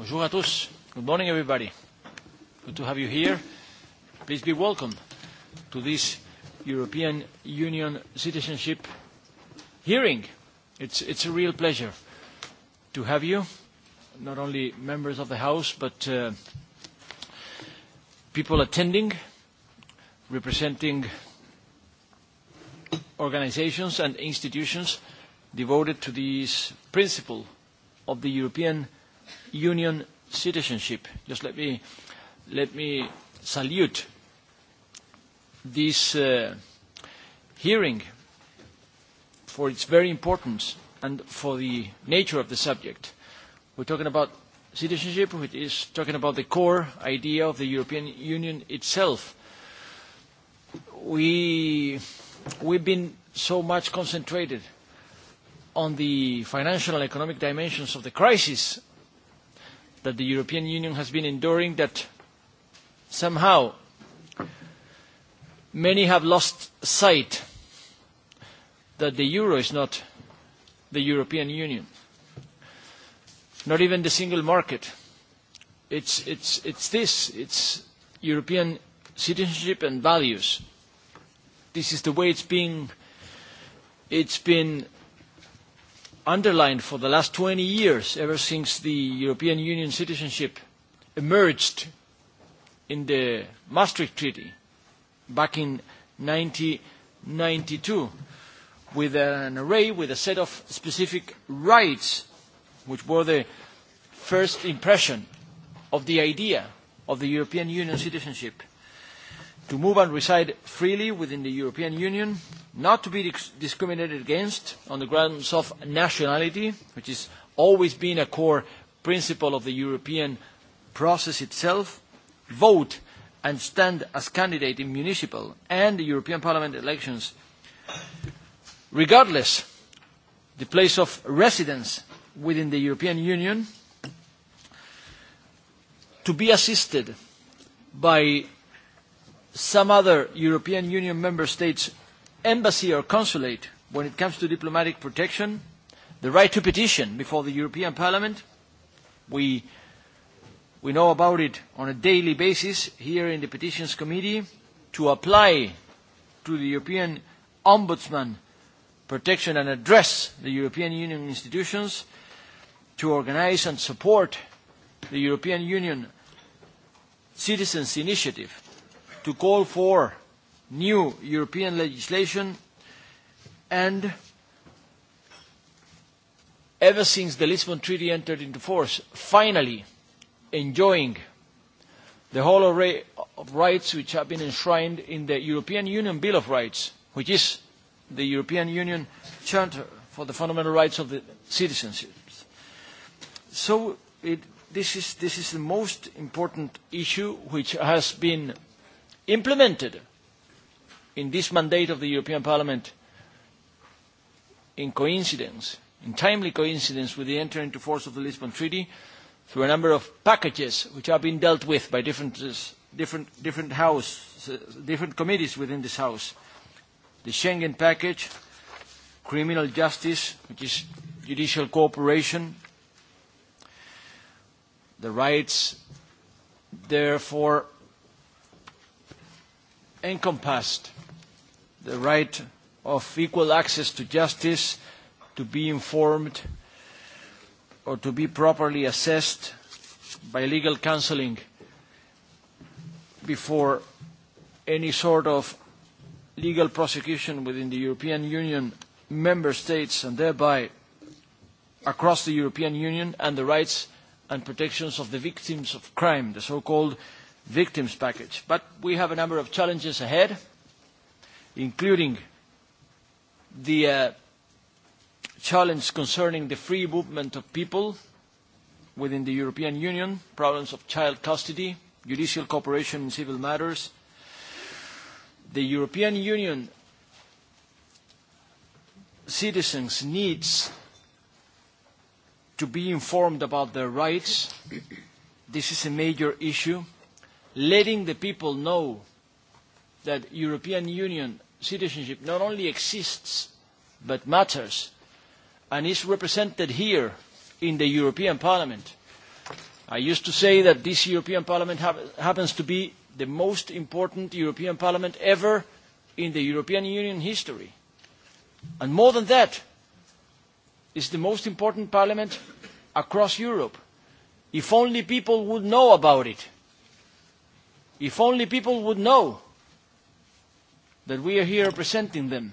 Bonjour à tous. Good morning, everybody. Good to have you here. Please be welcome to this European Union citizenship hearing. It's, it's a real pleasure to have you, not only members of the House, but uh, people attending, representing organizations and institutions devoted to this principle of the European Union union citizenship. Just let me, let me salute this uh, hearing for its very importance and for the nature of the subject. We're talking about citizenship, which is talking about the core idea of the European Union itself. We, we've been so much concentrated on the financial and economic dimensions of the crisis that the European Union has been enduring that somehow many have lost sight that the euro is not the European Union, not even the single market. It's, it's, it's this, it's European citizenship and values. This is the way it's being, it's been underlined for the last 20 years, ever since the European Union citizenship emerged in the Maastricht Treaty back in 1992 with an array, with a set of specific rights which were the first impression of the idea of the European Union citizenship to move and reside freely within the European Union, not to be discriminated against on the grounds of nationality, which has always been a core principle of the European process itself, vote and stand as candidate in municipal and the European Parliament elections, regardless the place of residence within the European Union, to be assisted by some other European Union member states' embassy or consulate when it comes to diplomatic protection, the right to petition before the European Parliament. We, we know about it on a daily basis here in the Petitions Committee to apply to the European Ombudsman protection and address the European Union institutions to organize and support the European Union Citizens Initiative to call for new European legislation and ever since the Lisbon Treaty entered into force, finally enjoying the whole array of rights which have been enshrined in the European Union Bill of Rights, which is the European Union Charter for the Fundamental Rights of the Citizens. So it, this, is, this is the most important issue which has been implemented in this mandate of the European Parliament in coincidence, in timely coincidence with the entry into force of the Lisbon Treaty through a number of packages which have been dealt with by different, different, different, house, different committees within this House. The Schengen package, criminal justice, which is judicial cooperation, the rights, therefore, encompassed the right of equal access to justice, to be informed or to be properly assessed by legal counseling before any sort of legal prosecution within the European Union member states and thereby across the European Union and the rights and protections of the victims of crime, the so-called victims package. But we have a number of challenges ahead, including the uh, challenge concerning the free movement of people within the European Union, problems of child custody, judicial cooperation in civil matters. The European Union citizens needs to be informed about their rights. This is a major issue letting the people know that European Union citizenship not only exists but matters and is represented here in the European Parliament. I used to say that this European Parliament ha happens to be the most important European Parliament ever in the European Union history. And more than that, it's the most important Parliament across Europe. If only people would know about it If only people would know that we are here representing them,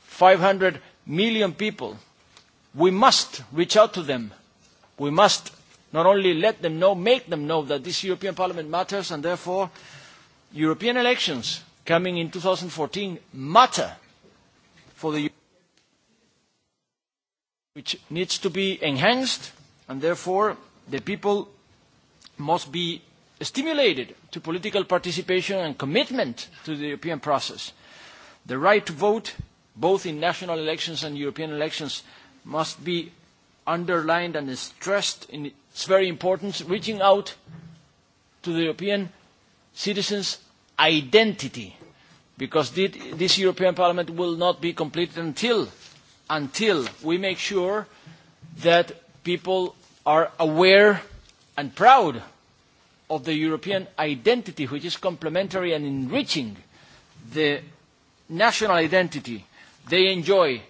500 million people, we must reach out to them. We must not only let them know, make them know that this European Parliament matters and therefore European elections coming in 2014 matter for the which needs to be enhanced and therefore the people must be stimulated to political participation and commitment to the European process. The right to vote, both in national elections and European elections, must be underlined and stressed in its very importance, reaching out to the European citizens' identity, because this European Parliament will not be completed until, until we make sure that people are aware and proud of the European identity, which is complementary and enriching the national identity they enjoy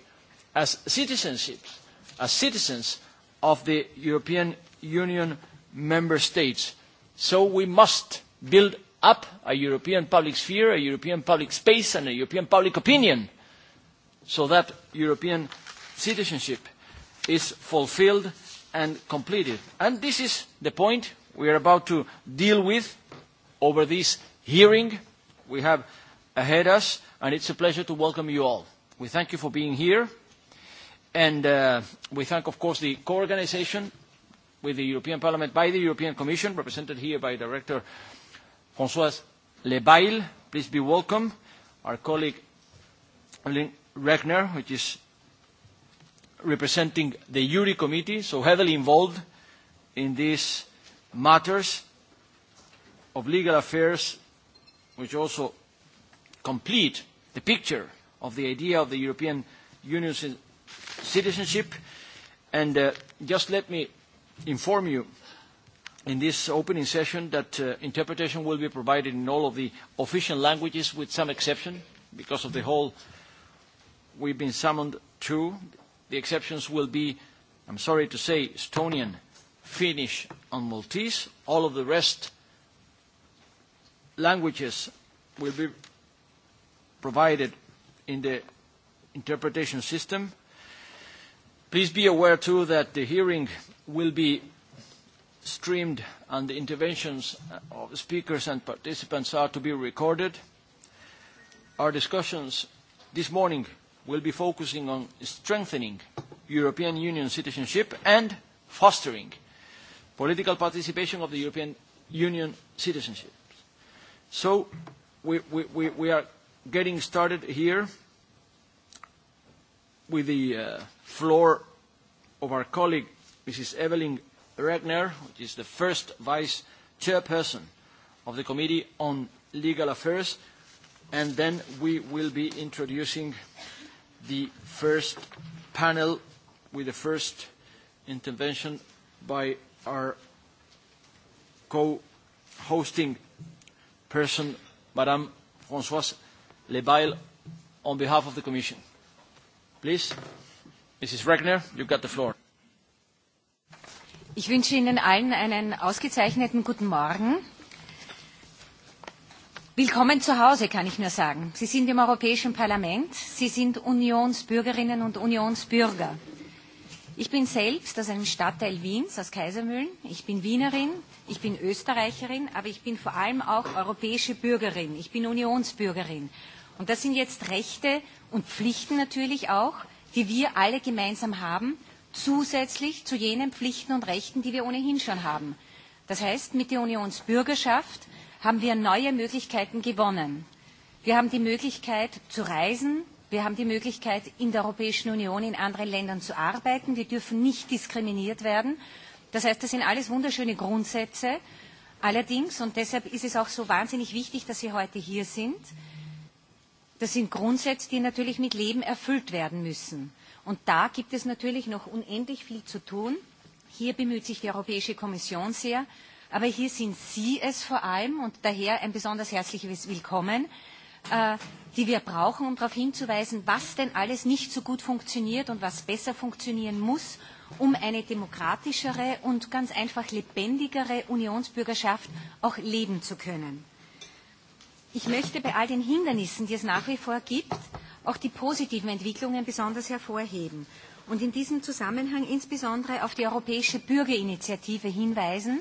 as citizenships, as citizens of the European Union member states. So we must build up a European public sphere, a European public space, and a European public opinion so that European citizenship is fulfilled and completed. And this is the point we are about to deal with over this hearing we have ahead us, and it's a pleasure to welcome you all. We thank you for being here, and uh, we thank, of course, the co-organization with the European Parliament by the European Commission, represented here by Director Françoise Lebail. Please be welcome. Our colleague Lynn Regner, which is representing the URI committee, so heavily involved in this matters of legal affairs which also complete the picture of the idea of the European Union's citizenship. And uh, just let me inform you in this opening session that uh, interpretation will be provided in all of the official languages with some exception because of the whole we've been summoned to. The exceptions will be, I'm sorry to say, Estonian, Finnish, on Maltese. All of the rest languages will be provided in the interpretation system. Please be aware too that the hearing will be streamed and the interventions of speakers and participants are to be recorded. Our discussions this morning will be focusing on strengthening European Union citizenship and fostering political participation of the European Union citizenship. So we, we, we are getting started here with the uh, floor of our colleague, Mrs. Evelyn Regner, which is the first vice chairperson of the Committee on Legal Affairs, and then we will be introducing the first panel with the first intervention by our co-hosting person, Madame Françoise Lebail, on behalf of the Commission. Please, Mrs. Regner, you've got the floor. Ich wünsche Ihnen allen einen ausgezeichneten guten Morgen. Willkommen zu Hause, kann ich nur sagen. Sie sind im Europäischen Parlament, Sie sind Unionsbürgerinnen und Unionsbürger. Ich bin selbst aus einem Stadtteil Wiens, aus Kaisermühlen. Ich bin Wienerin, ich bin Österreicherin, aber ich bin vor allem auch europäische Bürgerin. Ich bin Unionsbürgerin. Und das sind jetzt Rechte und Pflichten natürlich auch, die wir alle gemeinsam haben, zusätzlich zu jenen Pflichten und Rechten, die wir ohnehin schon haben. Das heißt, mit der Unionsbürgerschaft haben wir neue Möglichkeiten gewonnen. Wir haben die Möglichkeit zu reisen, Wir haben die Möglichkeit, in der Europäischen Union, in anderen Ländern zu arbeiten. Wir dürfen nicht diskriminiert werden. Das heißt, das sind alles wunderschöne Grundsätze. Allerdings, und deshalb ist es auch so wahnsinnig wichtig, dass Sie heute hier sind, das sind Grundsätze, die natürlich mit Leben erfüllt werden müssen. Und da gibt es natürlich noch unendlich viel zu tun. Hier bemüht sich die Europäische Kommission sehr, aber hier sind Sie es vor allem und daher ein besonders herzliches Willkommen, äh, die wir brauchen, um darauf hinzuweisen, was denn alles nicht so gut funktioniert und was besser funktionieren muss, um eine demokratischere und ganz einfach lebendigere Unionsbürgerschaft auch leben zu können. Ich möchte bei all den Hindernissen, die es nach wie vor gibt, auch die positiven Entwicklungen besonders hervorheben und in diesem Zusammenhang insbesondere auf die Europäische Bürgerinitiative hinweisen,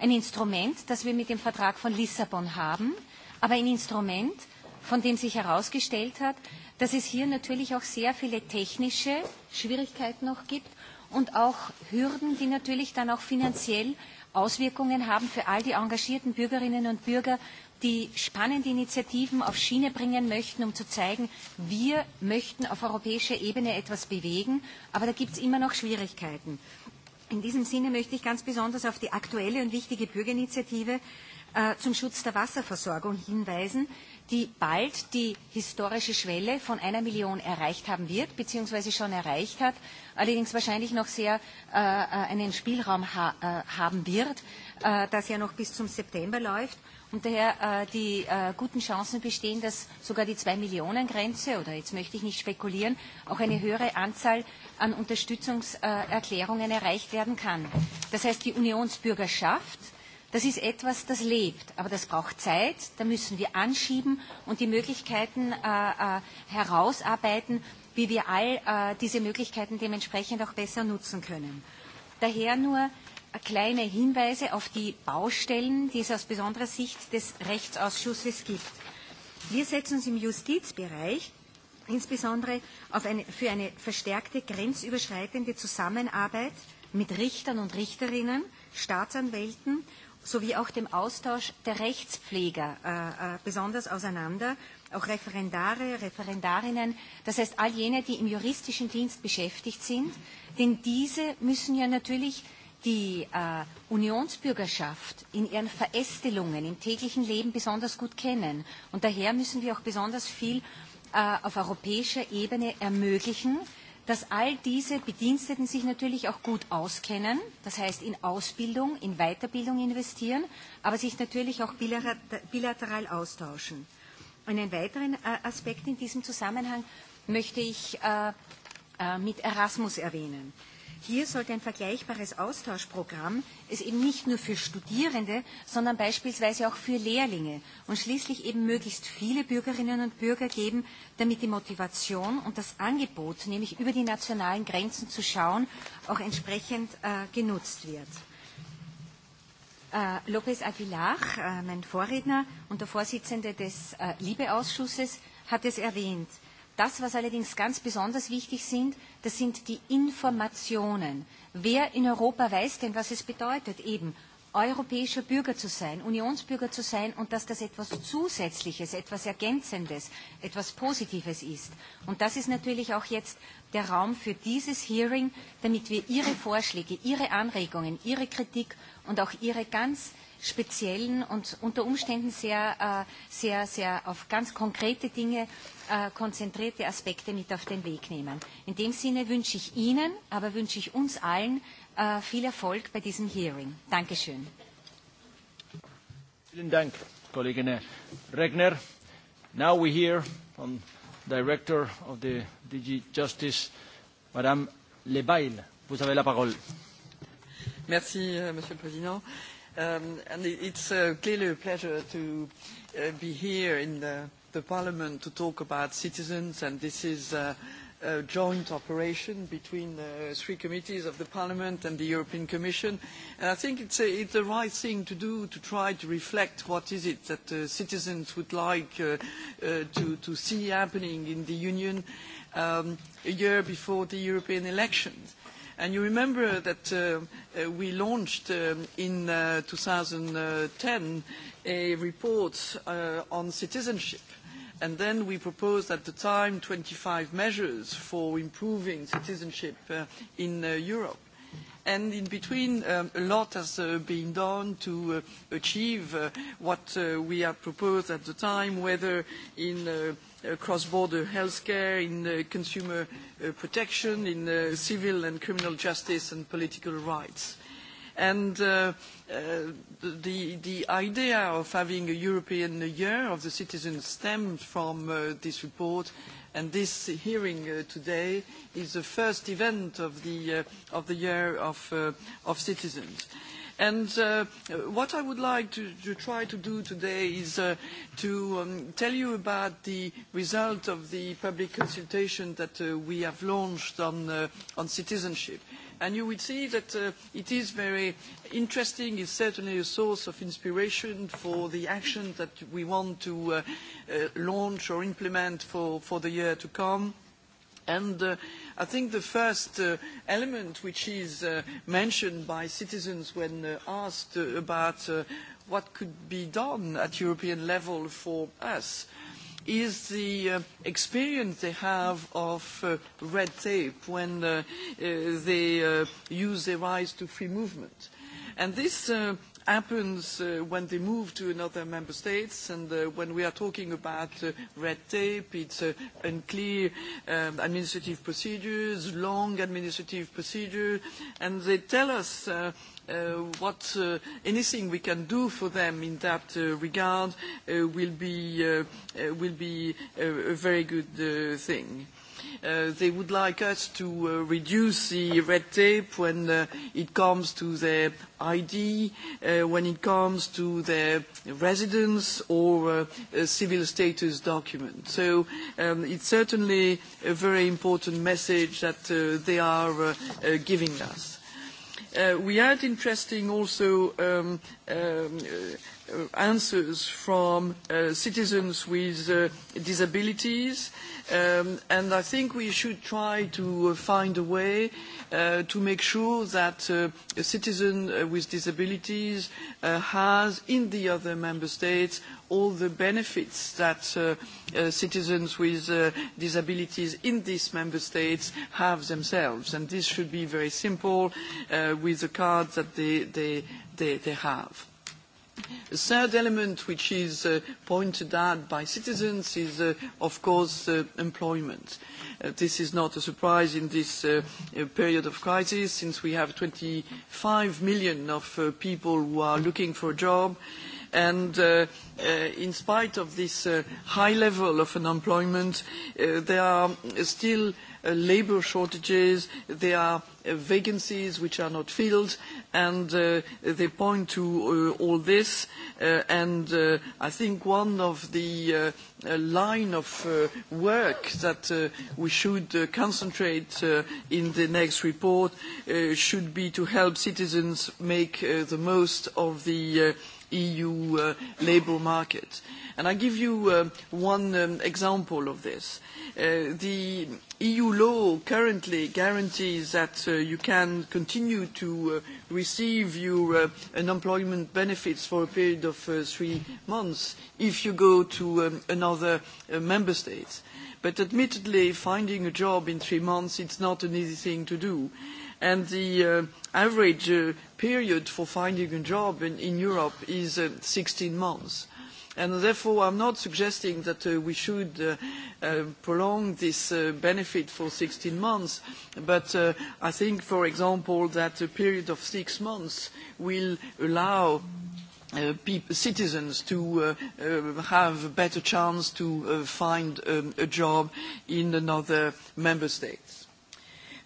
ein Instrument, das wir mit dem Vertrag von Lissabon haben, aber ein Instrument, von dem sich herausgestellt hat, dass es hier natürlich auch sehr viele technische Schwierigkeiten noch gibt und auch Hürden, die natürlich dann auch finanziell Auswirkungen haben für all die engagierten Bürgerinnen und Bürger, die spannende Initiativen auf Schiene bringen möchten, um zu zeigen, wir möchten auf europäischer Ebene etwas bewegen, aber da gibt es immer noch Schwierigkeiten. In diesem Sinne möchte ich ganz besonders auf die aktuelle und wichtige Bürgerinitiative äh, zum Schutz der Wasserversorgung hinweisen, die bald die historische Schwelle von einer Million erreicht haben wird, beziehungsweise schon erreicht hat, allerdings wahrscheinlich noch sehr äh, äh einen Spielraum ha äh, haben wird, äh, das ja noch bis zum September läuft und daher äh, die äh, guten Chancen bestehen, dass sogar die zwei millionen grenze oder jetzt möchte ich nicht spekulieren, auch eine höhere Anzahl an Unterstützungserklärungen erreicht werden kann. Das heißt, die Unionsbürgerschaft Das ist etwas, das lebt, aber das braucht Zeit. Da müssen wir anschieben und die Möglichkeiten äh, äh, herausarbeiten, wie wir all äh, diese Möglichkeiten dementsprechend auch besser nutzen können. Daher nur äh, kleine Hinweise auf die Baustellen, die es aus besonderer Sicht des Rechtsausschusses gibt. Wir setzen uns im Justizbereich insbesondere auf eine, für eine verstärkte grenzüberschreitende Zusammenarbeit mit Richtern und Richterinnen, Staatsanwälten sowie auch dem Austausch der Rechtspfleger äh, äh, besonders auseinander, auch Referendare, Referendarinnen, das heißt all jene, die im juristischen Dienst beschäftigt sind, denn diese müssen ja natürlich die äh, Unionsbürgerschaft in ihren Verästelungen im täglichen Leben besonders gut kennen. Und daher müssen wir auch besonders viel äh, auf europäischer Ebene ermöglichen, dass all diese Bediensteten sich natürlich auch gut auskennen, das heißt in Ausbildung, in Weiterbildung investieren, aber sich natürlich auch bilateral austauschen. Und einen weiteren äh, Aspekt in diesem Zusammenhang möchte ich äh, äh, mit Erasmus erwähnen. Hier sollte ein vergleichbares Austauschprogramm es eben nicht nur für Studierende, sondern beispielsweise auch für Lehrlinge und schließlich eben möglichst viele Bürgerinnen und Bürger geben, damit die Motivation und das Angebot, nämlich über die nationalen Grenzen zu schauen, auch entsprechend äh, genutzt wird. Äh, Lopez Aguilar, äh, mein Vorredner und der Vorsitzende des äh, Liebeausschusses, hat es erwähnt. Das, was allerdings ganz besonders wichtig sind, das sind die Informationen. Wer in Europa weiß denn, was es bedeutet, eben europäischer Bürger zu sein, Unionsbürger zu sein und dass das etwas Zusätzliches, etwas Ergänzendes, etwas Positives ist. Und das ist natürlich auch jetzt der Raum für dieses Hearing, damit wir Ihre Vorschläge, Ihre Anregungen, Ihre Kritik und auch Ihre ganz speziellen und unter Umständen sehr, äh, sehr, sehr auf ganz konkrete Dinge äh, konzentrierte Aspekte mit auf den Weg nehmen. In dem Sinne wünsche ich Ihnen, aber wünsche ich uns allen äh, viel Erfolg bei diesem Hearing. Dankeschön. Vielen Dank, Kollegin Regner. Now we hear from Director of the DG Justice, Madame Lebail. Vous avez la parole. Merci, euh, Monsieur le Président. Euh, Um, and it's uh, clearly a pleasure to uh, be here in the, the Parliament to talk about citizens, and this is uh, a joint operation between the three committees of the Parliament and the European Commission. And I think it's, a, it's the right thing to do to try to reflect what is it that uh, citizens would like uh, uh, to, to see happening in the Union um, a year before the European elections. And you remember that uh, uh we launched um, in uh, 2010 a report uh, on citizenship. And then we proposed at the time 25 measures for improving citizenship uh, in uh, Europe. And in between, um, a lot has uh, been done to uh, achieve uh, what uh, we had proposed at the time, whether in uh, cross-border healthcare, in uh, consumer uh, protection, in uh, civil and criminal justice and political rights. And uh, uh, the, the idea of having a European Year of the Citizens stemmed from uh, this report and this hearing uh, today is the first event of the, uh, of the Year of, uh, of Citizens. Uh, And uh, what I would like to, to try to do today is uh, to um, tell you about the result of the public consultation that uh, we have launched on, uh, on citizenship. And you will see that uh, it is very interesting, it's certainly a source of inspiration for the action that we want to uh, uh, launch or implement for, for the year to come. And uh, I think the first uh, element which is uh, mentioned by citizens when uh, asked uh, about uh, what could be done at European level for us is the uh, experience they have of uh, red tape when uh, uh, they uh, use their eyes to free movement. And this uh, happens uh, when they move to another member states and uh, when we are talking about uh, red tape, it's uh, unclear um, administrative procedures, long administrative procedures, and they tell us uh, uh, what uh, anything we can do for them in that uh, regard uh, will be, uh, uh, will be a, uh, a very good uh, thing. Uh, they would like us to uh, reduce the red tape when uh, it comes to their ID, uh, when it comes to their residence or uh, civil status document. So um, it's certainly a very important message that uh, they are uh, uh, giving us. Uh, we had interesting also um, um, Uh, answers from uh, citizens with uh, disabilities, um, and I think we should try to uh, find a way uh, to make sure that uh, a citizen uh, with disabilities uh, has in the other member states all the benefits that uh, uh, citizens with uh, disabilities in these member states have themselves. And this should be very simple uh, with the cards that they, they, they, they have. A third element which is uh, pointed out by citizens is, uh, of course, uh, employment. Uh, this is not a surprise in this uh, uh period of crisis, since we have 25 million of uh, people who are looking for a job. And uh, uh, in spite of this uh, high level of unemployment, uh, there are still uh, labor shortages, there are uh, vacancies which are not filled, uh, and uh, they point to uh, all this uh, and uh, I think one of the uh, uh, line of uh, work that uh, we should uh, concentrate uh, in the next report uh, should be to help citizens make uh, the most of the uh, EU uh, labour market. And I give you uh, one um, example of this. Uh, the EU law currently guarantees that uh, you can continue to uh, receive your uh, unemployment benefits for a period of uh, three months if you go to um, another uh, member state. But admittedly, finding a job in three months, it's not an easy thing to do and the uh, average uh, period for finding a job in, in Europe is uh, 16 months. And therefore, I'm not suggesting that uh, we should uh, uh, prolong this uh, benefit for 16 months, but uh, I think, for example, that a period of six months will allow uh, people, citizens to uh, uh, have a better chance to uh, find um, a job in another member state.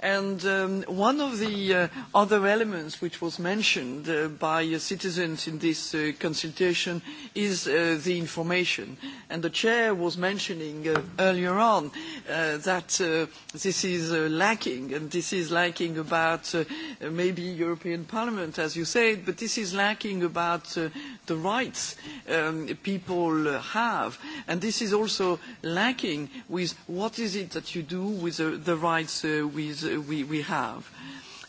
And um, one of the uh, other elements which was mentioned uh, by uh, citizens in this uh, consultation is uh, the information. And the chair was mentioning uh, earlier on uh, that uh, this is uh, lacking, and this is lacking about uh, maybe European Parliament, as you said, but this is lacking about uh, the rights um, people have. And this is also lacking with what is it that you do with uh, the rights uh, with we, we have.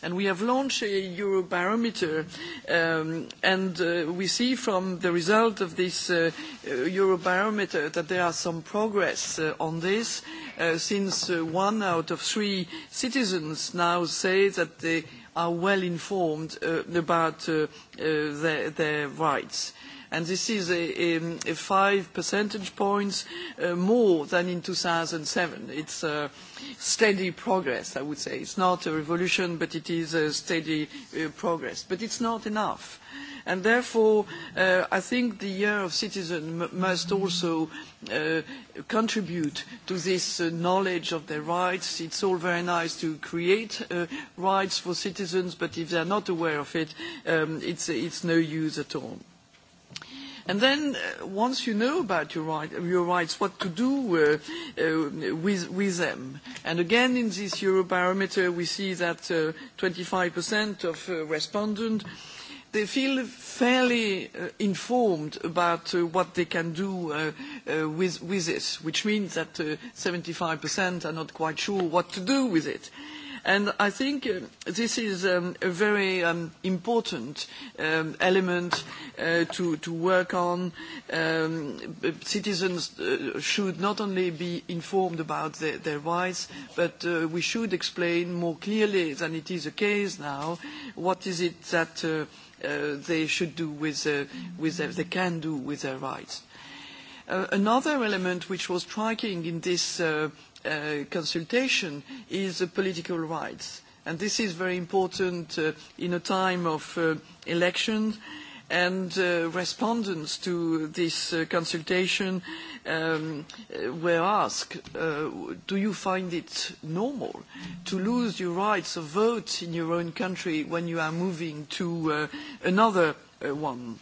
And we have launched a Eurobarometer, um, and uh, we see from the result of this uh, Eurobarometer that there are some progress uh, on this, uh, since uh, one out of three citizens now say that they are well informed uh, about uh, uh, their, their rights. Uh, and this is a, a, um, a five percentage points uh, more than in 2007. It's a steady progress, I would say. It's not a revolution, but it is a steady uh, progress. But it's not enough. And therefore, uh, I think the year of citizen m must also uh, contribute to this uh, knowledge of their rights. It's all very nice to create uh, rights for citizens, but if they're not aware of it, um, it's, it's no use at all. And then uh, once you know about your, right, your rights, what to do uh, uh, with, with them. And again, in this Eurobarometer, we see that uh, 25% of uh, respondents they feel fairly uh, informed about uh, what they can do uh, uh, with, with this, which means that uh, 75% are not quite sure what to do with it. Uh, And I think uh, this is um, a very um, important um, element uh, to, to work on. Um, citizens uh, should not only be informed about their, their rights, but uh, we should explain more clearly than it is the case now what is it that uh, uh, they should do with, uh, with their, they can do with their rights. Uh, another element which was striking in this uh, uh, consultation is the uh, political rights. And this is very important uh, in a time of uh, elections and uh, respondents to this uh, consultation um, uh, were asked, uh, do you find it normal to lose your rights of vote in your own country when you are moving to uh, another uh, one?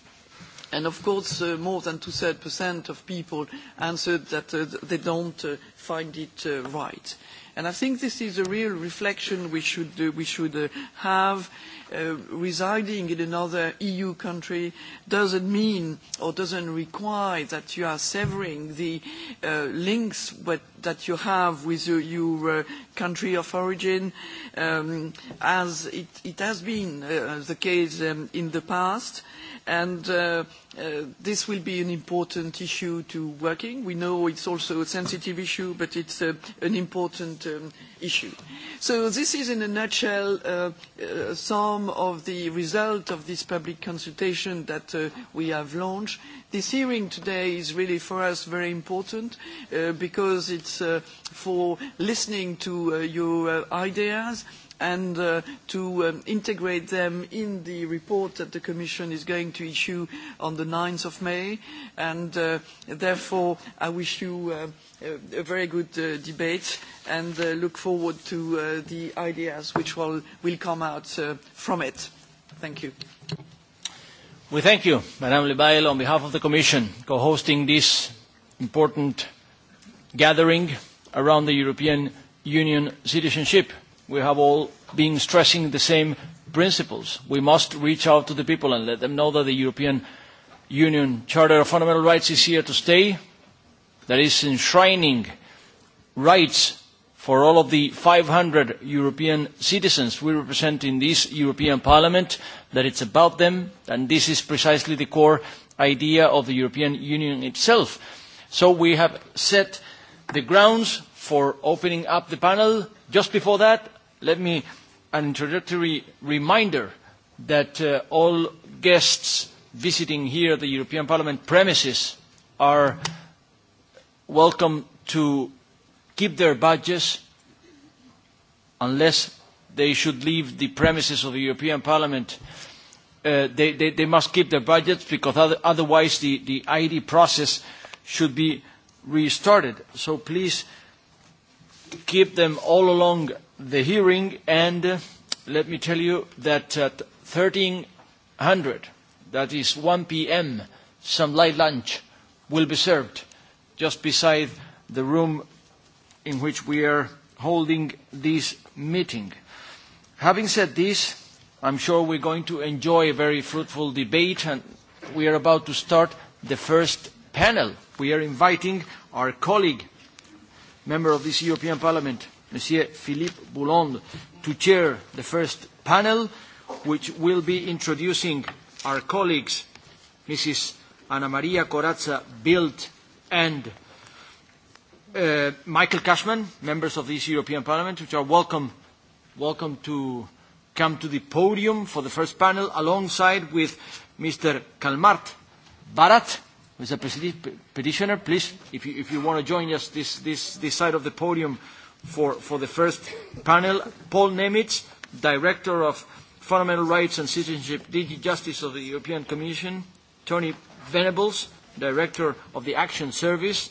And of course, uh, more than two percent of people answered that uh, they don't uh, find it uh, right. And I think this is a real reflection we should, uh, we should uh, have. Uh, residing in another EU country doesn't mean or doesn't require that you are severing the uh, links but, that you have with your, your uh, country of origin, um, as it, it has been uh, the case um, in the past. Uh, and uh, uh, this will be an important issue to working. We know it's also a sensitive issue, but it's uh, an important um, issue. So this is in a nutshell uh, uh, some of the result of this public consultation that uh, we have launched. This hearing today is really for us very important uh, because it's uh, for listening to uh, your uh, ideas, and uh, to um, integrate them in the report that the Commission is going to issue on the 9th of May. And uh, therefore, I wish you uh, a, a very good uh, debate and uh, look forward to uh, the ideas which will, will come out uh, from it. Thank you. We thank you, Madame Lebail, on behalf of the Commission, co-hosting this important gathering around the European Union citizenship we have all been stressing the same principles. We must reach out to the people and let them know that the European Union Charter of Fundamental Rights is here to stay, that is enshrining rights for all of the 500 European citizens we represent in this European Parliament, that it's about them, and this is precisely the core idea of the European Union itself. So we have set the grounds for opening up the panel. Just before that, let me an introductory reminder that uh, all guests visiting here the European Parliament premises are welcome to keep their badges unless they should leave the premises of the European Parliament. Uh, they, they, they must keep their budgets because other, otherwise the, the ID process should be restarted. So please keep them all along the hearing and uh, let me tell you that at 1300, that is 1 p.m., some light lunch will be served just beside the room in which we are holding this meeting. Having said this, I'm sure we're going to enjoy a very fruitful debate and we are about to start the first panel. We are inviting our colleague, member of this European Parliament, Monsieur Philippe Boulon to chair the first panel, which will be introducing our colleagues, Mrs. Anna Maria Corazza Bildt and uh, Michael Cashman, members of this European Parliament, which are welcome, welcome to come to the podium for the first panel, alongside with Mr. Kalmart Barat, who is a petitioner. Please, if you, if you want to join us this, this, this side of the podium, for, for the first panel. Paul Nemitz, Director of Fundamental Rights and Citizenship, DG Justice of the European Commission, Tony Venables, Director of the Action Service,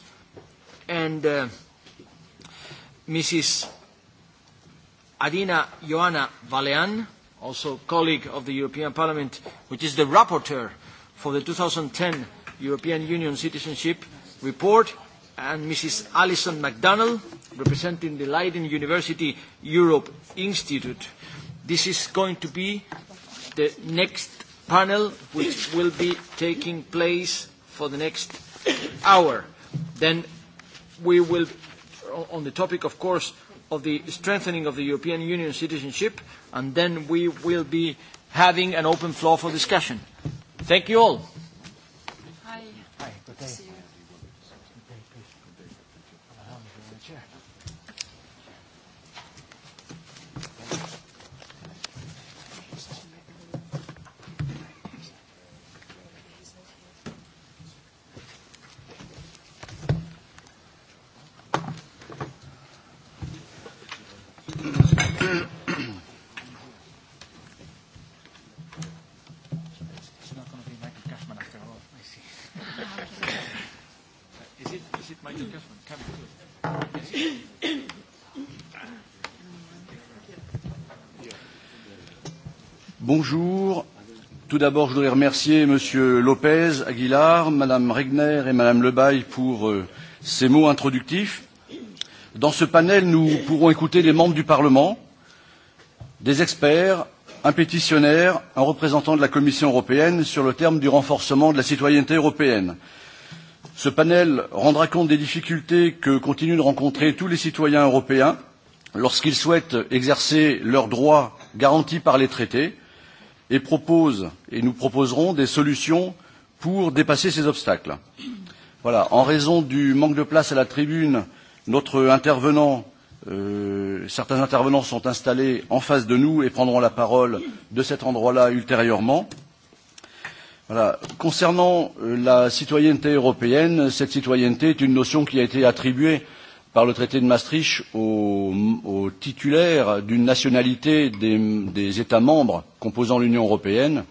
and uh, Mrs. Adina Joanna Valean, also colleague of the European Parliament, which is the rapporteur for the 2010 European Union Citizenship Report, and Mrs. Alison MacDonald, representing the Leiden University Europe Institute. This is going to be the next panel which will be taking place for the next hour. Then we will, on the topic of course of the strengthening of the European Union citizenship, and then we will be having an open floor for discussion. Thank you all. Hi. Hi, good day. See you. Bonjour. Tout d'abord, je voudrais remercier Monsieur Lopez Aguilar, Madame Regner et Madame Lebaille pour euh, ces mots introductifs. Dans ce panel, nous pourrons écouter les membres du Parlement, des experts, un pétitionnaire, un représentant de la Commission européenne sur le terme du renforcement de la citoyenneté européenne. Ce panel rendra compte des difficultés que continuent de rencontrer tous les citoyens européens lorsqu'ils souhaitent exercer leurs droits garantis par les traités et propose et nous proposerons des solutions pour dépasser ces obstacles. Voilà, en raison du manque de place à la tribune, notre intervenant euh, certains intervenants sont installés en face de nous et prendront la parole de cet endroit-là ultérieurement. Voilà. Concernant euh, la citoyenneté européenne, cette citoyenneté est une notion qui a été attribuée euh, par le traité de Maastricht aux, aux titulaires d'une nationalité des, des États membres composant l'Union européenne.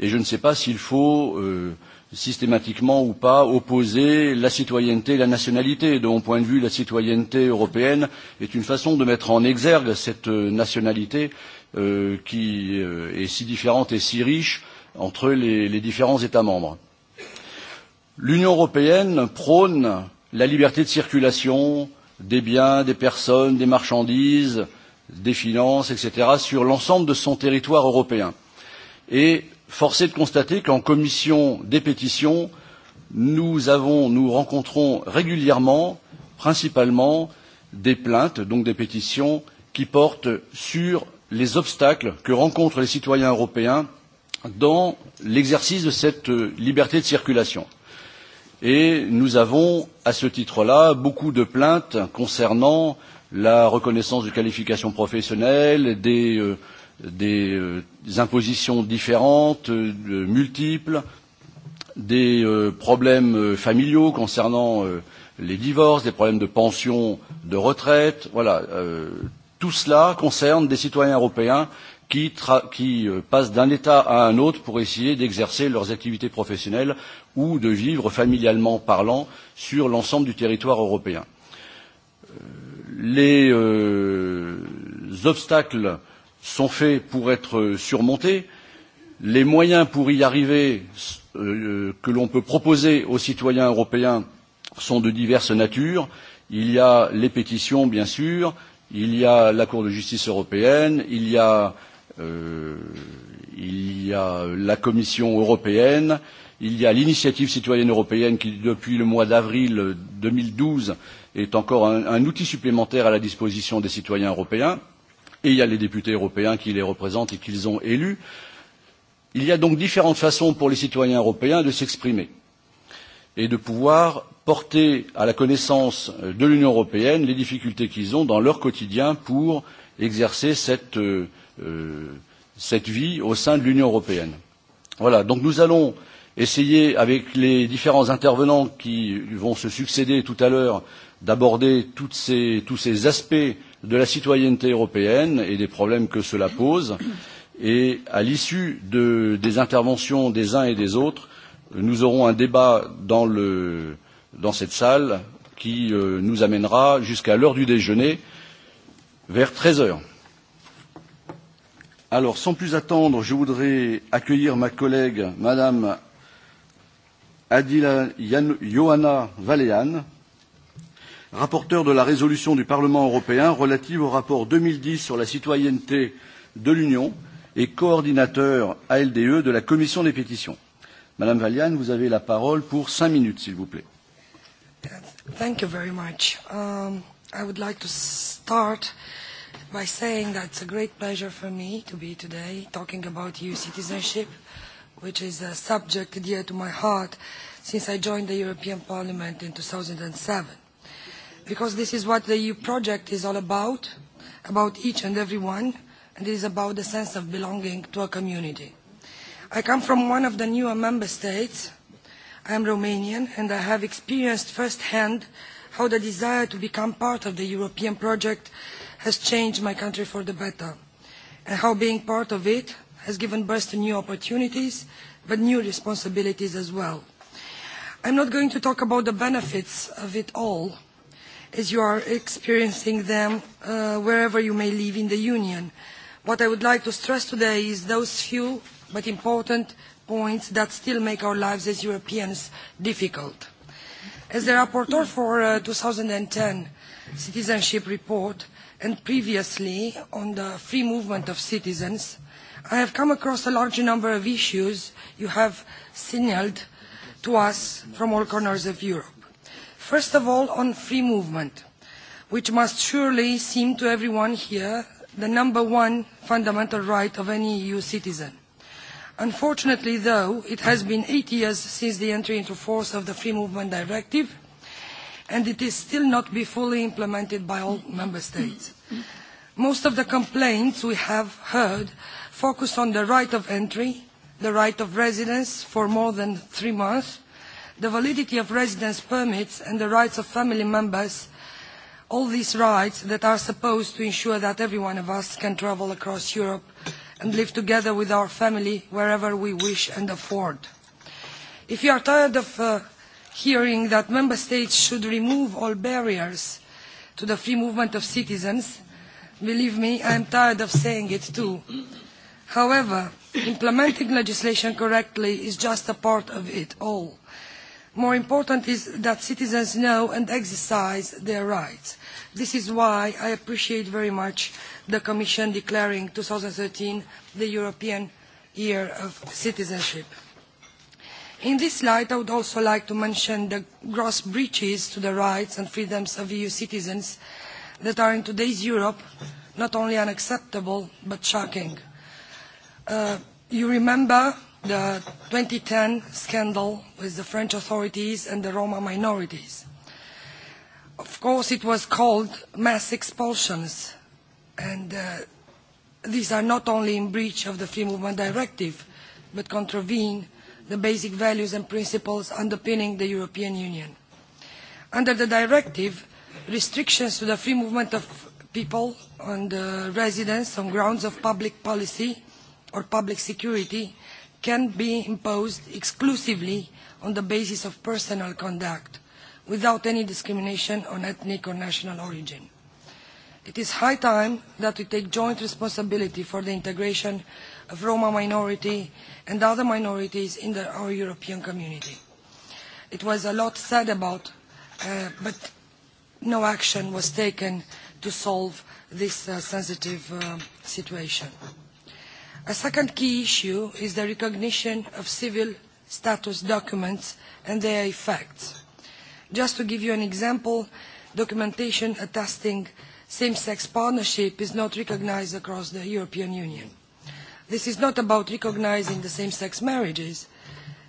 Et je ne sais pas s'il faut euh, systématiquement ou pas opposer la citoyenneté et la nationalité. De mon point de vue, la citoyenneté européenne est une façon de mettre en exergue cette nationalité euh, qui euh, est si différente et si riche entre les, les différents États membres. L'Union européenne prône la liberté de circulation des biens, des personnes, des marchandises, des finances, etc., sur l'ensemble de son territoire européen. Et force est de constater qu'en commission des pétitions, nous avons, nous rencontrons régulièrement, principalement, des plaintes, donc des pétitions, qui portent sur les obstacles que rencontrent les citoyens européens dans l'exercice de cette euh, liberté de circulation. Et nous avons, à ce titre-là, beaucoup de plaintes concernant la reconnaissance de qualifications professionnelles, des, euh, des, euh, des impositions différentes, euh, multiples, des euh, problèmes euh, familiaux concernant euh, les divorces, des problèmes de pension, de retraite. Voilà, euh, tout cela concerne des citoyens européens qui, qui euh, passent d'un État à un autre pour essayer d'exercer leurs activités professionnelles ou de vivre familialement parlant sur l'ensemble du territoire européen. Euh, les euh, obstacles sont faits pour être euh, surmontés. Les moyens pour y arriver euh, euh, que l'on peut proposer aux citoyens européens sont de diverses natures. Il y a les pétitions, bien sûr, il y a la Cour de justice européenne, il y a Euh, il y a la Commission européenne, il y a l'initiative citoyenne européenne qui, depuis le mois d'avril 2012, est encore un, un outil supplémentaire à la disposition des citoyens européens, et il y a les députés européens qui les représentent et qu'ils ont élus. Il y a donc différentes façons pour les citoyens européens de s'exprimer et de pouvoir porter à la connaissance de l'Union européenne les difficultés qu'ils ont dans leur quotidien pour exercer cette, euh, Euh, cette vie au sein de l'Union européenne. Voilà, donc nous allons essayer, avec les différents intervenants qui vont se succéder tout à l'heure, d'aborder ces, tous ces aspects de la citoyenneté européenne et des problèmes que cela pose. Et à l'issue de, des interventions des uns et des autres, nous aurons un débat dans, le, dans cette salle qui euh, nous amènera jusqu'à l'heure du déjeuner vers 13 heures. Alors, sans plus attendre, je voudrais accueillir ma collègue, Madame Adila Johanna Valéan, rapporteure de la résolution du Parlement européen relative au rapport 2010 sur la citoyenneté de l'Union et coordinateur ALDE de la Commission des pétitions. Madame Valéan, vous avez la parole pour cinq minutes, s'il vous plaît. Thank you very much. Um, I would like to start by saying that it's a great pleasure for me to be today talking about EU citizenship, which is a subject dear to my heart since I joined the European Parliament in 2007. Because this is what the EU project is all about, about each and every one, and it is about the sense of belonging to a community. I come from one of the newer member states. I am Romanian, and I have experienced firsthand how the desire to become part of the European project has changed my country for the better, and how being part of it has given birth to new opportunities, but new responsibilities as well. I'm not going to talk about the benefits of it all, as you are experiencing them uh, wherever you may live in the Union. What I would like to stress today is those few but important points that still make our lives as Europeans difficult. As the rapporteur for uh, 2010 citizenship report, and previously on the free movement of citizens, I have come across a large number of issues you have signaled to us from all corners of Europe. First of all, on free movement, which must surely seem to everyone here the number one fundamental right of any EU citizen. Unfortunately, though, it has been eight years since the entry into force of the Free Movement Directive, and it is still not be fully implemented by all member states. Most of the complaints we have heard focus on the right of entry, the right of residence for more than three months, the validity of residence permits and the rights of family members, all these rights that are supposed to ensure that every one of us can travel across Europe and live together with our family wherever we wish and afford. If you are tired of uh, hearing that member states should remove all barriers to the free movement of citizens. Believe me, I am tired of saying it too. However, implementing legislation correctly is just a part of it all. More important is that citizens know and exercise their rights. This is why I appreciate very much the Commission declaring thirteen the European Year of Citizenship. In this light, I would also like to mention the gross breaches to the rights and freedoms of EU citizens that are in today's Europe not only unacceptable but shocking. Uh, you remember the 2010 scandal with the French authorities and the Roma minorities. Of course, it was called mass expulsions, and uh, these are not only in breach of the Free Movement Directive, but contravene the basic values and principles underpinning the European Union. Under the directive, restrictions to the free movement of people and uh, residents on grounds of public policy or public security can be imposed exclusively on the basis of personal conduct, without any discrimination on ethnic or national origin. It is high time that we take joint responsibility for the integration of Roma minority and other minorities in the, our European community. It was a lot said about, uh, but no action was taken to solve this uh, sensitive uh, situation. A second key issue is the recognition of civil status documents and their effects. Just to give you an example, documentation attesting same-sex partnership is not recognized across the European Union. This is not about recognizing the same-sex marriages.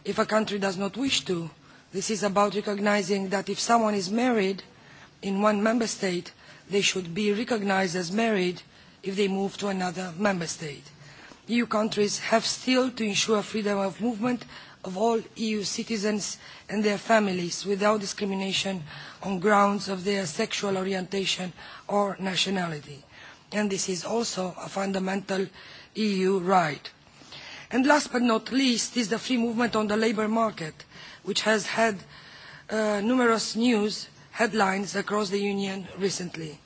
If a country does not wish to, this is about recognizing that if someone is married in one member state, they should be recognized as married if they move to another member state. EU countries have still to ensure freedom of movement of all EU citizens and their families without discrimination on grounds of their sexual orientation or nationality. And this is also a fundamental EU right. And last but not least is the free movement on the labour market, which has had uh, numerous news headlines across the Union recently.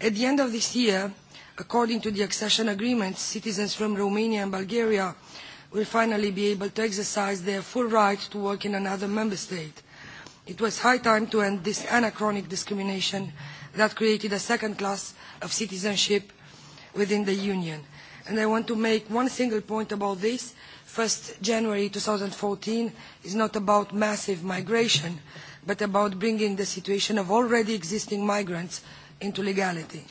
At the end of this year, according to the accession agreements, citizens from Romania and Bulgaria will finally be able to exercise their full right to work in another member state. It was high time to end this anachronic discrimination that created a second class of citizenship within the Union and I want to make one single point about this. 1st January 2014 is not about massive migration, but about bringing the situation of already existing migrants into legality.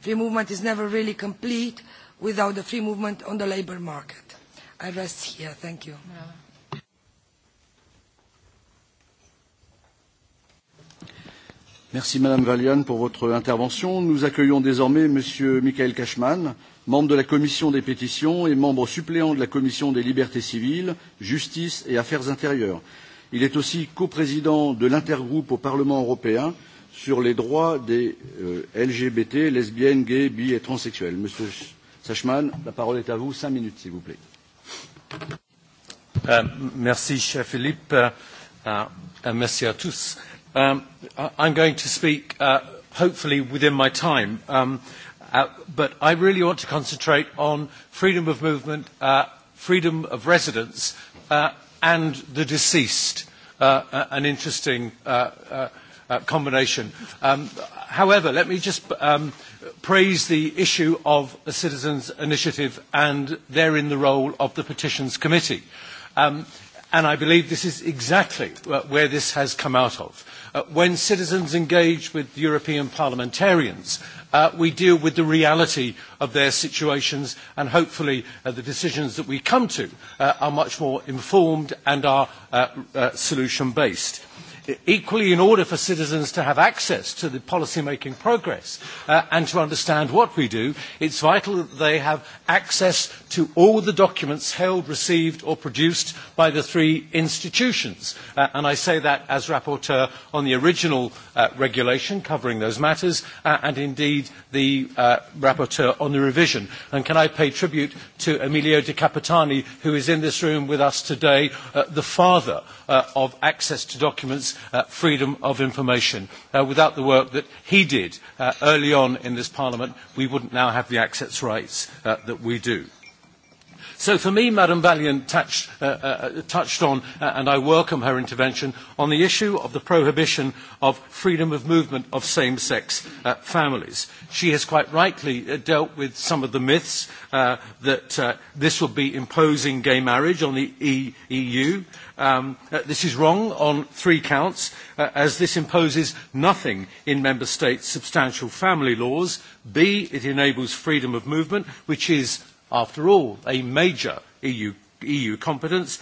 Free movement is never really complete without the free movement on the labour market. I rest here. Thank you. Merci Madame Valian pour votre intervention. Nous accueillons désormais Monsieur Michael Cashman membre de la commission des pétitions et membre suppléant de la commission des libertés civiles, justice et affaires intérieures. Il est aussi coprésident de l'intergroupe au Parlement européen sur les droits des euh, LGBT, lesbiennes, gays, bi et transsexuels. Monsieur Sachman, la parole est à vous, cinq minutes s'il vous plaît. Euh, merci, cher Philippe. Euh, uh, merci à tous. Um, I'm going to speak, uh, hopefully, within my time. Um, Uh, but I really want to concentrate on freedom of movement, uh, freedom of residence, uh, and the deceased, uh, uh an interesting uh, uh, uh, combination. Um, however, let me just um, praise the issue of a citizens' initiative and therein the role of the petitions committee. Um, and I believe this is exactly where this has come out of. Uh, when citizens engage with European parliamentarians, uh, we deal with the reality of their situations and hopefully uh, the decisions that we come to uh, are much more informed and are uh, uh, solution-based. E-, equally, in order for citizens to have access to the policy-making progress uh, and to understand what we do, it's vital that they have access to all the documents held, received or produced by the three institutions. Uh, and I say that as rapporteur on the original uh, regulation covering those matters uh, and indeed the uh, rapporteur on the revision. And can I pay tribute to Emilio Di Capitani, who is in this room with us today, uh, the father uh, of access to documents, uh, freedom of information. Uh, without the work that he did uh, early on in this Parliament, we wouldn't now have the access rights uh, that we do. So for me, Madam Valiant touched, uh, uh, uh, touched on, uh, and I welcome her intervention, on the issue of the prohibition of freedom of movement of same-sex uh, families. She has quite rightly uh, dealt with some of the myths uh, that uh, this would be imposing gay marriage on the e EU. Um, uh, this is wrong on three counts, uh, as this imposes nothing in Member States' substantial family laws. B, it enables freedom of movement, which is after all, a major EU, EU competence,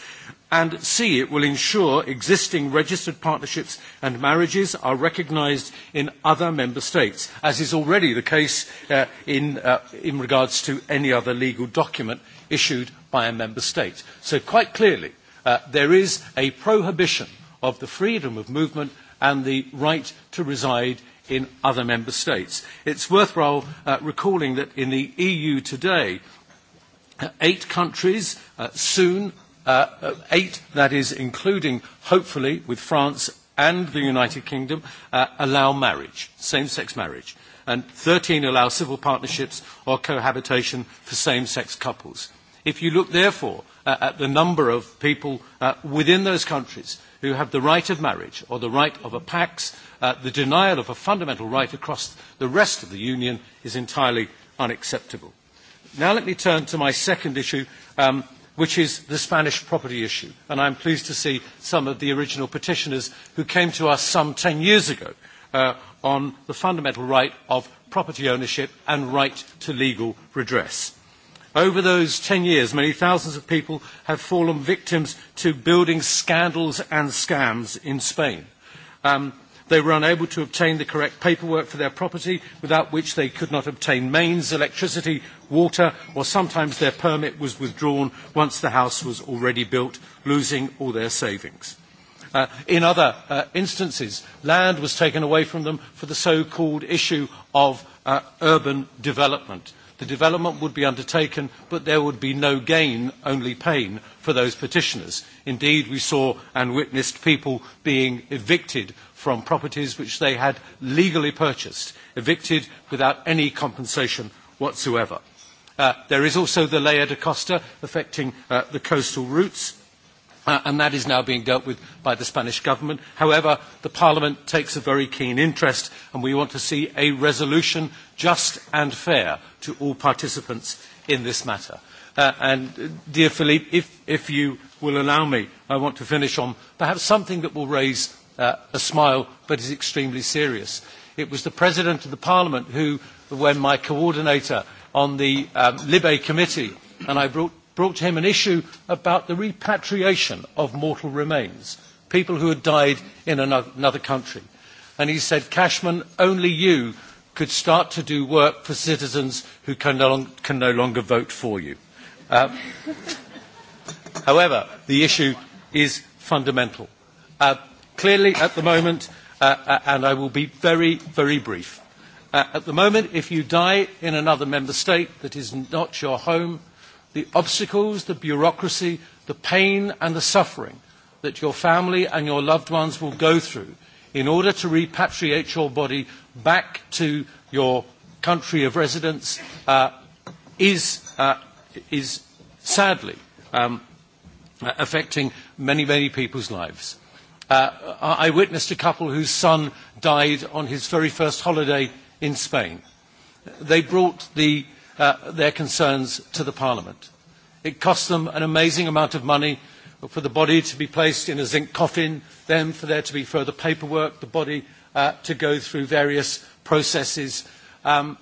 and C, it will ensure existing registered partnerships and marriages are recognised in other member states, as is already the case uh, in, uh, in regards to any other legal document issued by a member state. So quite clearly, uh, there is a prohibition of the freedom of movement and the right to reside in other member states. It's worthwhile uh, recalling that in the EU today, eight countries uh, soon, uh, uh, eight, that is, including, hopefully, with France and the United Kingdom, uh, allow marriage, same-sex marriage. And 13 allow civil partnerships or cohabitation for same-sex couples. If you look, therefore, uh, at the number of people uh, within those countries who have the right of marriage or the right of a pax, uh, the denial of a fundamental right across the rest of the Union is entirely unacceptable. Now let me turn to my second issue, um, which is the Spanish property issue. And I'm pleased to see some of the original petitioners who came to us some 10 years ago uh, on the fundamental right of property ownership and right to legal redress. Over those 10 years, many thousands of people have fallen victims to building scandals and scams in Spain. Um, They were unable to obtain the correct paperwork for their property, without which they could not obtain mains, electricity, water, or sometimes their permit was withdrawn once the house was already built, losing all their savings. Uh, in other uh, instances, land was taken away from them for the so-called issue of uh, urban development. The development would be undertaken, but there would be no gain, only pain for those petitioners. Indeed, we saw and witnessed people being evicted from properties which they had legally purchased, evicted without any compensation whatsoever. Uh, there is also the Lea de Costa affecting uh, the coastal routes, uh, and that is now being dealt with by the Spanish government. However, the Parliament takes a very keen interest, and we want to see a resolution just and fair to all participants in this matter. Uh, and, uh, dear Philippe, if, if you will allow me, I want to finish on perhaps something that will raise uh, a smile, but is extremely serious. It was the President of the Parliament who, when my coordinator on the um, Libe Committee, and I brought, brought to him an issue about the repatriation of mortal remains, people who had died in another country. And he said, Cashman, only you could start to do work for citizens who can no, long, can no longer vote for you. Uh, however, the issue is fundamental. Uh, clearly at the moment, uh, uh, and I will be very, very brief. Uh, at the moment, if you die in another member state that is not your home, the obstacles, the bureaucracy, the pain and the suffering that your family and your loved ones will go through in order to repatriate your body back to your country of residence uh, is, uh, is sadly um, affecting many, many people's lives. Uh, I witnessed a couple whose son died on his very first holiday in Spain. They brought the, uh, their concerns to the Parliament. It cost them an amazing amount of money for the body to be placed in a zinc coffin, then for there to be further paperwork, the body uh, to go through various processes, um,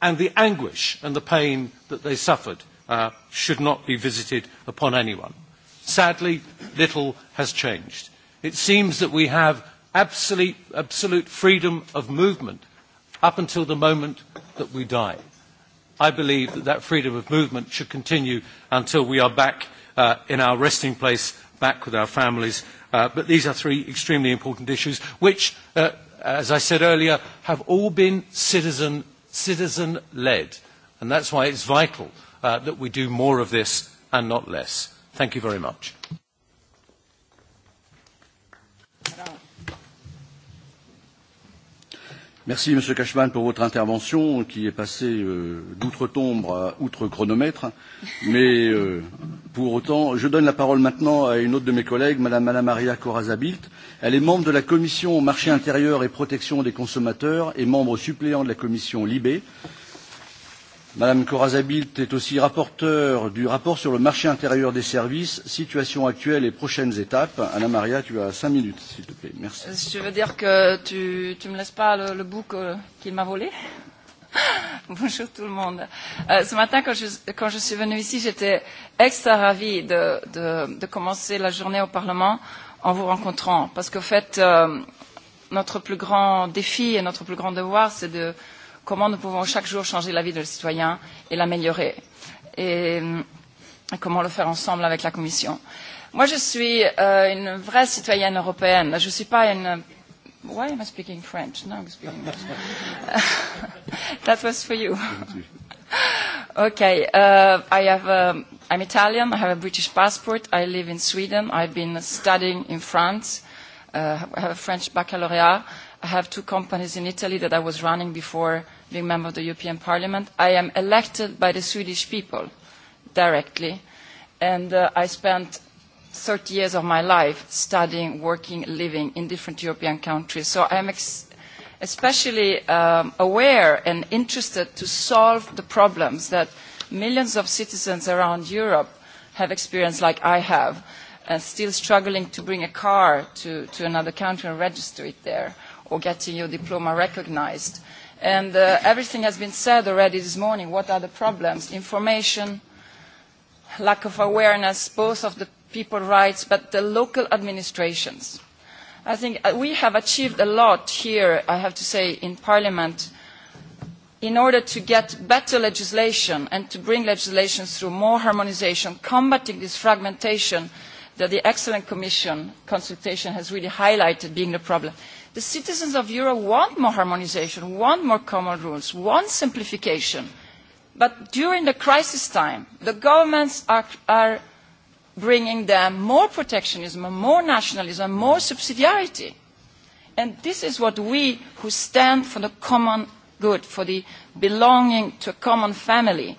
and the anguish and the pain that they suffered uh, should not be visited upon anyone. Sadly, little has changed. It seems that we have absolute, absolute freedom of movement up until the moment that we die. I believe that that freedom of movement should continue until we are back uh, in our resting place, back with our families. Uh, but these are three extremely important issues, which, uh, as I said earlier, have all been citizen, citizen-led. And that's why it's vital uh, that we do more of this and not less. Thank you very much. Merci, M. Cashman, pour votre intervention qui est passée euh, doutre tombre à outre-chronomètre. Mais euh, pour autant, je donne la parole maintenant à une autre de mes collègues, Madame Anna Maria Corazabilt. Elle est membre de la Commission au marché intérieur et protection des consommateurs et membre suppléant de la Commission Libé. Madame Corazabilt est aussi rapporteure du rapport sur le marché intérieur des services, situation actuelle et prochaines étapes. Anna Maria, tu as cinq minutes, s'il te plaît. Merci. Je euh, veux dire que tu ne me laisses pas le, le bouc euh, qu'il m'a volé. Bonjour tout le monde. Euh, ce matin, quand je, quand je suis venue ici, j'étais extra ravie de, de, de commencer la journée au Parlement en vous rencontrant. Parce qu'au fait, euh, notre plus grand défi et notre plus grand devoir, c'est de comment nous pouvons chaque jour changer la vie de le citoyen et l'améliorer et, euh, et comment le faire ensemble avec la Commission. Moi, je suis euh, une vraie citoyenne européenne. Je ne suis pas une... Why am I speaking French? No, I'm speaking English. That was for you. okay, uh, I have a, um, I'm Italian, I have a British passport, I live in Sweden, I've been studying in France, uh, I have a French baccalaureate, I have two companies in Italy that I was running before being member of the European Parliament. I am elected by the Swedish people directly, and uh, I spent 30 years of my life studying, working, living in different European countries. So I am ex especially um, aware and interested to solve the problems that millions of citizens around Europe have experienced like I have, and still struggling to bring a car to, to another country and register it there, or getting your diploma recognized. And uh, everything has been said already this morning. What are the problems? Information, lack of awareness, both of the people rights, but the local administrations. I think uh, we have achieved a lot here, I have to say, in Parliament in order to get better legislation and to bring legislation through more harmonisation, combating this fragmentation that the excellent commission consultation has really highlighted being the problem. The citizens of Europe want more harmonization, want more common rules, want simplification. But during the crisis time, the governments are, are bringing them more protectionism, more nationalism, more subsidiarity. And this is what we who stand for the common good, for the belonging to a common family,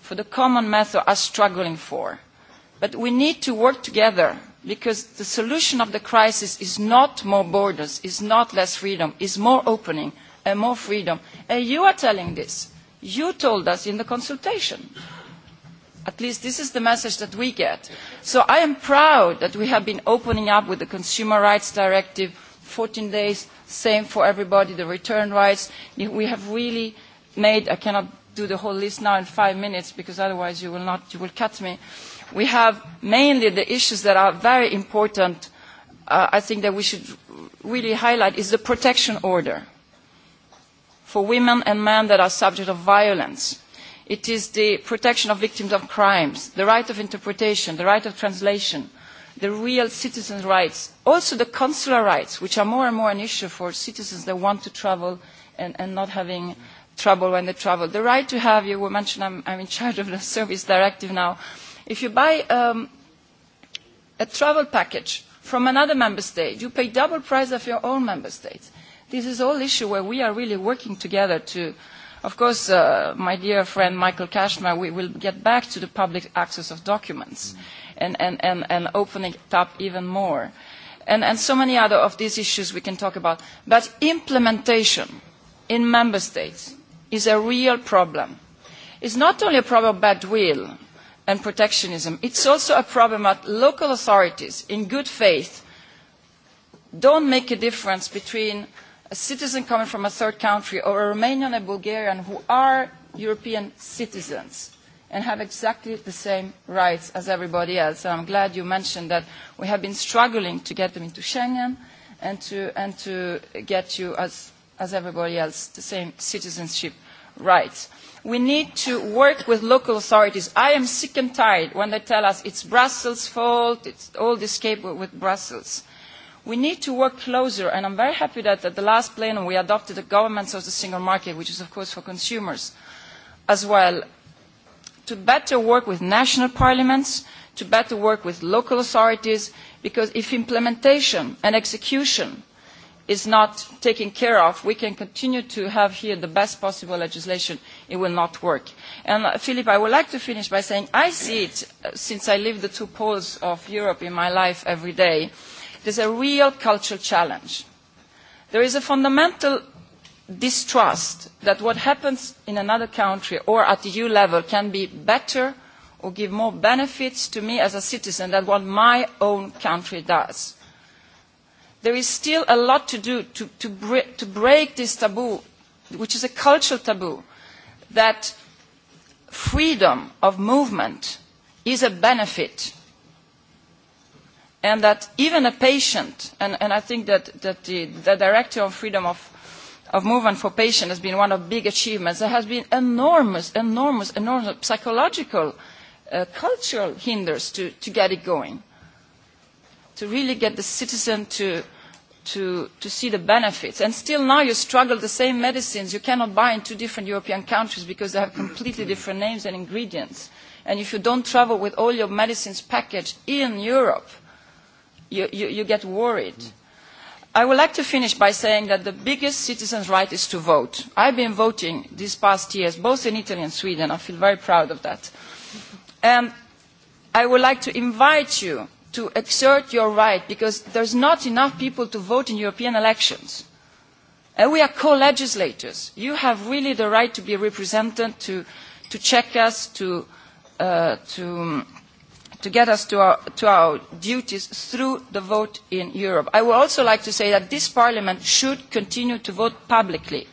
for the common method are struggling for. But we need to work together because the solution of the crisis is not more borders, is not less freedom, is more opening and more freedom. And you are telling this. You told us in the consultation. At least this is the message that we get. So I am proud that we have been opening up with the Consumer Rights Directive, 14 days, same for everybody, the return rights. We have really made, I cannot do the whole list now in five minutes because otherwise you will, not, you will cut me. Uh, we have mainly the issues that are very important, uh, I think that we should really highlight, is the protection order for women and men that are subject of violence. It is the protection of victims of crimes, the right of interpretation, the right of translation, the real citizens' rights, also the consular rights, which are more and more an issue for citizens that want to travel and, and not having trouble when they travel. The right to have, you were mentioned, I'm, I'm in charge of the service directive now, If you buy um, a travel package from another member state, you pay double price of your own member state. This is all issue where we are really working together to, of course, uh, my dear friend Michael Kashmir, we will get back to the public access of documents mm. and, and, and, and opening it up even more. And, and so many other of these issues we can talk about. But implementation in member states is a real problem. It's not only a problem of bad will, and protectionism. It's also a problem that local authorities, in good faith, don't make a difference between a citizen coming from a third country or a Romanian and Bulgarian who are European citizens and have exactly the same rights as everybody else. And I'm glad you mentioned that we have been struggling to get them into Schengen and to, and to get you, as, as everybody else, the same citizenship rights. We need to work with local authorities. I am sick and tired when they tell us it's Brussels' fault, it's all this escape with Brussels. We need to work closer, and I'm very happy that at the last plenum we adopted the governments of the single market, which is of course for consumers as well, to better work with national parliaments, to better work with local authorities, because if implementation and execution is not taken care of, we can continue to have here the best possible legislation. It will not work. And uh, Philip, I would like to finish by saying I see it uh, since I live the two poles of Europe in my life every day. There's a real cultural challenge. There is a fundamental distrust that what happens in another country or at the EU level can be better or give more benefits to me as a citizen than what my own country does there is still a lot to do to, to, bre to break this taboo, which is a cultural taboo, that freedom of movement is a benefit. And that even a patient, and, and I think that, that the, the Director on Freedom of, of Movement for Patients has been one of big achievements. There has been enormous, enormous, enormous psychological, uh, cultural hinders to, to get it going to really get the citizen to, to, to see the benefits. And still now you struggle the same medicines you cannot buy in two different European countries because they have completely different names and ingredients. And if you don't travel with all your medicines packaged in Europe, you, you, you get worried. Mm. I would like to finish by saying that the biggest citizen's right is to vote. I've been voting these past years, both in Italy and Sweden. I feel very proud of that. And I would like to invite you to exert your right because there's not enough people to vote in European elections. And we are co-legislators. You have really the right to be represented, to, to check us, to, uh, to, to get us to our, to our duties through the vote in Europe. I would also like to say that this Parliament should continue to vote publicly.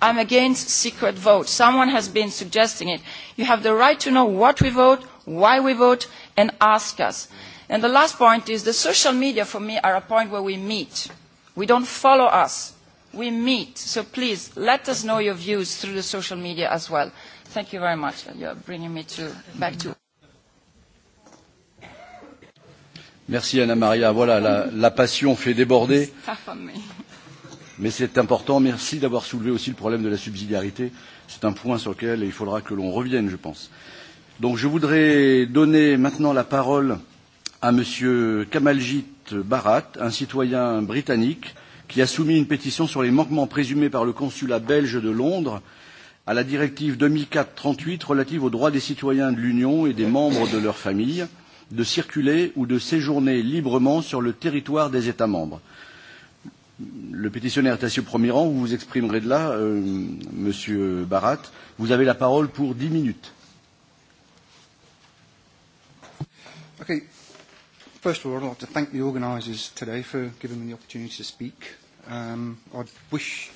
I'm against secret votes. Someone has been suggesting it. You have the right to know what we vote, why we vote, and ask us. Mm And the last point is the social media for me are a point where we meet. We don't follow us. We meet. So please, let us know your views through the social media as well. Thank you very much. You're bringing me to, back to... Merci Anna Maria. Voilà, la, la passion fait déborder. Mais c'est important. Merci d'avoir soulevé aussi le problème de la subsidiarité. C'est un point sur lequel il faudra que l'on revienne, je pense. Donc je voudrais donner maintenant la parole à M. Kamaljit Barat, un citoyen britannique qui a soumis une pétition sur les manquements présumés par le consulat belge de Londres à la directive 2004-38 relative aux droits des citoyens de l'Union et des membres de leur famille de circuler ou de séjourner librement sur le territoire des États membres. Le pétitionnaire est assis au premier rang, vous vous exprimerez de là, euh, Monsieur Barat. Vous avez la parole pour dix minutes. Okay, First of all, I'd like to thank the organisers today for giving me the opportunity to speak. Um, I wish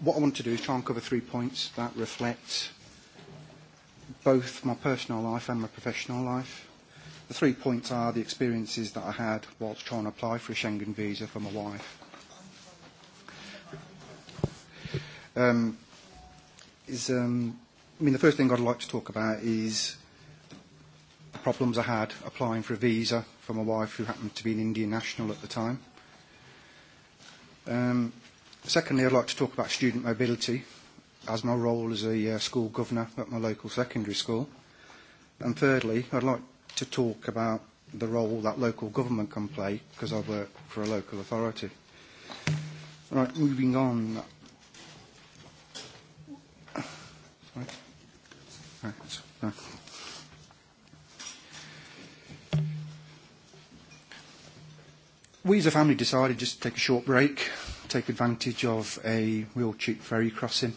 what I want to do is try and cover three points that reflect both my personal life and my professional life. The three points are the experiences that I had whilst trying to apply for a Schengen visa for my wife. Um, is, um, I mean, the first thing I'd like to talk about is problems I had applying for a visa for my wife, who happened to be an Indian national at the time. Um, secondly, I'd like to talk about student mobility as my role as a uh, school governor at my local secondary school. And thirdly, I'd like to talk about the role that local government can play because I work for a local authority. Right, moving on. Sorry. Right, sorry. we as a family decided just to take a short break, take advantage of a real cheap ferry crossing.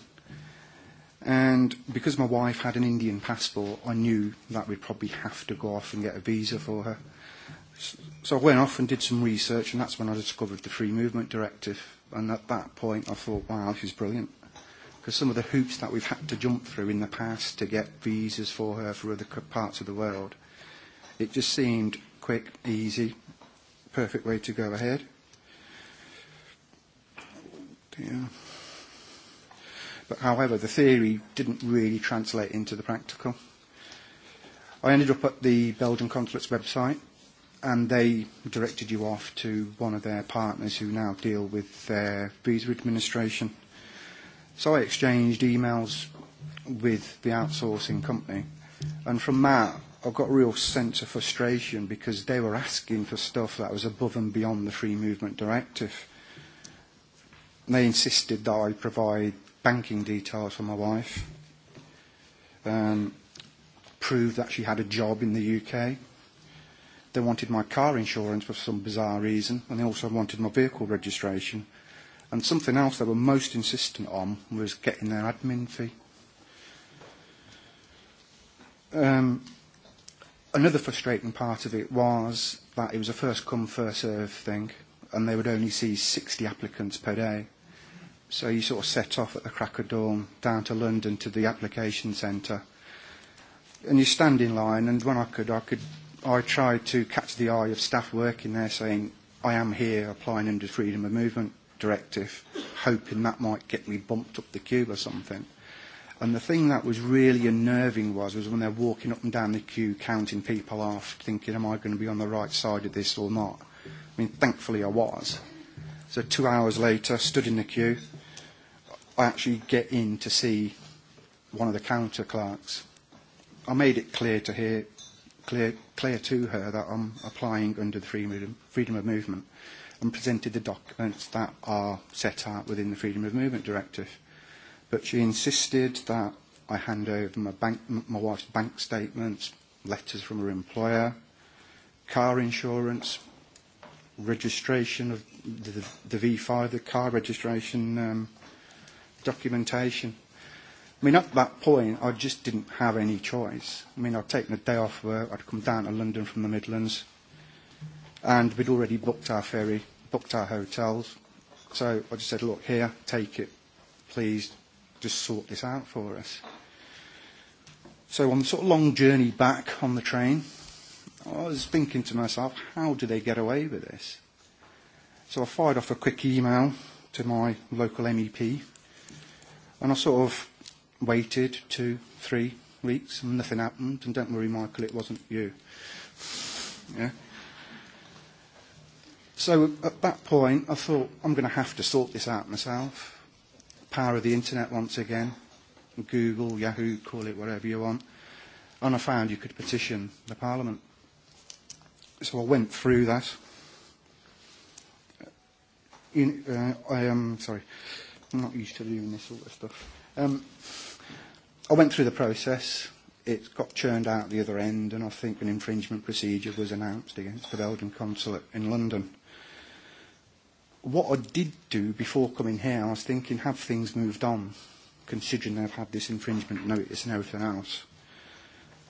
And because my wife had an Indian passport, I knew that we'd probably have to go off and get a visa for her. So I went off and did some research, and that's when I discovered the Free Movement Directive. And at that point, I thought, wow, she's brilliant. Because some of the hoops that we've had to jump through in the past to get visas for her for other parts of the world, it just seemed quick, easy, perfect way to go ahead. Yeah. But however, the theory didn't really translate into the practical. I ended up at the Belgian consulate's website, and they directed you off to one of their partners who now deal with their visa administration. So I exchanged emails with the outsourcing company, and from that I got a real sense of frustration because they were asking for stuff that was above and beyond the Free Movement Directive. And they insisted that I provide banking details for my wife, um, prove that she had a job in the UK. They wanted my car insurance for some bizarre reason, and they also wanted my vehicle registration. And something else they were most insistent on was getting their admin fee. Um, another frustrating part of it was that it was a first come, first serve thing, and they would only see 60 applicants per day. So you sort of set off at the crack of dawn down to London to the application centre. And you stand in line, and when I could, I could, I tried to catch the eye of staff working there saying, I am here applying under Freedom of Movement Directive, hoping that might get me bumped up the queue or something. And the thing that was really unnerving was, was when they're walking up and down the queue, counting people off, thinking, am I going to be on the right side of this or not? I mean, thankfully I was. So two hours later, stood in the queue, I actually get in to see one of the counter clerks. I made it clear to her, clear, clear to her that I'm applying under the freedom, freedom of movement and presented the documents that are set out within the Freedom of Movement Directive but she insisted that I hand over my, bank, my wife's bank statements, letters from her employer, car insurance, registration of the, the V5, the car registration um, documentation. I mean, at that point, I just didn't have any choice. I mean, I'd taken a day off work, I'd come down to London from the Midlands, and we'd already booked our ferry, booked our hotels. So I just said, look, here, take it, please, just sort this out for us. So on the sort of long journey back on the train, I was thinking to myself, how do they get away with this? So I fired off a quick email to my local MEP, and I sort of waited two, three weeks, and nothing happened, and don't worry, Michael, it wasn't you. Yeah? So at that point, I thought, I'm going to have to sort this out myself power of the internet once again, Google, Yahoo, call it whatever you want, and I found you could petition the Parliament. So I went through that. In, uh, I am um, sorry, I'm not used to doing this sort of stuff. Um, I went through the process. It got churned out the other end, and I think an infringement procedure was announced against the Belgian consulate in London what I did do before coming here, I was thinking, have things moved on, considering they've had this infringement notice and everything else.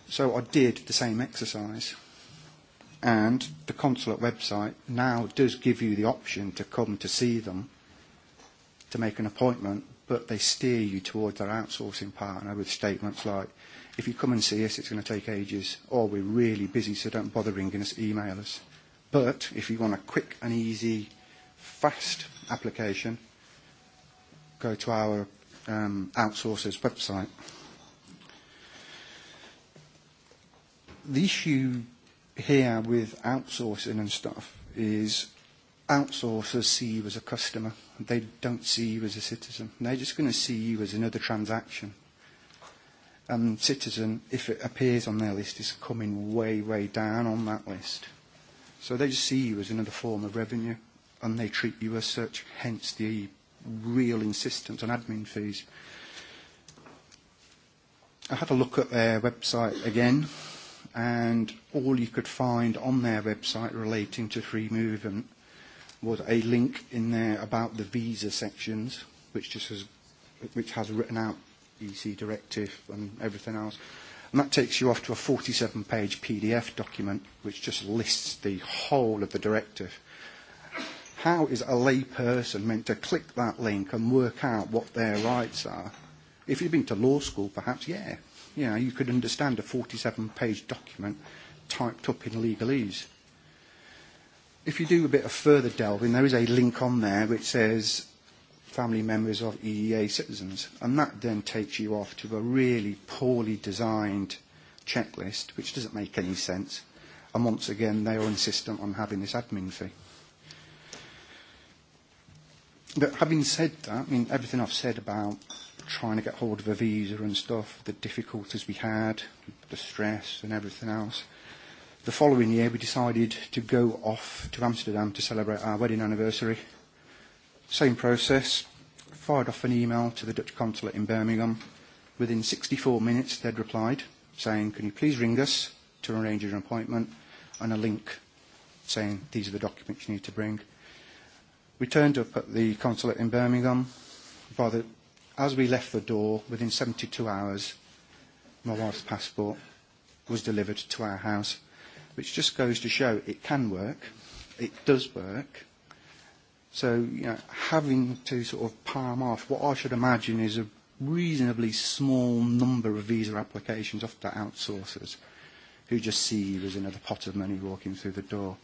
So I did the same exercise. And the consulate website now does give you the option to come to see them, to make an appointment, but they steer you towards their outsourcing partner with statements like, if you come and see us, it's going to take ages, or we're really busy, so don't bother ringing us, email us. But if you want a quick and easy fast application, go to our um, outsourcers website. The issue here with outsourcing and stuff is outsourcers see you as a customer. They don't see you as a citizen. They're just going to see you as another transaction. And um, citizen, if it appears on their list, is coming way, way down on that list. So they just see you as another form of revenue and they treat you as such, hence the real insistence on admin fees. I had a look at their website again, and all you could find on their website relating to free movement was a link in there about the visa sections, which just has, which has written out EC directive and everything else. And that takes you off to a 47-page PDF document, which just lists the whole of the directive how is a lay person meant to click that link and work out what their rights are? If you've been to law school, perhaps, yeah, you know, you could understand a 47-page document typed up in legalese. If you do a bit of further delving, there is a link on there which says family members of EEA citizens, and that then takes you off to a really poorly designed checklist, which doesn't make any sense. And once again, they are insistent on having this admin fee that having said that, I mean, everything I've said about trying to get hold of a visa and stuff, the difficulties we had, the stress and everything else, the following year we decided to go off to Amsterdam to celebrate our wedding anniversary. Same process, fired off an email to the Dutch consulate in Birmingham. Within 64 minutes they'd replied, saying, can you please ring us to arrange an appointment, and a link saying, these are the documents you need to bring. We turned up at the consulate in Birmingham. the, as we left the door, within 72 hours, my wife's passport was delivered to our house, which just goes to show it can work, it does work. So, you know, having to sort of palm off what I should imagine is a reasonably small number of visa applications off to outsourcers who just see you as another pot of money walking through the door.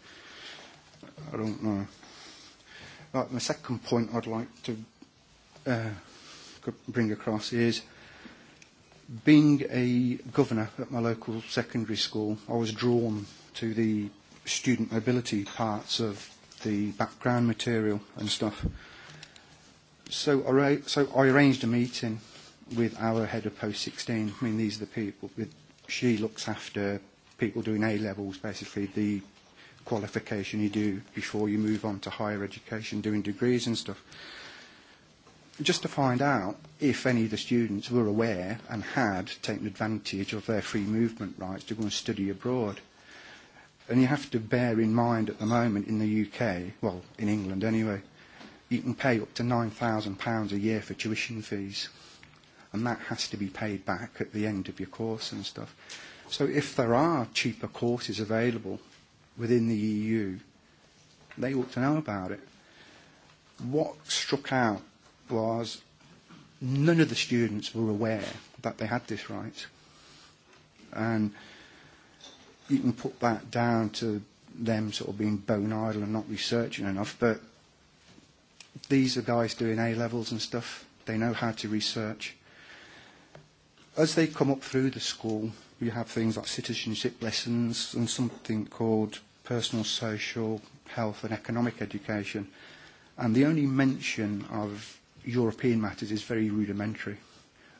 I don't know. Uh, my second point I'd like to uh, bring across is being a governor at my local secondary school, I was drawn to the student mobility parts of the background material and stuff. So I, so I arranged a meeting with our head of post 16. I mean, these are the people. With, she looks after people doing A levels, basically the qualification you do before you move on to higher education, doing degrees and stuff. Just to find out if any of the students were aware and had taken advantage of their free movement rights to go and study abroad. And you have to bear in mind at the moment in the UK, well, in England anyway, you can pay up to £9,000 a year for tuition fees. And that has to be paid back at the end of your course and stuff. So if there are cheaper courses available within the EU. They ought to know about it. What struck out was none of the students were aware that they had this right. And you can put that down to them sort of being bone idle and not researching enough, but these are guys doing A levels and stuff. They know how to research. As they come up through the school, We have things like citizenship lessons and something called personal, social, health and economic education. And the only mention of European matters is very rudimentary.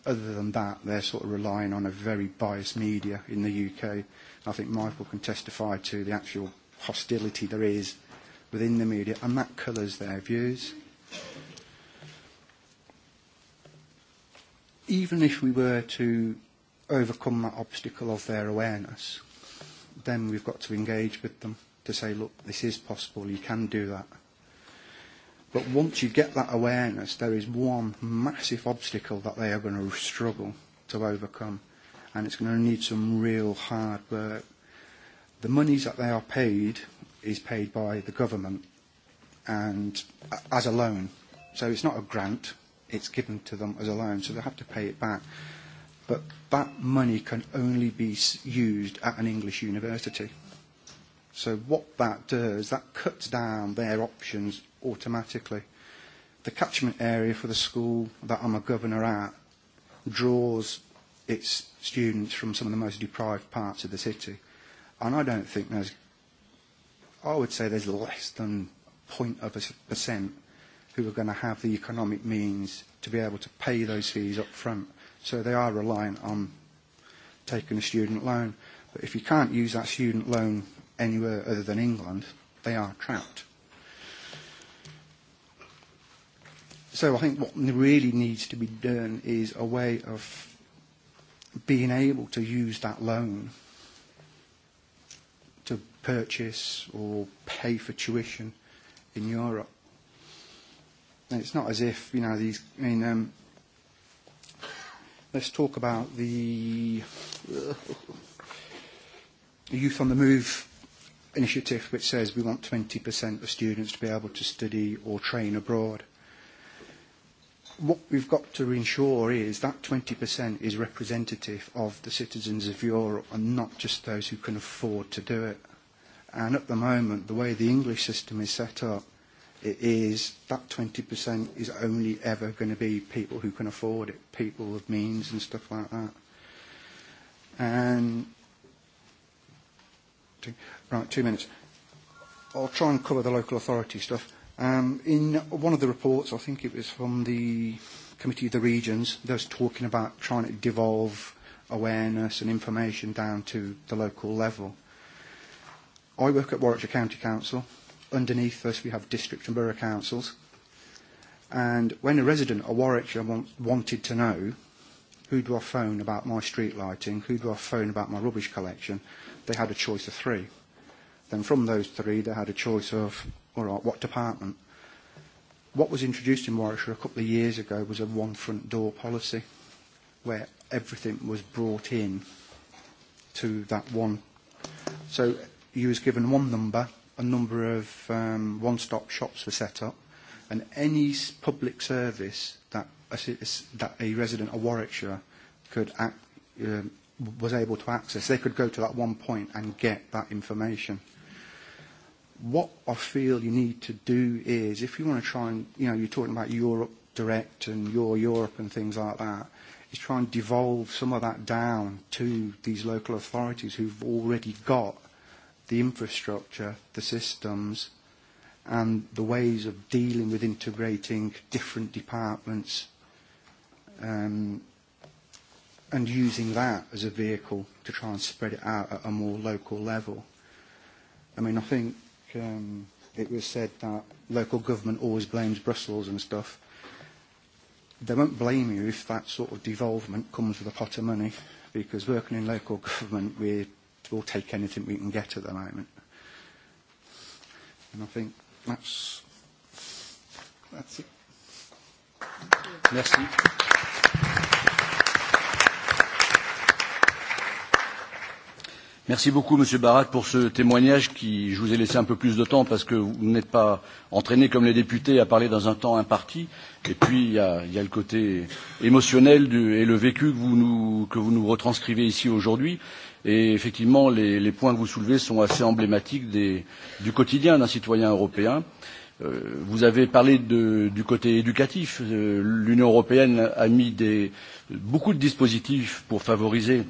Other than that, they're sort of relying on a very biased media in the UK. I think Michael can testify to the actual hostility there is within the media, and that colours their views. Even if we were to overcome that obstacle of their awareness, then we've got to engage with them to say, look, this is possible, you can do that. But once you get that awareness, there is one massive obstacle that they are going to struggle to overcome, and it's going to need some real hard work. The monies that they are paid is paid by the government and as a loan. So it's not a grant, it's given to them as a loan, so they have to pay it back but that money can only be used at an English university. So what that does, that cuts down their options automatically. The catchment area for the school that I'm a governor at draws its students from some of the most deprived parts of the city. And I don't think there's, I would say there's less than a point of percent who are going to have the economic means to be able to pay those fees up front. So they are reliant on taking a student loan. But if you can't use that student loan anywhere other than England, they are trapped. So I think what really needs to be done is a way of being able to use that loan to purchase or pay for tuition in Europe. And it's not as if, you know, these, I mean, um, Let's talk about the uh, Youth on the Move initiative, which says we want 20% of students to be able to study or train abroad. What we've got to ensure is that 20% is representative of the citizens of Europe and not just those who can afford to do it. And at the moment, the way the English system is set up, it is that 20% is only ever going to be people who can afford it, people of means and stuff like that. And, right, two minutes. I'll try and cover the local authority stuff. Um, in one of the reports, I think it was from the Committee of the Regions, there's talking about trying to devolve awareness and information down to the local level. I work at Warwickshire County Council underneath us we have district and borough councils. And when a resident of Warwickshire want, wanted to know who do I phone about my street lighting, who do I phone about my rubbish collection, they had a choice of three. Then from those three they had a choice of, all right, what department? What was introduced in Warwickshire a couple of years ago was a one front door policy where everything was brought in to that one. So you was given one number a number of um, one-stop shops were set up, and any public service that a, that a resident of Warwickshire could act, um, was able to access, they could go to that one point and get that information. What I feel you need to do is, if you want to try and, you know, you're talking about Europe Direct and Your Europe and things like that, is try and devolve some of that down to these local authorities who've already got the infrastructure, the systems, and the ways of dealing with integrating different departments um, and using that as a vehicle to try and spread it out at a more local level. I mean, I think um, it was said that local government always blames Brussels and stuff. They won't blame you if that sort of devolvement comes with a pot of money, because working in local government, we're we'll take anything we can get at the moment. And I think that's, that's it. Merci. Merci beaucoup, Monsieur Barat, pour ce témoignage qui, je vous ai laissé un peu plus de temps parce que vous n'êtes pas entraîné comme les députés à parler dans un temps imparti. Et puis, il y a, il y a le côté émotionnel du, et le vécu que vous nous, que vous nous retranscrivez ici aujourd'hui. Et effectivement, les, les points que vous soulevez sont assez emblématiques des, du quotidien d'un citoyen européen. Euh, vous avez parlé de, du côté éducatif. Euh, L'Union européenne a mis des, beaucoup de dispositifs pour favoriser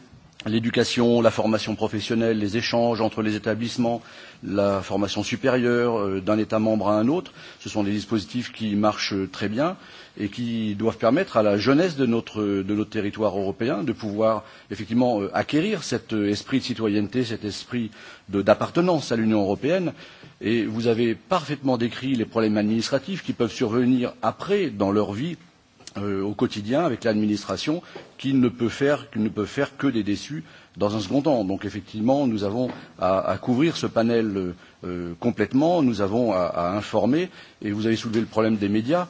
l'éducation, la formation professionnelle, les échanges entre les établissements, la formation supérieure euh, d'un État membre à un autre. Ce sont des dispositifs qui marchent très bien et qui doivent permettre à la jeunesse de notre, de notre territoire européen de pouvoir effectivement euh, acquérir cet euh, esprit de citoyenneté, cet esprit d'appartenance à l'Union européenne. Et vous avez parfaitement décrit les problèmes administratifs qui peuvent survenir après dans leur vie euh, au quotidien avec l'administration qui ne peut faire, qui ne peut faire que des déçus dans un second temps. Donc effectivement, nous avons à, à couvrir ce panel euh, euh, complètement, nous avons à, à informer, et vous avez soulevé le problème des médias.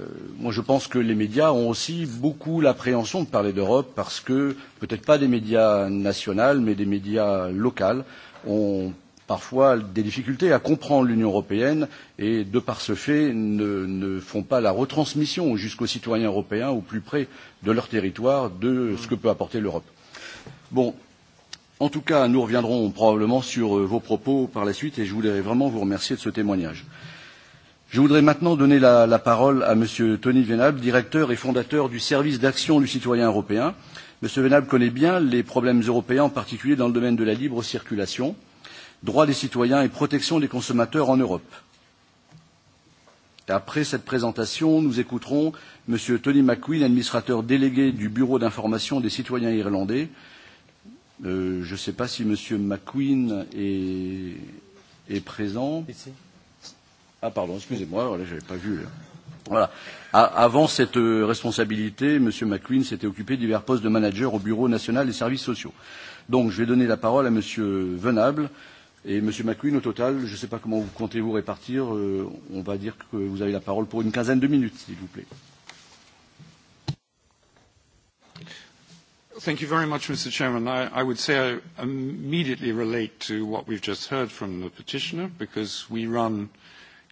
Euh, moi, je pense que les médias ont aussi beaucoup l'appréhension de parler d'Europe parce que, peut-être pas des médias nationaux, mais des médias locaux ont parfois des difficultés à comprendre l'Union européenne et, de par ce fait, ne, ne font pas la retransmission jusqu'aux citoyens européens au plus près de leur territoire de ce que peut apporter l'Europe. Bon, En tout cas, nous reviendrons probablement sur euh, vos propos par la suite et je voulais vraiment vous remercier de ce témoignage. Je voudrais maintenant donner la, la parole à Monsieur Tony Venable, directeur et fondateur du service d'action du citoyen européen. Monsieur Venable connaît bien les problèmes européens, en particulier dans le domaine de la libre circulation, droits des citoyens et protection des consommateurs en Europe. Après cette présentation, nous écouterons M. Tony McQueen, administrateur délégué du Bureau d'information des citoyens irlandais, Euh, je ne sais pas si M. McQueen est, est présent. Ici. Ah pardon, excusez-moi, je n'avais pas vu. Là. Voilà. A avant cette euh, responsabilité, M. McQueen s'était occupé de divers postes de manager au Bureau national des services sociaux. Donc je vais donner la parole à M. Venable. Et M. McQueen, au total, je ne sais pas comment vous comptez vous répartir, euh, on va dire que vous avez la parole pour une quinzaine de minutes, s'il vous plaît. Thank you very much, Mr. Chairman. I, I would say I immediately relate to what we've just heard from the petitioner because we run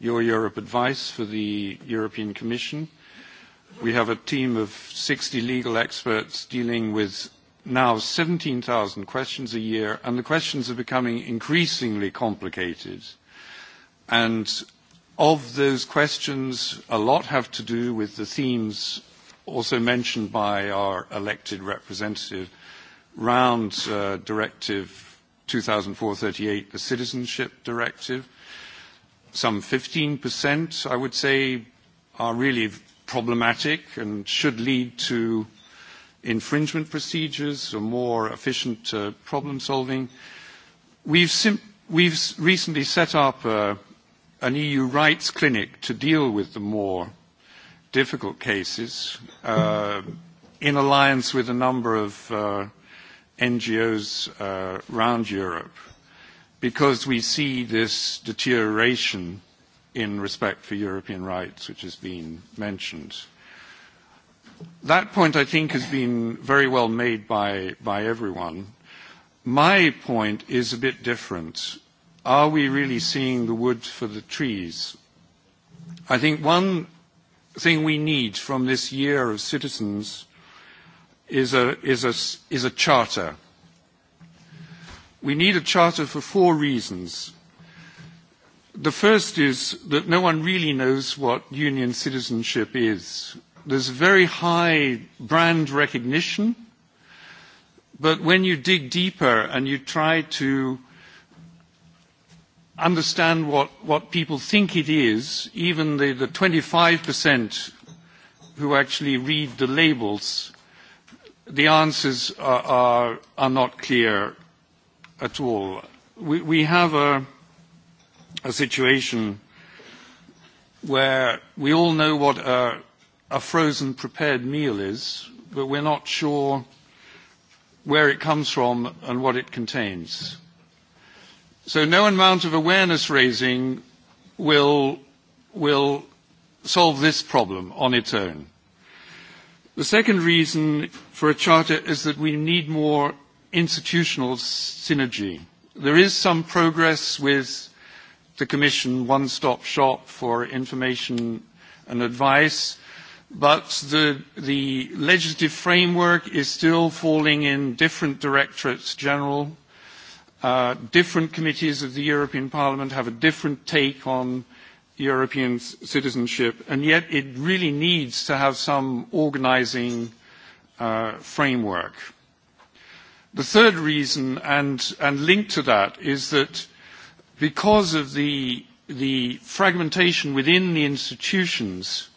Your Europe Advice for the European Commission. We have a team of 60 legal experts dealing with now 17,000 questions a year, and the questions are becoming increasingly complicated. And of those questions, a lot have to do with the themes also mentioned by our elected representative round uh, Directive 2004-38, the Citizenship Directive. Some 15%, I would say, are really problematic and should lead to infringement procedures or more efficient uh, problem solving. We've, sim we've recently set up uh, an EU rights clinic to deal with the more difficult cases uh, in alliance with a number of uh, NGOs uh, around Europe because we see this deterioration in respect for European rights, which has been mentioned. That point, I think, has been very well made by, by everyone. My point is a bit different. Are we really seeing the wood for the trees? I think one thing we need from this year of citizens is a, is a, is a charter. We need a charter for four reasons. The first is that no one really knows what union citizenship is. There's very high brand recognition, but when you dig deeper and you try to understand what, what people think it is, even the, the 25% who actually read the labels, the answers are, are, are not clear at all. We, we have a, a situation where we all know what a, a frozen prepared meal is, but we're not sure where it comes from and what it contains. So no amount of awareness raising will, will solve this problem on its own. The second reason for a charter is that we need more institutional synergy. There is some progress with the Commission one-stop shop for information and advice, but the, the legislative framework is still falling in different directorates general Uh, different committees of the European Parliament have a different take on European citizenship, and yet it really needs to have some organizing uh, framework. The third reason, and, and linked to that, is that because of the, the fragmentation within the institutions,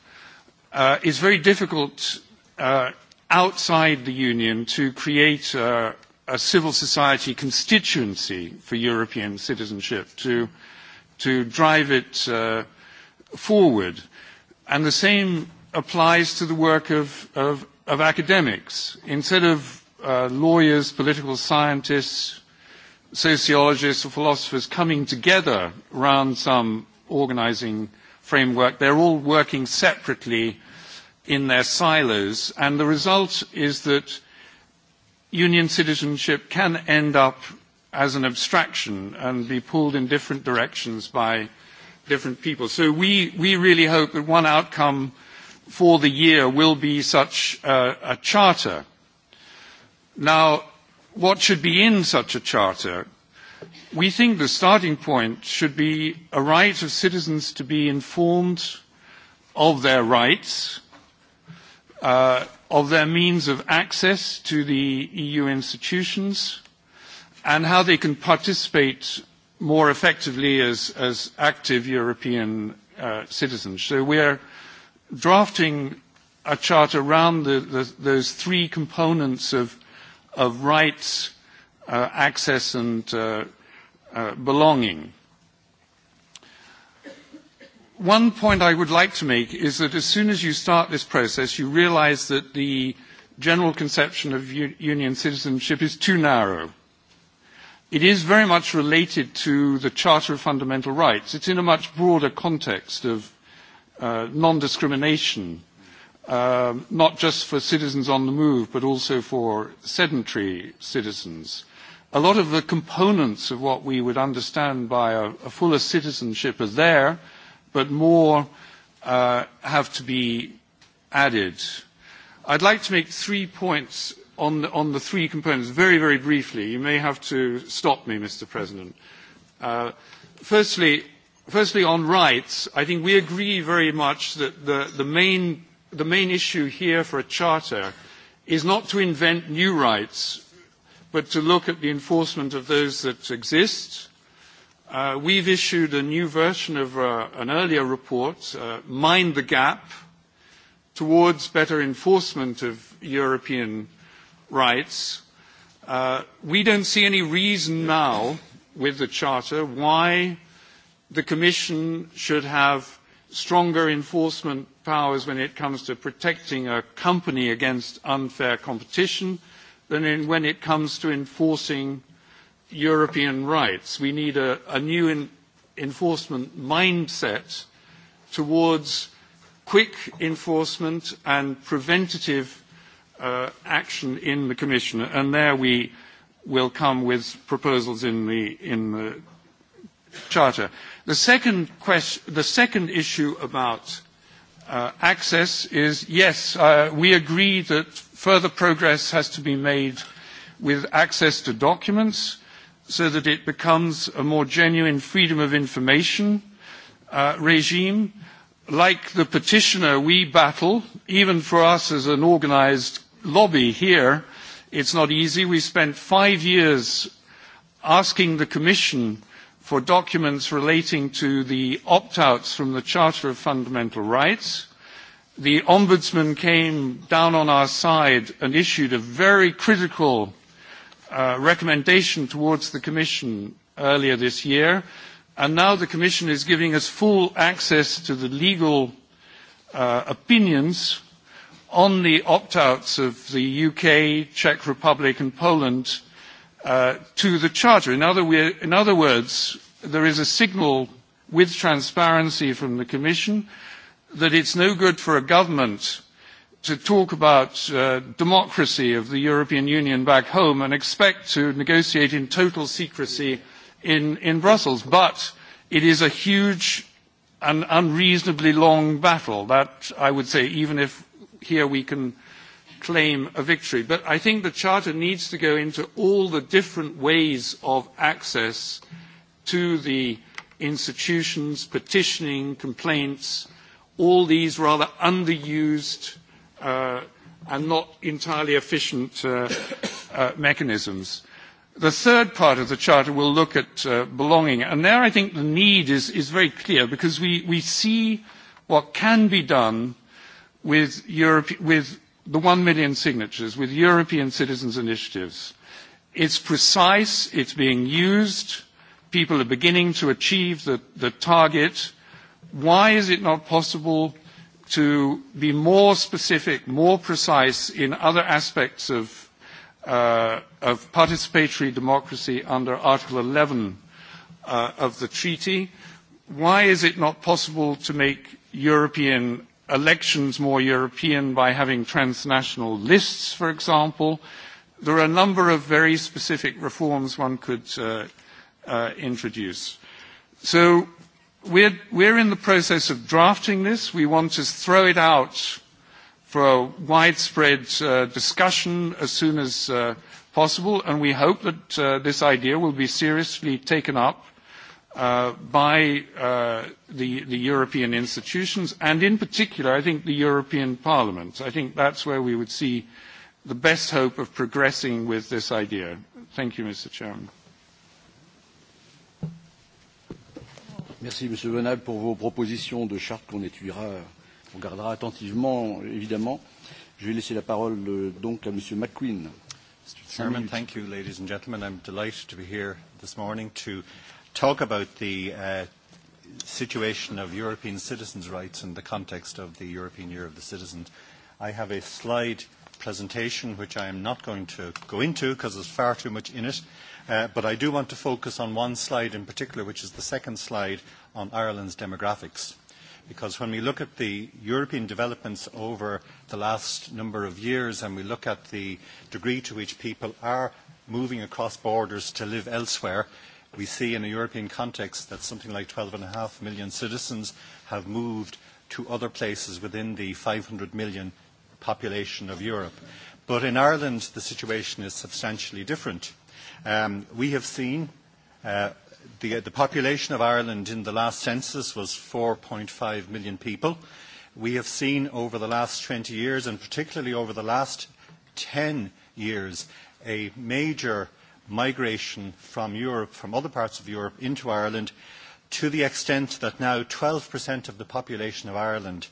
uh, it's very difficult uh, outside the Union to create a, a civil society constituency for European citizenship, to, to drive it uh, forward. And the same applies to the work of, of, of academics. Instead of uh, lawyers, political scientists, sociologists or philosophers coming together around some organizing framework, they're all working separately in their silos. And the result is that union citizenship can end up as an abstraction and be pulled in different directions by different people. So we, we really hope that one outcome for the year will be such a, a charter. Now, what should be in such a charter? We think the starting point should be a right of citizens to be informed of their rights, uh, of their means of access to the EU institutions and how they can participate more effectively as, as active European uh, citizens. So we are drafting a chart around the, the, those three components of, of rights, uh, access and uh, uh, belonging. One point I would like to make is that as soon as you start this process, you realize that the general conception of u union citizenship is too narrow. It is very much related to the Charter of Fundamental Rights. It's in a much broader context of uh, non-discrimination, um, not just for citizens on the move, but also for sedentary citizens. A lot of the components of what we would understand by a, a fuller citizenship are there, but more uh, have to be added. I'd like to make three points on the, on the three components very, very briefly. You may have to stop me, Mr. President. Uh, firstly, firstly, on rights, I think we agree very much that the, the, main, the main issue here for a charter is not to invent new rights, but to look at the enforcement of those that exist Uh, we've issued a new version of uh, an earlier report, uh, Mind the Gap, towards better enforcement of European rights. Uh, we don't see any reason now with the Charter why the Commission should have stronger enforcement powers when it comes to protecting a company against unfair competition than in, when it comes to enforcing European rights. We need a, a new in, enforcement mindset towards quick enforcement and preventative uh, action in the Commission. And there we will come with proposals in the, in the Charter. The second, the second issue about uh, access is, yes, uh, we agree that further progress has to be made with access to documents so that it becomes a more genuine freedom of information uh, regime. Like the petitioner, we battle, even for us as an organized lobby here, it's not easy. We spent five years asking the Commission for documents relating to the opt-outs from the Charter of Fundamental Rights. The Ombudsman came down on our side and issued a very critical Uh, recommendation towards the Commission earlier this year, and now the Commission is giving us full access to the legal uh, opinions on the opt-outs of the UK, Czech Republic and Poland uh, to the Charter. In other, in other words, there is a signal with transparency from the Commission that it's no good for a government to talk about uh, democracy of the European Union back home and expect to negotiate in total secrecy in, in Brussels. But it is a huge and unreasonably long battle. That, I would say, even if here we can claim a victory. But I think the Charter needs to go into all the different ways of access to the institutions, petitioning, complaints, all these rather underused uh, and not entirely efficient uh, uh, mechanisms. The third part of the Charter will look at uh, belonging, and there I think the need is, is very clear because we, we see what can be done with, Europe, with the one million signatures, with European citizens' initiatives. It's precise, it's being used, people are beginning to achieve the, the target. Why is it not possible to be more specific, more precise in other aspects of, uh, of participatory democracy under Article 11 uh, of the treaty. Why is it not possible to make European elections more European by having transnational lists, for example? There are a number of very specific reforms one could uh, uh, introduce. So we're, we're in the process of drafting this. We want to throw it out for a widespread uh, discussion as soon as uh, possible, and we hope that uh, this idea will be seriously taken up uh, by uh, the, the European institutions, and in particular, I think, the European Parliament. I think that's where we would see the best hope of progressing with this idea. Thank you, Mr. Chairman. Merci, Monsieur Venable, pour vos propositions de charte qu'on étudiera, qu'on gardera attentivement, évidemment. Je vais laisser la parole euh, donc à Monsieur McQueen. Mr. Chairman, thank you, ladies and gentlemen. I'm delighted to be here this morning to talk about the uh, situation of European citizens' rights in the context of the European Year of the Citizen. I have a slide presentation which I am not going to go into because there's far too much in it. Uh, but I do want to focus on one slide in particular, which is the second slide on Ireland's demographics. Because when we look at the European developments over the last number of years and we look at the degree to which people are moving across borders to live elsewhere, we see in a European context that something like 12.5 million citizens have moved to other places within the 500 million population of Europe. But in Ireland, the situation is substantially different. Um, we have seen uh, the, the population of Ireland in the last census was 4.5 million people. We have seen over the last 20 years, and particularly over the last 10 years, a major migration from Europe, from other parts of Europe into Ireland, to the extent that now 12% of the population of Ireland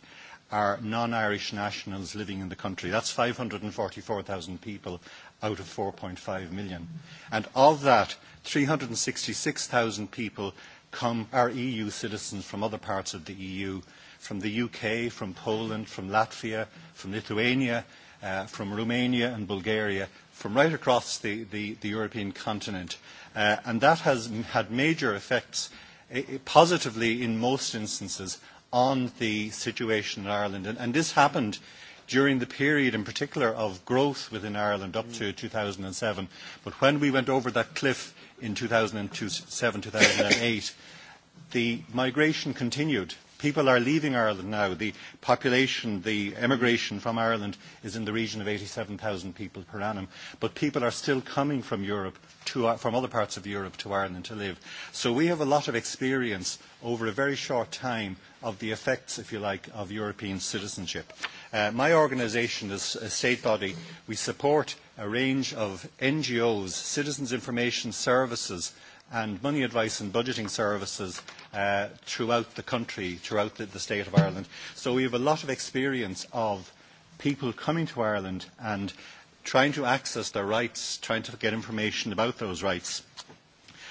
are non-Irish nationals living in the country. That's 544,000 people out of 4.5 million. And of that, 366,000 people come, are EU citizens from other parts of the EU, from the UK, from Poland, from Latvia, from Lithuania, uh, from Romania and Bulgaria, from right across the, the, the European continent. Uh, and that has had major effects uh, positively in most instances on the situation in Ireland. And, and this happened during the period in particular of growth within Ireland up to 2007. Mm. But when we went over that cliff in 2007, 2008, the migration continued. People are leaving Ireland now. The population, the emigration from Ireland is in the region of 87,000 people per annum. But people are still coming from Europe, to, from other parts of Europe to Ireland to live. So we have a lot of experience over a very short time of the effects, if you like, of European citizenship. Uh, my organisation is a state body. We support a range of NGOs, citizens information services, and money advice and budgeting services uh, throughout the country, throughout the, the state of Ireland. So we have a lot of experience of people coming to Ireland and trying to access their rights, trying to get information about those rights.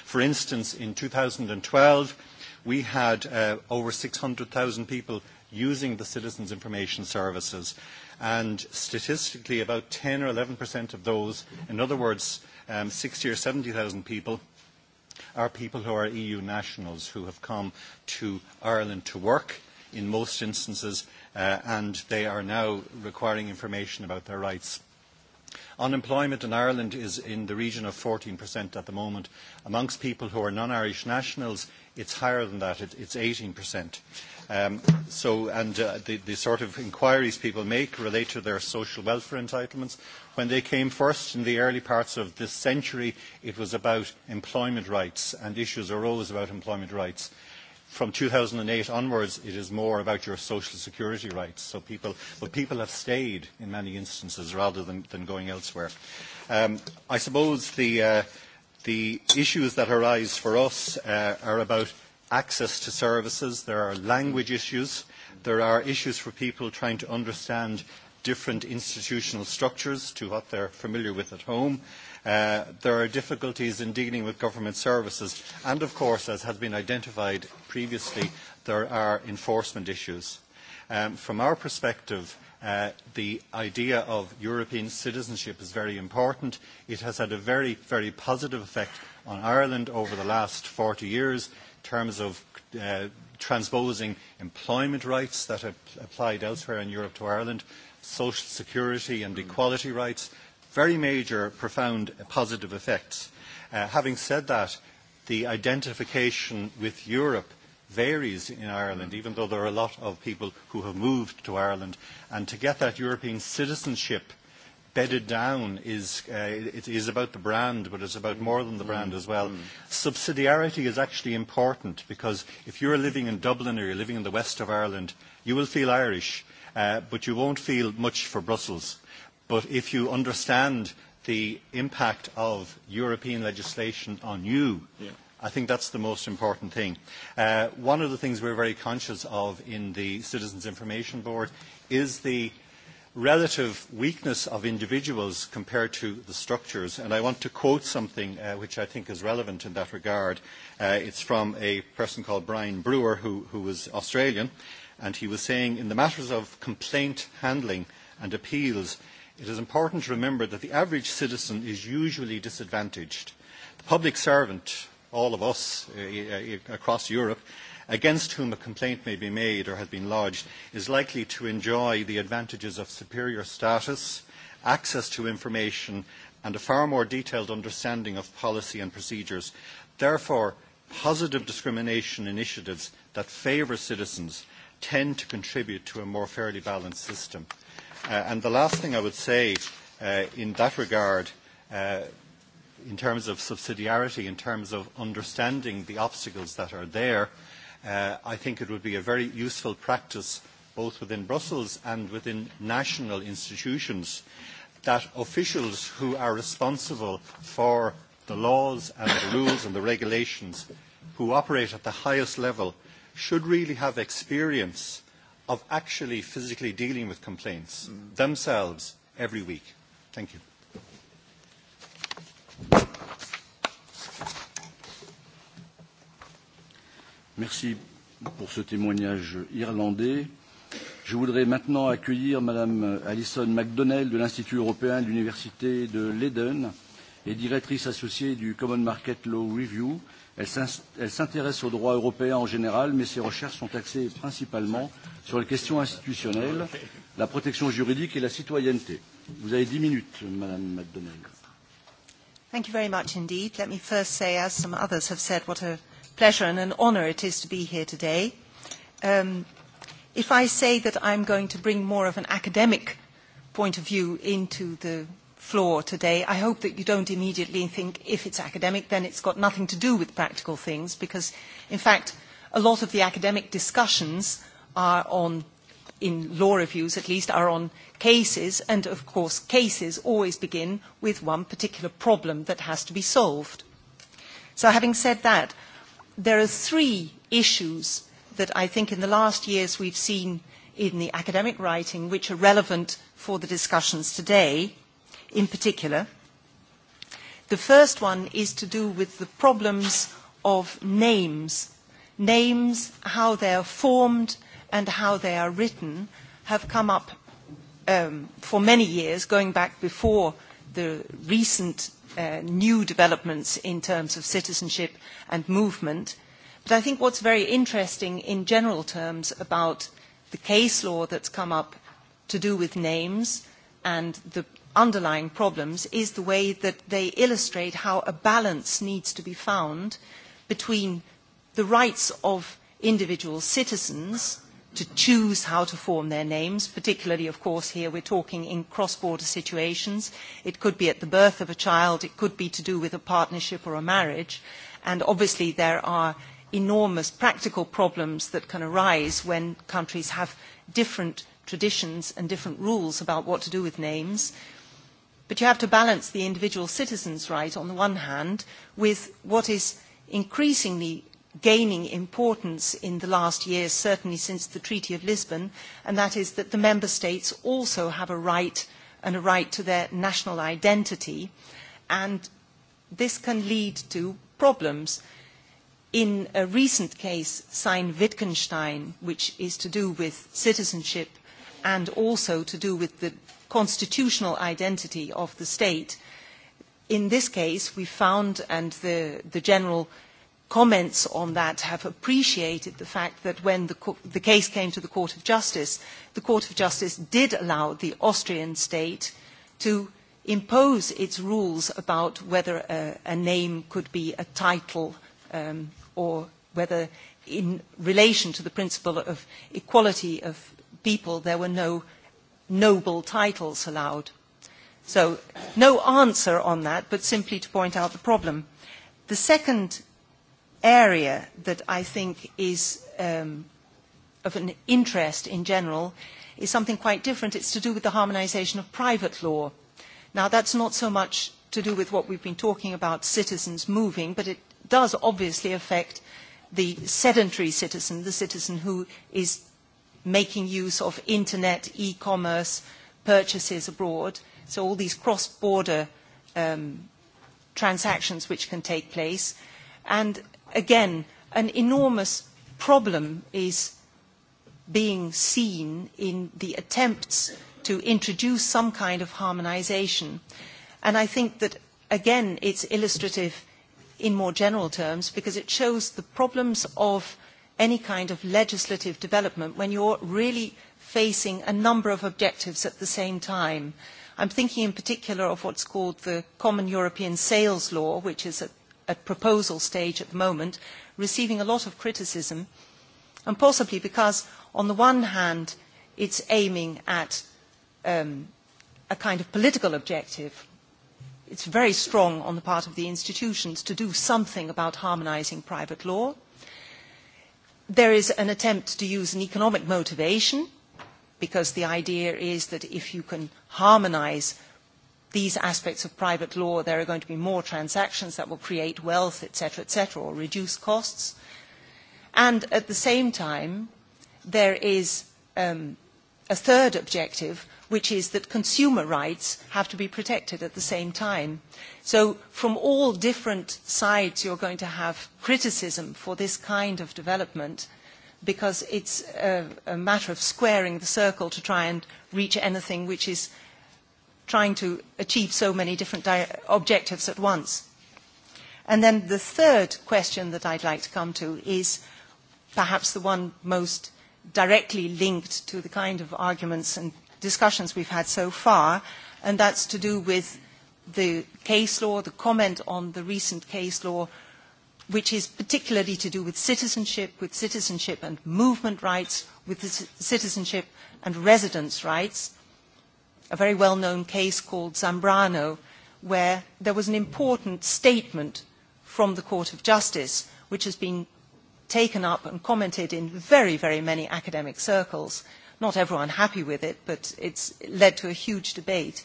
For instance, in 2012, we had uh, over 600,000 people using the citizens' information services. And statistically, about 10 or 11% of those, in other words, um, 60 or 70,000 people, are people who are EU nationals who have come to Ireland to work in most instances, uh, and they are now requiring information about their rights. Unemployment in Ireland is in the region of 14% at the moment. Amongst people who are non-Irish nationals, it's higher than that. It, it's 18%. Um, so, and uh, the, the sort of inquiries people make relate to their social welfare entitlements. When they came first in the early parts of this century, it was about employment rights, and issues arose about employment rights from 2008 onwards, it is more about your social security rights. So people, but people have stayed in many instances rather than, than going elsewhere. Um, I suppose the, uh, the issues that arise for us uh, are about access to services. There are language issues. There are issues for people trying to understand different institutional structures to what they're familiar with at home. Uh, there are difficulties in dealing with government services and, of course, as has been identified previously, there are enforcement issues. Um, from our perspective, Uh, the idea of European citizenship is very important. It has had a very, very positive effect on Ireland over the last 40 years in terms of uh, transposing employment rights that have applied elsewhere in Europe to Ireland, social security and hmm. equality rights, very major, profound positive effects. Uh, having said that, the identification with Europe varies in Ireland, mm. even though there are a lot of people who have moved to Ireland. And to get that European citizenship bedded down is, uh, it is about the brand, but it's about more than the brand mm. as well. Mm. Subsidiarity is actually important because if you're living in Dublin or you're living in the west of Ireland, you will feel Irish, uh, but you won't feel much for Brussels But if you understand the impact of European legislation on you, yeah. I think that's the most important thing. Uh, one of the things we're very conscious of in the Citizens Information Board is the relative weakness of individuals compared to the structures. And I want to quote something uh, which I think is relevant in that regard. Uh, it's from a person called Brian Brewer, who, who was Australian, and he was saying, in the matters of complaint handling and appeals, it is important to remember that the average citizen is usually disadvantaged. The public servant, all of us uh, across Europe, against whom a complaint may be made or has been lodged, is likely to enjoy the advantages of superior status, access to information, and a far more detailed understanding of policy and procedures. Therefore, positive discrimination initiatives that favour citizens tend to contribute to a more fairly balanced system. Uh, and the last thing I would say uh, in that regard, uh, in terms of subsidiarity, in terms of understanding the obstacles that are there, uh, I think it would be a very useful practice both within Brussels and within national institutions that officials who are responsible for the laws and the rules and the regulations who operate at the highest level should really have experience of actually physically dealing with complaints mm. themselves every week. Thank you. Merci pour ce témoignage irlandais. Je voudrais maintenant accueillir Madame Alison MacDonnell de l'Institut européen de l'Université de Leiden et directrice associée du Common Market Law Review Elle s'intéresse au droit européen en général, mais ses recherches sont axées principalement sur les questions institutionnelles, la protection juridique et la citoyenneté. Vous avez dix minutes, Madame McDonnell. Thank you very much indeed. Let me first say, as some others have said, what a pleasure and an honor it is to be here today. Um, if I say that I'm going to bring more of an academic point of view into the floor today, I hope that you don't immediately think if it's academic, then it's got nothing to do with practical things, because in fact, a lot of the academic discussions are on, in law reviews at least, are on cases, and of course cases always begin with one particular problem that has to be solved. So having said that, there are three issues that I think in the last years we've seen in the academic writing which are relevant for the discussions today in particular. The first one is to do with the problems of names. Names, how they are formed and how they are written, have come up um, for many years, going back before the recent uh, new developments in terms of citizenship and movement. But I think what's very interesting in general terms about the case law that's come up to do with names and the underlying problems is the way that they illustrate how a balance needs to be found between the rights of individual citizens to choose how to form their names, particularly, of course, here we're talking in cross-border situations. It could be at the birth of a child, it could be to do with a partnership or a marriage, and obviously there are enormous practical problems that can arise when countries have different traditions and different rules about what to do with names. But you have to balance the individual citizen's right on the one hand with what is increasingly gaining importance in the last years, certainly since the Treaty of Lisbon, and that is that the member states also have a right and a right to their national identity, and this can lead to problems. In a recent case, Sein Wittgenstein, which is to do with citizenship and also to do with the constitutional identity of the state. In this case, we found, and the, the general comments on that have appreciated the fact that when the, the case came to the Court of Justice, the Court of Justice did allow the Austrian state to impose its rules about whether a, a name could be a title um, or whether in relation to the principle of equality of people there were no noble titles allowed. So no answer on that, but simply to point out the problem. The second area that I think is um, of an interest in general is something quite different. It's to do with the harmonization of private law. Now, that's not so much to do with what we've been talking about, citizens moving, but it does obviously affect the sedentary citizen, the citizen who is making use of internet, e-commerce, purchases abroad. So all these cross-border um, transactions which can take place. And again, an enormous problem is being seen in the attempts to introduce some kind of harmonization. And I think that, again, it's illustrative in more general terms because it shows the problems of any kind of legislative development when you're really facing a number of objectives at the same time. I'm thinking in particular of what's called the Common European Sales Law, which is at, at proposal stage at the moment, receiving a lot of criticism, and possibly because on the one hand it's aiming at um, a kind of political objective. It's very strong on the part of the institutions to do something about harmonizing private law, there is an attempt to use an economic motivation because the idea is that if you can harmonize these aspects of private law, there are going to be more transactions that will create wealth, etc., etc., or reduce costs. And at the same time, there is um, a third objective, which is that consumer rights have to be protected at the same time. So from all different sides, you're going to have criticism for this kind of development because it's a, a matter of squaring the circle to try and reach anything which is trying to achieve so many different objectives at once. And then the third question that I'd like to come to is perhaps the one most directly linked to the kind of arguments and discussions we've had so far, and that's to do with the case law, the comment on the recent case law, which is particularly to do with citizenship, with citizenship and movement rights, with citizenship and residence rights. A very well-known case called Zambrano, where there was an important statement from the Court of Justice, which has been taken up and commented in very, very many academic circles. Not everyone happy with it, but it's led to a huge debate.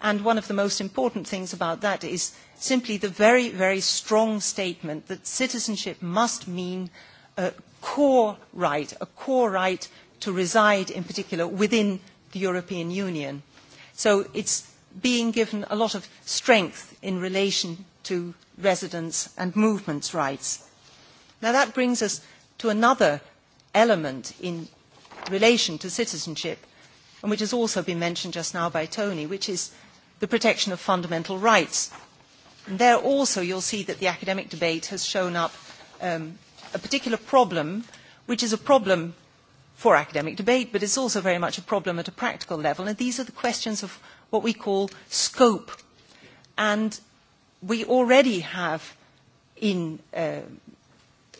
And one of the most important things about that is simply the very, very strong statement that citizenship must mean a core right, a core right to reside in particular within the European Union. So it's being given a lot of strength in relation to residence and movements rights. Now that brings us to another element in relation to citizenship, and which has also been mentioned just now by Tony, which is the protection of fundamental rights. And there also you'll see that the academic debate has shown up um, a particular problem, which is a problem for academic debate, but it's also very much a problem at a practical level. And these are the questions of what we call scope. And we already have in uh,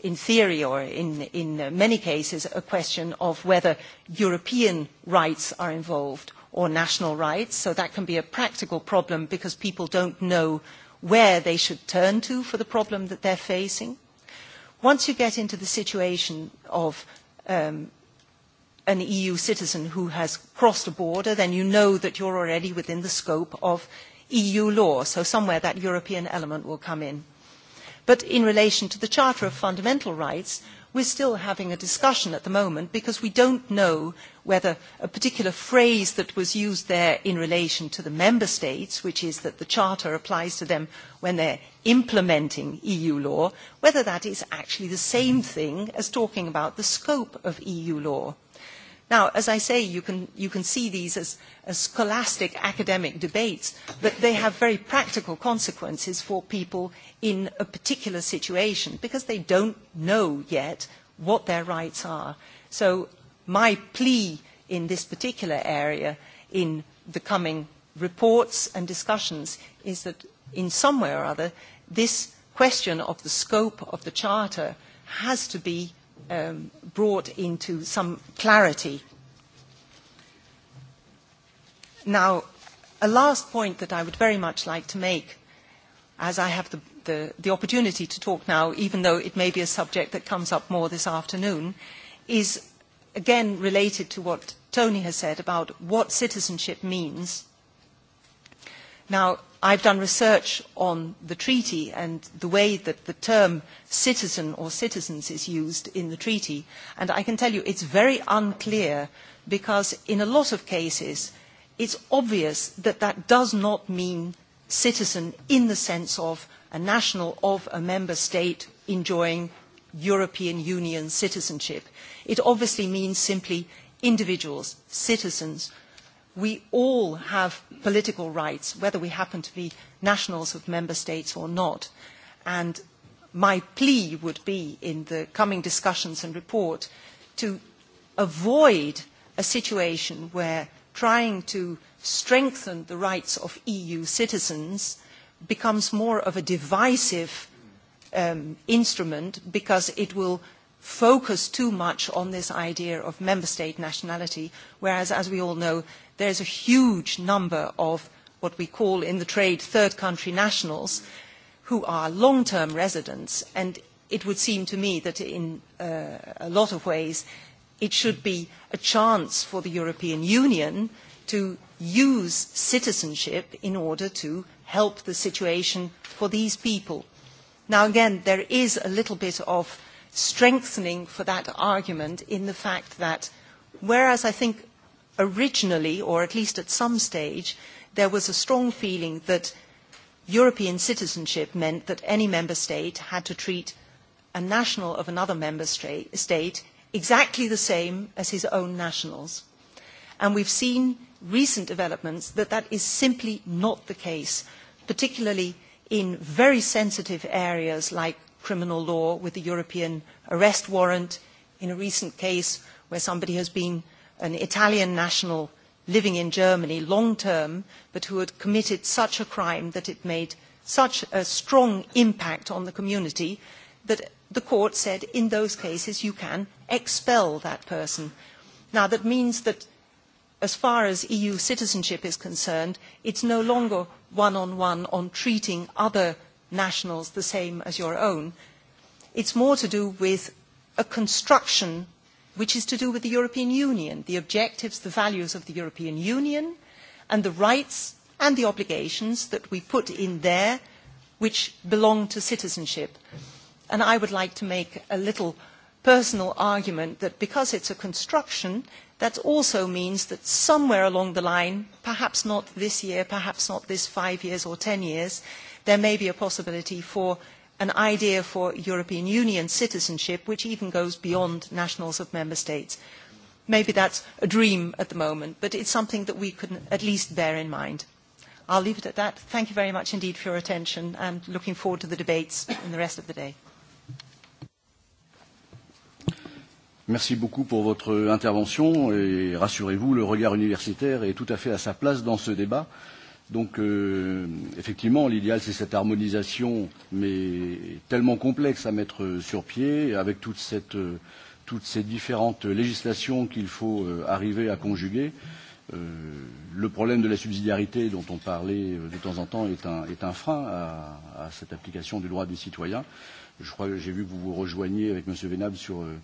in theory or in, in many cases a question of whether European rights are involved or national rights. So that can be a practical problem because people don't know where they should turn to for the problem that they're facing. Once you get into the situation of um, an EU citizen who has crossed a border, then you know that you're already within the scope of EU law. So somewhere that European element will come in. But in relation to the Charter of Fundamental Rights, we're still having a discussion at the moment because we don't know whether a particular phrase that was used there in relation to the member states, which is that the charter applies to them when they're implementing EU law, whether that is actually the same thing as talking about the scope of EU law. Now, as I say, you can, you can see these as, as scholastic academic debates, but they have very practical consequences for people in a particular situation because they don't know yet what their rights are. So my plea in this particular area in the coming reports and discussions is that in some way or other, this question of the scope of the Charter has to be um, brought into some clarity. Now, a last point that I would very much like to make, as I have the, the, the opportunity to talk now, even though it may be a subject that comes up more this afternoon, is again related to what Tony has said about what citizenship means. Now, I've done research on the treaty and the way that the term citizen or citizens is used in the treaty, and I can tell you it's very unclear because in a lot of cases it's obvious that that does not mean citizen in the sense of a national of a member state enjoying European Union citizenship. It obviously means simply individuals, citizens we all have political rights, whether we happen to be nationals of member states or not. And my plea would be in the coming discussions and report to avoid a situation where trying to strengthen the rights of EU citizens becomes more of a divisive um, instrument because it will focus too much on this idea of member state nationality, whereas, as we all know, there is a huge number of what we call in the trade third country nationals who are long-term residents, and it would seem to me that in uh, a lot of ways it should be a chance for the European Union to use citizenship in order to help the situation for these people. Now again, there is a little bit of strengthening for that argument in the fact that whereas I think originally, or at least at some stage, there was a strong feeling that European citizenship meant that any member state had to treat a national of another member state exactly the same as his own nationals. And we've seen recent developments that that is simply not the case, particularly in very sensitive areas like criminal law with the European arrest warrant in a recent case where somebody has been an Italian national living in Germany long term but who had committed such a crime that it made such a strong impact on the community that the court said in those cases you can expel that person. Now that means that as far as EU citizenship is concerned, it's no longer one-on-one -on, -one on treating other nationals the same as your own. It's more to do with a construction which is to do with the European Union, the objectives, the values of the European Union, and the rights and the obligations that we put in there which belong to citizenship. And I would like to make a little personal argument that because it's a construction, that also means that somewhere along the line, perhaps not this year, perhaps not this five years or ten years, there may be a possibility for an idea for European Union citizenship which even goes beyond nationals of member states. Maybe that's a dream at the moment, but it's something that we could at least bear in mind. I'll leave it at that. Thank you very much indeed for your attention and looking forward to the debates in the rest of the day. Merci beaucoup pour votre intervention et rassurez-vous, le regard universitaire est tout à fait à sa place dans ce débat. Donc, euh, effectivement, l'idéal, c'est cette harmonisation, mais tellement complexe à mettre euh, sur pied, avec toute cette, euh, toutes ces différentes législations qu'il faut euh, arriver à conjuguer. Euh, le problème de la subsidiarité dont on parlait euh, de temps en temps est un, est un frein à, à cette application du droit des citoyens. Je crois que j'ai vu que vous vous rejoignez avec M. Vénab sur euh,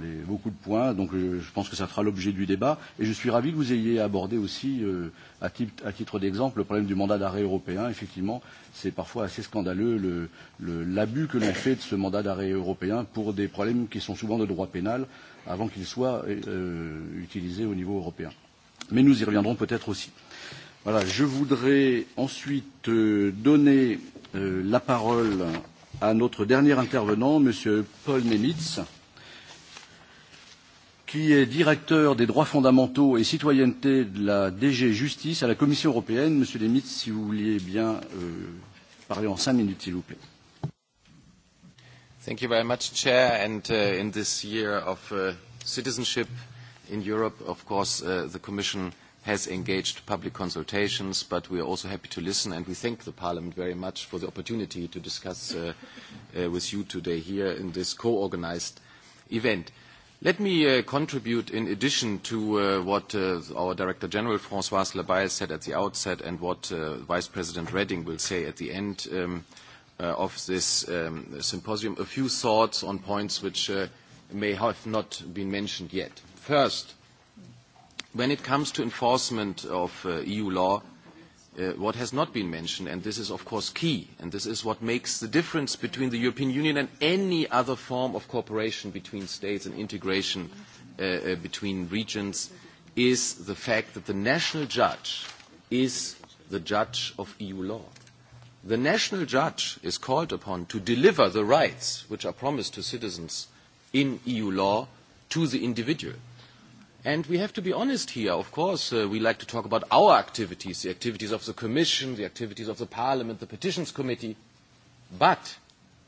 les, beaucoup de points, donc je, euh, je pense que ça fera l'objet du débat. Et je suis ravi que vous ayez abordé aussi, euh, à, type, à titre d'exemple, le problème du mandat d'arrêt européen. Effectivement, c'est parfois assez scandaleux l'abus le, le, que l'on fait de ce mandat d'arrêt européen pour des problèmes qui sont souvent de droit pénal avant qu'ils soient euh, utilisés au niveau européen. Mais nous y reviendrons peut-être aussi. Voilà, je voudrais ensuite euh, donner euh, la parole à notre dernier intervenant, M. Paul Nemitz qui est directeur des droits fondamentaux et citoyenneté de la DG Justice à la Commission européenne. Monsieur Lemitte, si vous vouliez bien euh, parler en cinq minutes, s'il vous plaît. Thank you very much, Chair. And uh, in this year of uh, citizenship in Europe, of course, uh, the Commission has engaged public consultations, but we are also happy to listen, and we thank the Parliament very much for the opportunity to discuss uh, uh, with you today here in this co-organized event. Let me uh, contribute in addition to uh, what uh, our Director General François Labaye said at the outset and what Vice President Reding will say at the end um, of this um, symposium, a few thoughts on points which may have not been mentioned yet. First, when it comes to enforcement of EU law, Uh, what has not been mentioned, and this is of course key, and this is what makes the difference between the European Union and any other form of cooperation between states and integration uh, uh, between regions, is the fact that the national judge is the judge of EU law. The national judge is called upon to deliver the rights which are promised to citizens in EU law to the individual. And we have to be honest here. Of course, uh, we like to talk about our activities, the activities of the Commission, the activities of the Parliament, the Petitions Committee. But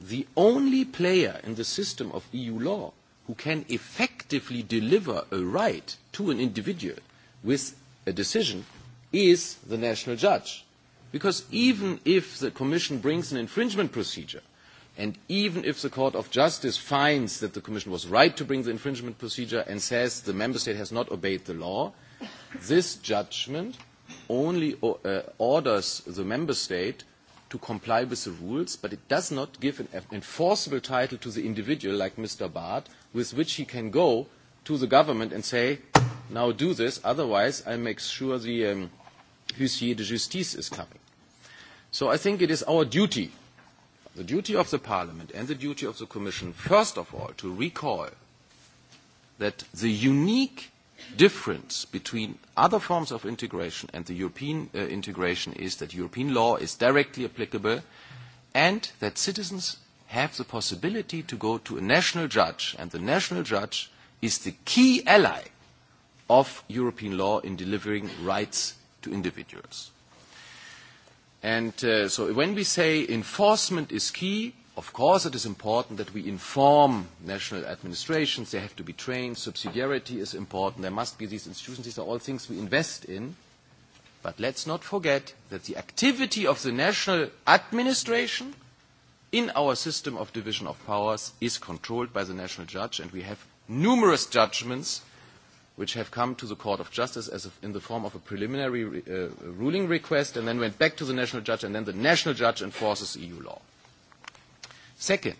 the only player in the system of EU law who can effectively deliver a right to an individual with a decision is the national judge. Because even if the Commission brings an infringement procedure, And even if the Court of Justice finds that the Commission was right to bring the infringement procedure and says the Member State has not obeyed the law, this judgment only uh, orders the Member State to comply with the rules, but it does not give an enforceable title to the individual like Mr. Bart, with which he can go to the government and say, now do this, otherwise I make sure the um, huissier de justice is coming. So I think it is our duty the duty of the Parliament and the duty of the Commission, first of all, to recall that the unique difference between other forms of integration and the European uh, integration is that European law is directly applicable and that citizens have the possibility to go to a national judge, and the national judge is the key ally of European law in delivering rights to individuals. And uh, so when we say enforcement is key, of course it is important that we inform national administrations, they have to be trained, subsidiarity is important, there must be these institutions, these are all things we invest in. But let's not forget that the activity of the national administration in our system of division of powers is controlled by the national judge, and we have numerous judgments which have come to the Court of Justice as a, in the form of a preliminary re, uh, ruling request and then went back to the national judge and then the national judge enforces EU law. Second,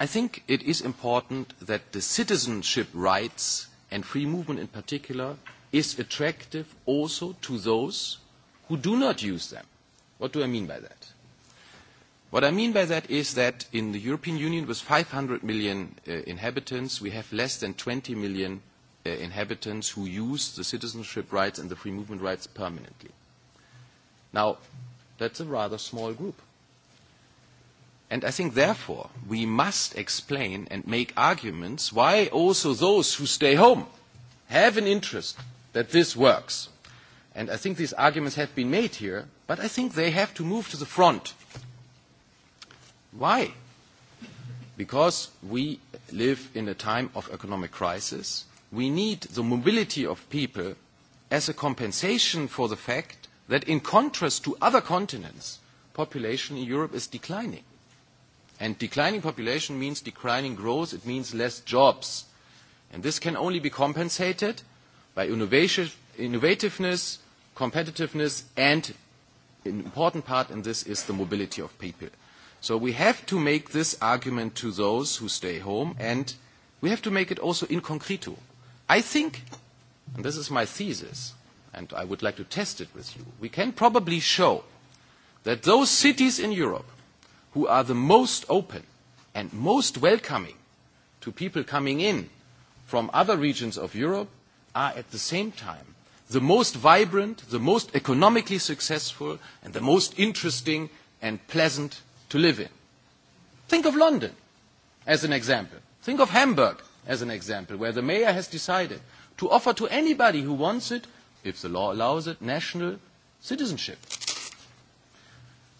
I think it is important that the citizenship rights and free movement in particular is attractive also to those who do not use them. What do I mean by that? What I mean by that is that in the European Union with 500 million uh, inhabitants, we have less than 20 million uh, inhabitants who use the citizenship rights and the free movement rights permanently. Now, that's a rather small group. And I think, therefore, we must explain and make arguments why also those who stay home have an interest that this works. And I think these arguments have been made here, but I think they have to move to the front. Why? Because we live in a time of economic crisis, we need the mobility of people as a compensation for the fact that in contrast to other continents, population in Europe is declining. And declining population means declining growth, it means less jobs. And this can only be compensated by innovation, innovativeness, competitiveness, and an important part in this is the mobility of people. So we have to make this argument to those who stay home, and we have to make it also in concreto. I think, and this is my thesis, and I would like to test it with you, we can probably show that those cities in Europe who are the most open and most welcoming to people coming in from other regions of Europe are at the same time the most vibrant, the most economically successful, and the most interesting and pleasant to live in. Think of London as an example. Think of Hamburg as an example, where the mayor has decided to offer to anybody who wants it, if the law allows it, national citizenship.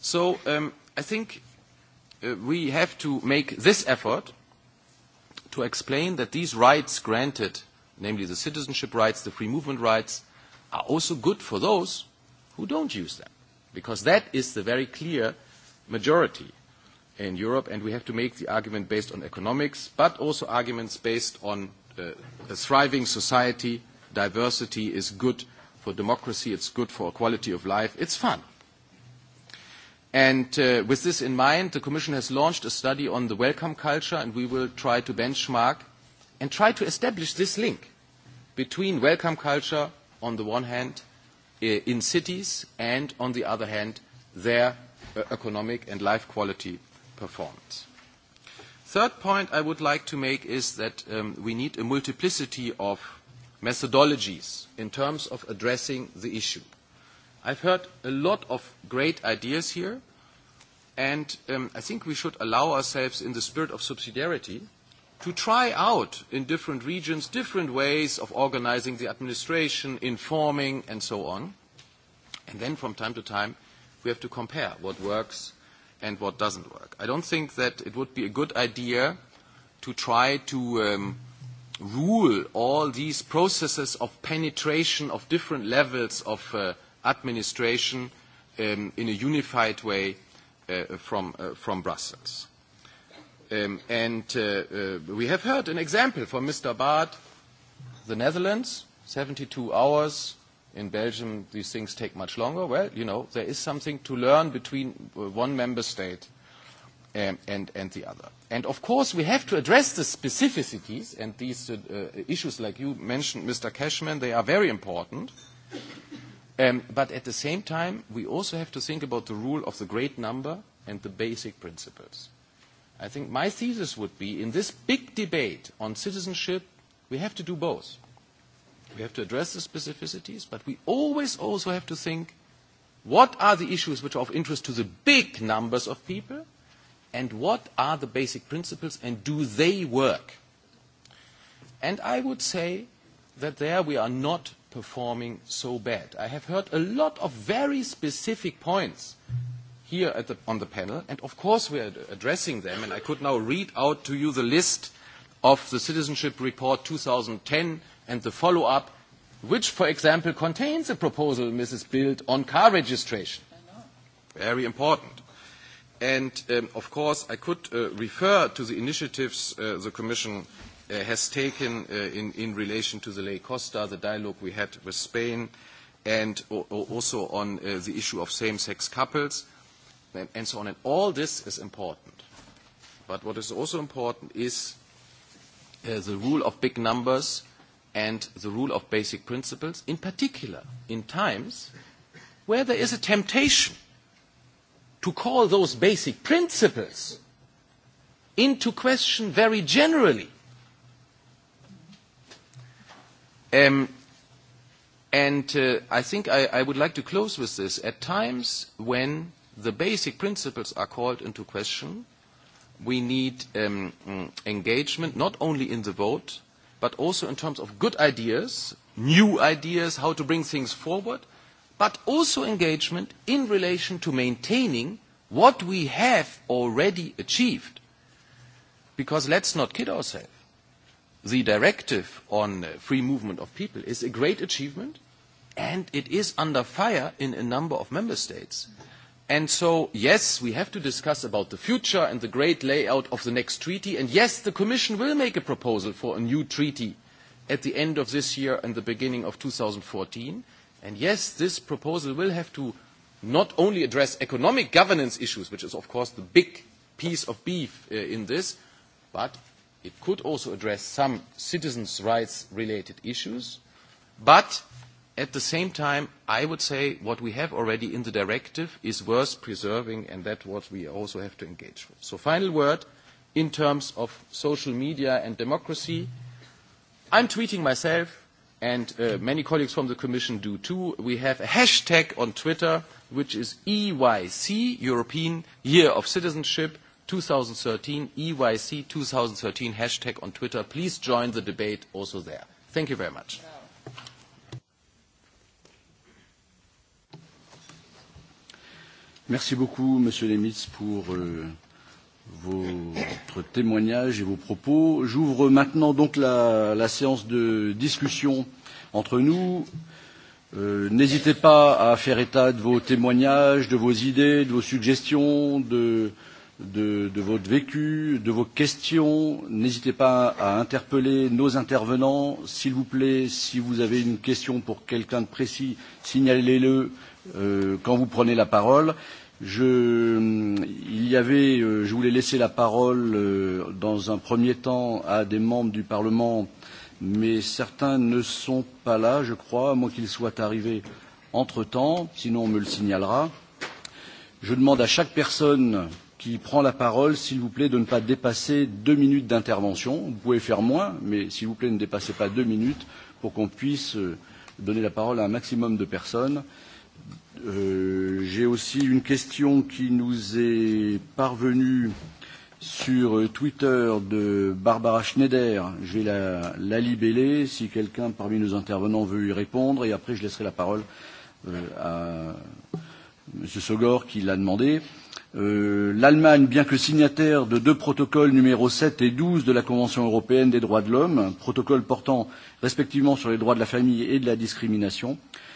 So um, I think uh, we have to make this effort to explain that these rights granted, namely the citizenship rights, the free movement rights, are also good for those who don't use them, because that is the very clear majority in Europe, and we have to make the argument based on economics, but also arguments based on uh, a thriving society. Diversity is good for democracy, it's good for quality of life, it's fun. And uh, with this in mind, the Commission has launched a study on the welcome culture, and we will try to benchmark and try to establish this link between welcome culture on the one hand uh, in cities and on the other hand their uh, economic and life quality performance. Third point I would like to make is that um, we need a multiplicity of methodologies in terms of addressing the issue. I've heard a lot of great ideas here, and um, I think we should allow ourselves, in the spirit of subsidiarity, to try out in different regions different ways of organizing the administration, informing, and so on. And then from time to time, we have to compare what works and what doesn't work. I don't think that it would be a good idea to try to um, rule all these processes of penetration of different levels of uh, administration um, in a unified way uh, from, uh, from Brussels. Um, and uh, uh, we have heard an example from Mr. Bart, the Netherlands, 72 hours, in Belgium these things take much longer. Well, you know, there is something to learn between uh, one member state um, and, and the other. And of course, we have to address the specificities and these uh, uh, issues like you mentioned, Mr. Cashman, they are very important. Um, but at the same time, we also have to think about the rule of the great number and the basic principles. I think my thesis would be in this big debate on citizenship, we have to do both. We have to address the specificities, but we always also have to think what are the issues which are of interest to the big numbers of people and what are the basic principles and do they work? And I would say that there we are not performing so bad. I have heard a lot of very specific points here at the, on the panel, and of course we are addressing them, and I could now read out to you the list of the Citizenship Report 2010 and the follow-up, which, for example, contains a proposal, Mrs. Bild, on car registration. Very important. And, um, of course, I could uh, refer to the initiatives uh, the Commission uh, has taken uh, in, in relation to the Ley Costa, the dialogue we had with Spain, and also on uh, the issue of same-sex couples, and, and so on. And all this is important. But what is also important is uh, the rule of big numbers and the rule of basic principles, in particular in times where there is a temptation to call those basic principles into question very generally. Um, and uh, I think I, I would like to close with this. At times when the basic principles are called into question, we need um, engagement not only in the vote, but also in terms of good ideas, new ideas, how to bring things forward, but also engagement in relation to maintaining what we have already achieved. Because let's not kid ourselves. The directive on uh, free movement of people is a great achievement, and it is under fire in a number of member states. Mm -hmm. And so, yes, we have to discuss about the future and the great layout of the next treaty. And yes, the Commission will make a proposal for a new treaty at the end of this year and the beginning of 2014. And yes, this proposal will have to not only address economic governance issues, which is, of course, the big piece of beef uh, in this, but it could also address some citizens' rights-related issues. But At the same time, I would say what we have already in the directive is worth preserving, and that's what we also have to engage with. So final word, in terms of social media and democracy, I'm tweeting myself, and uh, many colleagues from the Commission do too. We have a hashtag on Twitter, which is EYC, European Year of Citizenship 2013, EYC 2013 hashtag on Twitter. Please join the debate also there. Thank you very much. Merci beaucoup, Monsieur Lemitz, pour euh, votre témoignage et vos propos. J'ouvre maintenant donc la, la séance de discussion entre nous. Euh, N'hésitez pas à faire état de vos témoignages, de vos idées, de vos suggestions, de, de, de votre vécu, de vos questions. N'hésitez pas à interpeller nos intervenants. S'il vous plaît, si vous avez une question pour quelqu'un de précis, signalez-le euh, quand vous prenez la parole. Je, il y avait, euh, je voulais laisser la parole euh, dans un premier temps à des membres du Parlement, mais certains ne sont pas là, je crois, à moins qu'ils soient arrivés entre-temps, sinon on me le signalera. Je demande à chaque personne qui prend la parole, s'il vous plaît, de ne pas dépasser deux minutes d'intervention. Vous pouvez faire moins, mais s'il vous plaît, ne dépassez pas deux minutes pour qu'on puisse euh, donner la parole à un maximum de personnes. Euh, j'ai aussi une question qui nous est parvenue sur Twitter de Barbara Schneider. Je vais la, la libeller si quelqu'un parmi nos intervenants veut y répondre et après je laisserai la parole euh, à M. Sogor qui l'a demandé. Euh, L'Allemagne, bien que signataire de deux protocoles numéros 7 et 12 de la Convention européenne des droits de l'homme, protocole portant respectivement sur les droits de la famille et de la discrimination, euh,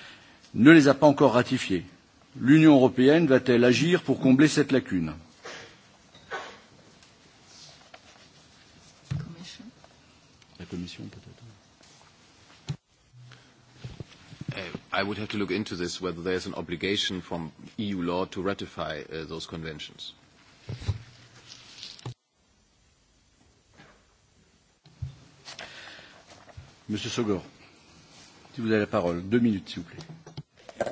ne les a pas encore ratifiées. L'Union européenne va-t-elle agir pour combler cette lacune La Commission peut-être eh, I would have to look into this, whether there is an obligation from EU law to ratify uh, those conventions. Monsieur Sogor, si vous avez la parole, deux minutes s'il vous plaît. Uh,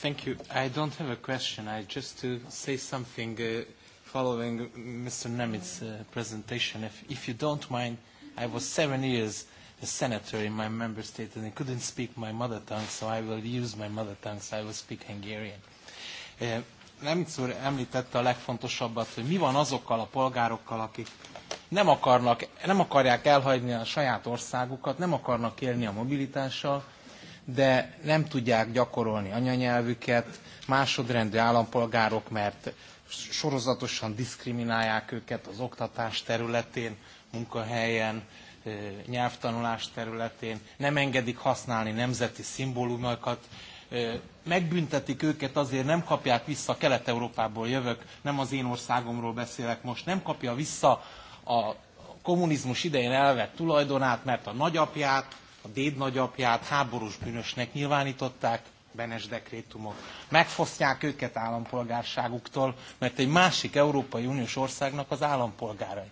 thank you. I don't have a question. I just to uh, say something uh, following Mr. Nemitz's uh, presentation. If, if you don't mind, I was seven years a senator in my member state and I couldn't speak my mother tongue, so I will use my mother tongue, so I will speak Hungarian. Uh, Nemitz úr említette a legfontosabbat, hogy mi van azokkal a polgárokkal, akik nem, akarnak, nem akarják elhagyni a saját országukat, nem akarnak élni a mobilitással, de nem tudják gyakorolni anyanyelvüket, másodrendű állampolgárok, mert sorozatosan diszkriminálják őket az oktatás területén, munkahelyen, nyelvtanulás területén, nem engedik használni nemzeti szimbólumokat, megbüntetik őket azért, nem kapják vissza, Kelet-Európából jövök, nem az én országomról beszélek most, nem kapja vissza a kommunizmus idején elvett tulajdonát, mert a nagyapját, a déd nagyapját háborús bűnösnek nyilvánították, benes dekrétumok. Megfosztják őket állampolgárságuktól, mert egy másik Európai Uniós országnak az állampolgárai.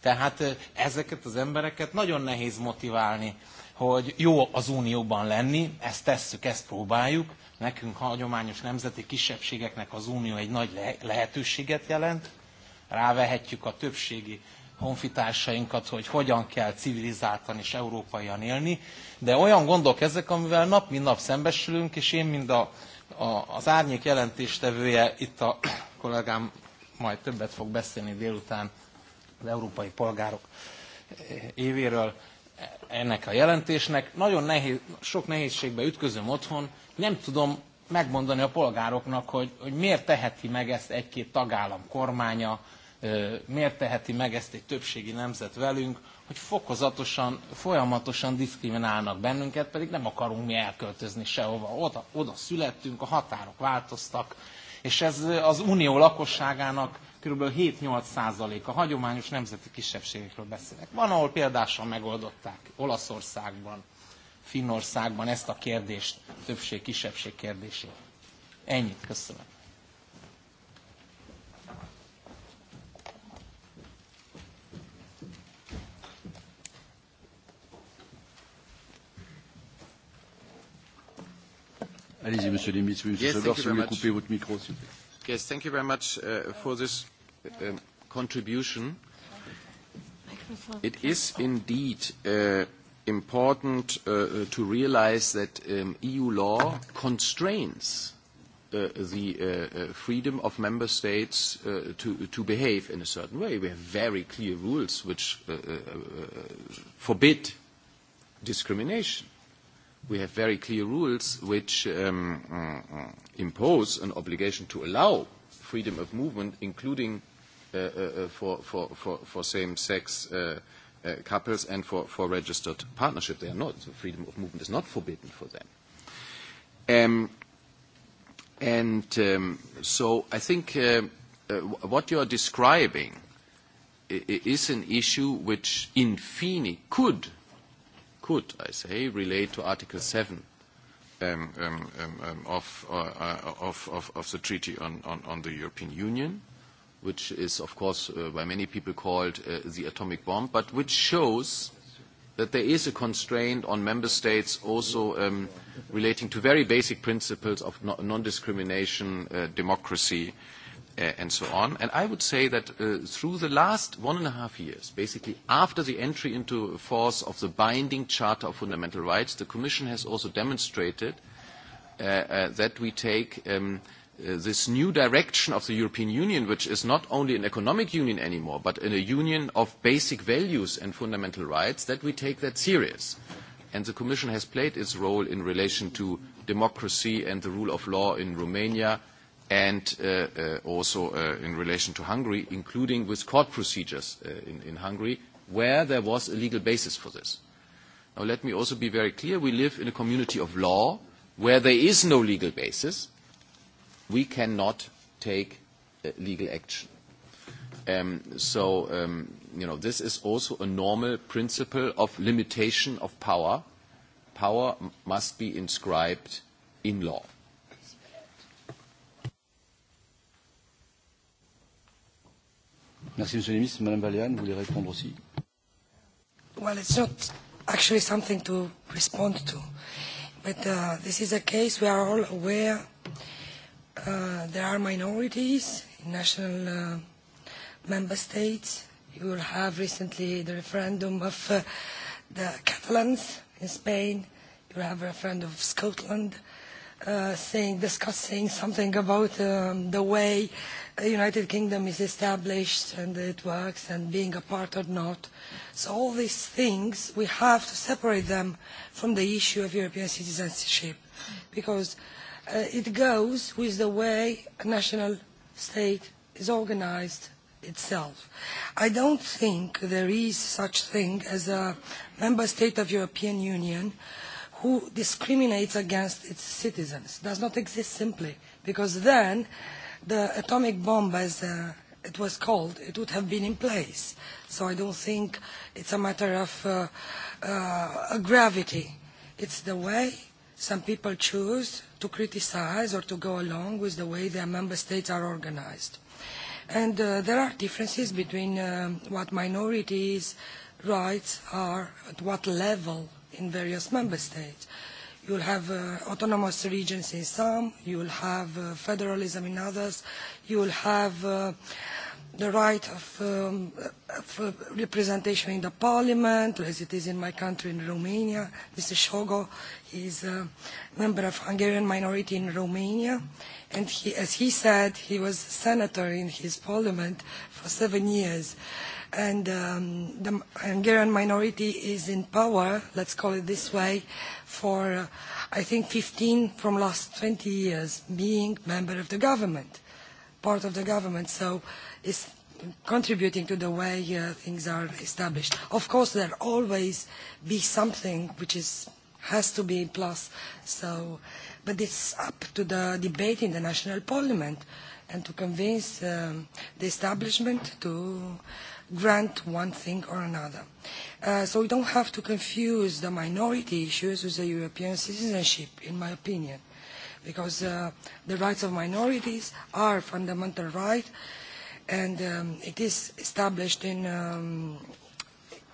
Tehát ezeket az embereket nagyon nehéz motiválni, hogy jó az Unióban lenni, ezt tesszük, ezt próbáljuk, nekünk hagyományos nemzeti kisebbségeknek az Unió egy nagy lehetőséget jelent, rávehetjük a többségi honfitársainkat, hogy hogyan kell civilizáltan és európaian élni, de olyan gondok ezek, amivel nap mint nap szembesülünk, és én, mind a, a, az árnyék jelentéstevője, itt a kollégám majd többet fog beszélni délután az európai polgárok évéről, ennek a jelentésnek. Nagyon nehéz, sok nehézségbe ütközöm otthon, nem tudom megmondani a polgároknak, hogy, hogy miért teheti meg ezt egy-két tagállam kormánya, miért teheti meg ezt egy többségi nemzet velünk, hogy fokozatosan, folyamatosan diszkriminálnak bennünket, pedig nem akarunk mi elköltözni sehova. Oda, oda születtünk, a határok változtak, és ez az unió lakosságának kb. 7-8 a hagyományos nemzeti kisebbségekről beszélek. Van, ahol példással megoldották Olaszországban, Finnországban ezt a kérdést, többség-kisebbség kérdését. Ennyit, köszönöm. Monsieur Lemitz. Monsieur yes, si vous votre micro, s'il vous plaît. Yes, thank you very much uh, for this uh, contribution. It is indeed uh, important uh, uh to realize that um, EU law constrains uh, the uh, uh, freedom of member states uh, to, to behave in a certain way. We have very clear rules which uh, uh, uh forbid discrimination we have very clear rules which um, uh, impose an obligation to allow freedom of movement, including uh, uh, uh, for, for, for, for same-sex uh, uh, couples and for, for registered partnership. They are not. So freedom of movement is not forbidden for them. Um, and um, so I think uh, uh, what you are describing is an issue which in fine could could, I say, relate to Article 7 um, um, um, um, of, uh, uh, of, of, of the Treaty on, on, on the European Union, which is, of course, uh, by many people called uh, the atomic bomb, but which shows that there is a constraint on member states also um, relating to very basic principles of non-discrimination, uh, democracy, uh, Uh, and so on. And I would say that uh, through the last one and a half years, basically after the entry into force of the binding Charter of Fundamental Rights, the Commission has also demonstrated uh, uh, that we take um, uh, this new direction of the European Union, which is not only an economic union anymore, but in a union of basic values and fundamental rights, that we take that serious. And the Commission has played its role in relation to democracy and the rule of law in Romania, and uh, uh, also uh, in relation to Hungary, including with court procedures uh, in, in Hungary, where there was a legal basis for this. Now let me also be very clear, we live in a community of law where there is no legal basis, we cannot take uh, legal action. Um, so, um, you know, this is also a normal principle of limitation of power. Power must be inscribed in law. Merci, Monsieur le Ministre. Madame Valéane, vous voulez répondre aussi Well, it's not actually something to respond to, but uh, this is a case we are all aware uh, there are minorities in national uh, member states. You will have recently the referendum of uh, the Catalans in Spain. You will have a referendum of Scotland uh, saying, discussing something about um, the way United Kingdom is established and it works and being a part or not. So all these things, we have to separate them from the issue of European citizenship because uh, it goes with the way a national state is organized itself. I don't think there is such thing as a member state of European Union who discriminates against its citizens. It does not exist simply because then the atomic bomb, as uh, it was called, it would have been in place. So I don't think it's a matter of uh, uh, gravity. It's the way some people choose to criticize or to go along with the way their member states are organized. And uh, there are differences between um, what minorities' rights are, at what level in various member states. You'll have uh, autonomous regions in some, you'll have uh, federalism in others, you'll have uh, the right of, um, of uh, representation in the parliament, as it is in my country in Romania. Mr. Shogo is a member of Hungarian minority in Romania, and he, as he said, he was senator in his parliament for seven years. Uh, and um, the Hungarian minority is in power, let's call it this way, for uh, I think 15 from last 20 years being member of the government, part of the government, so it's contributing to the way uh, things are established. Of course, there always be something which is, has to be plus, so, but it's up to the debate in the national parliament and to convince um, the establishment to grant one thing or another. Uh, so we don't have to confuse the minority issues with the European citizenship, in my opinion, because uh, the rights of minorities are fundamental right, and um, it is established in um,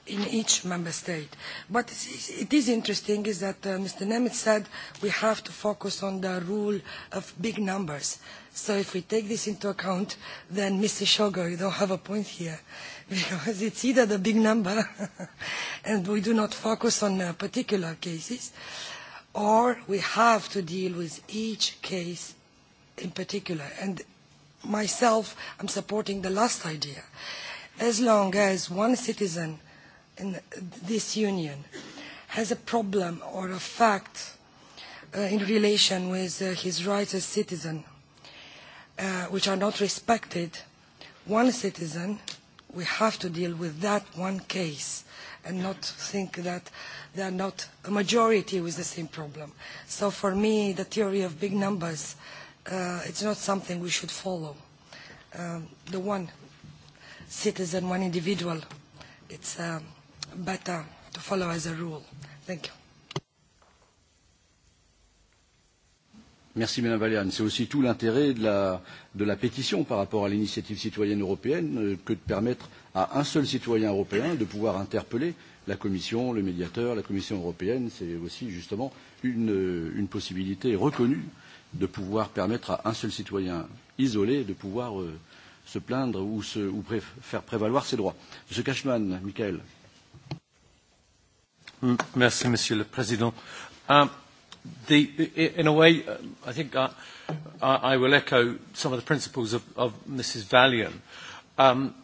in each member state. But it is interesting is that uh, Mr. Nemitz said we have to focus on the rule of big numbers. So if we take this into account, then Mr. Shogo, you don't have a point here, because it's either the big number, and we do not focus on uh, particular cases, or we have to deal with each case in particular. And myself, I'm supporting the last idea. As long as one citizen in this union has a problem or a fact uh, in relation with uh, his rights as citizen uh, which are not respected, one citizen, we have to deal with that one case and not think that there are not a majority with the same problem. So for me, the theory of big numbers, uh, it's not something we should follow. Um, the one citizen, one individual, it's uh, better to follow as a rule. Thank you. Merci Madame Valéane. C'est aussi tout l'intérêt de la, de la pétition par rapport à l'initiative citoyenne européenne euh, que de permettre à un seul citoyen européen de pouvoir interpeller la Commission, le médiateur, la Commission européenne. C'est aussi justement une, euh, une possibilité reconnue de pouvoir permettre à un seul citoyen isolé de pouvoir euh, se plaindre ou, se, ou pré faire prévaloir ses droits. Monsieur Cashman, Michael. Merci Monsieur le Président. Un the, in a way, uh, I think uh, I, I will echo some of the principles of, of Mrs. Valiant. Um,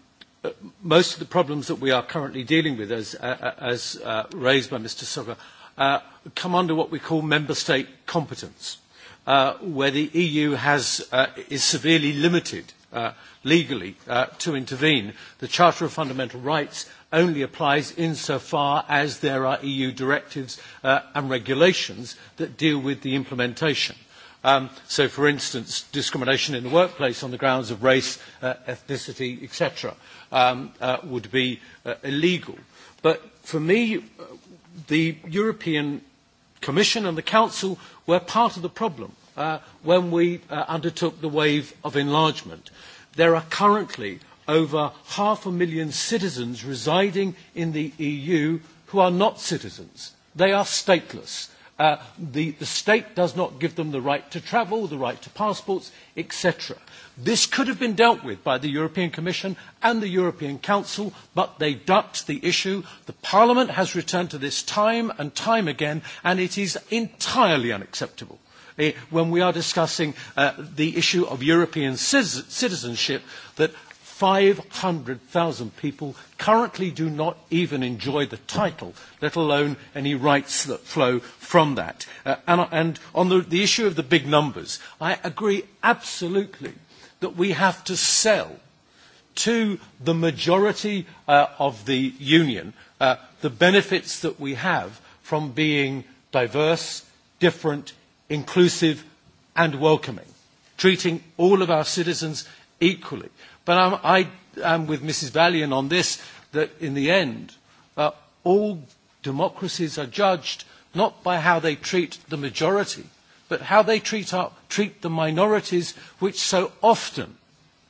uh, most of the problems that we are currently dealing with, as, uh, as uh, raised by Mr. Soga uh, come under what we call member state competence, uh, where the EU has, uh, is severely limited uh, legally uh, to intervene. The Charter of Fundamental Rights only applies insofar as there are EU directives uh, and regulations that deal with the implementation. Um, so, for instance, discrimination in the workplace on the grounds of race, uh, ethnicity, etc., um, uh, would be uh, illegal. But for me, uh, the European Commission and the Council were part of the problem uh, when we uh, undertook the wave of enlargement. There are currently over half a million citizens residing in the EU who are not citizens. They are stateless. Uh, the, the state does not give them the right to travel, the right to passports, etc. This could have been dealt with by the European Commission and the European Council, but they ducked the issue. The Parliament has returned to this time and time again, and it is entirely unacceptable eh, when we are discussing uh, the issue of European citizenship that 500,000 people currently do not even enjoy the title, let alone any rights that flow from that. Uh, and, and on the, the issue of the big numbers, I agree absolutely that we have to sell to the majority uh, of the union uh, the benefits that we have from being diverse, different, inclusive and welcoming, treating all of our citizens equally. But I'm, I am with Mrs. Valian on this, that in the end, uh, all democracies are judged not by how they treat the majority, but how they treat, up, treat the minorities which so often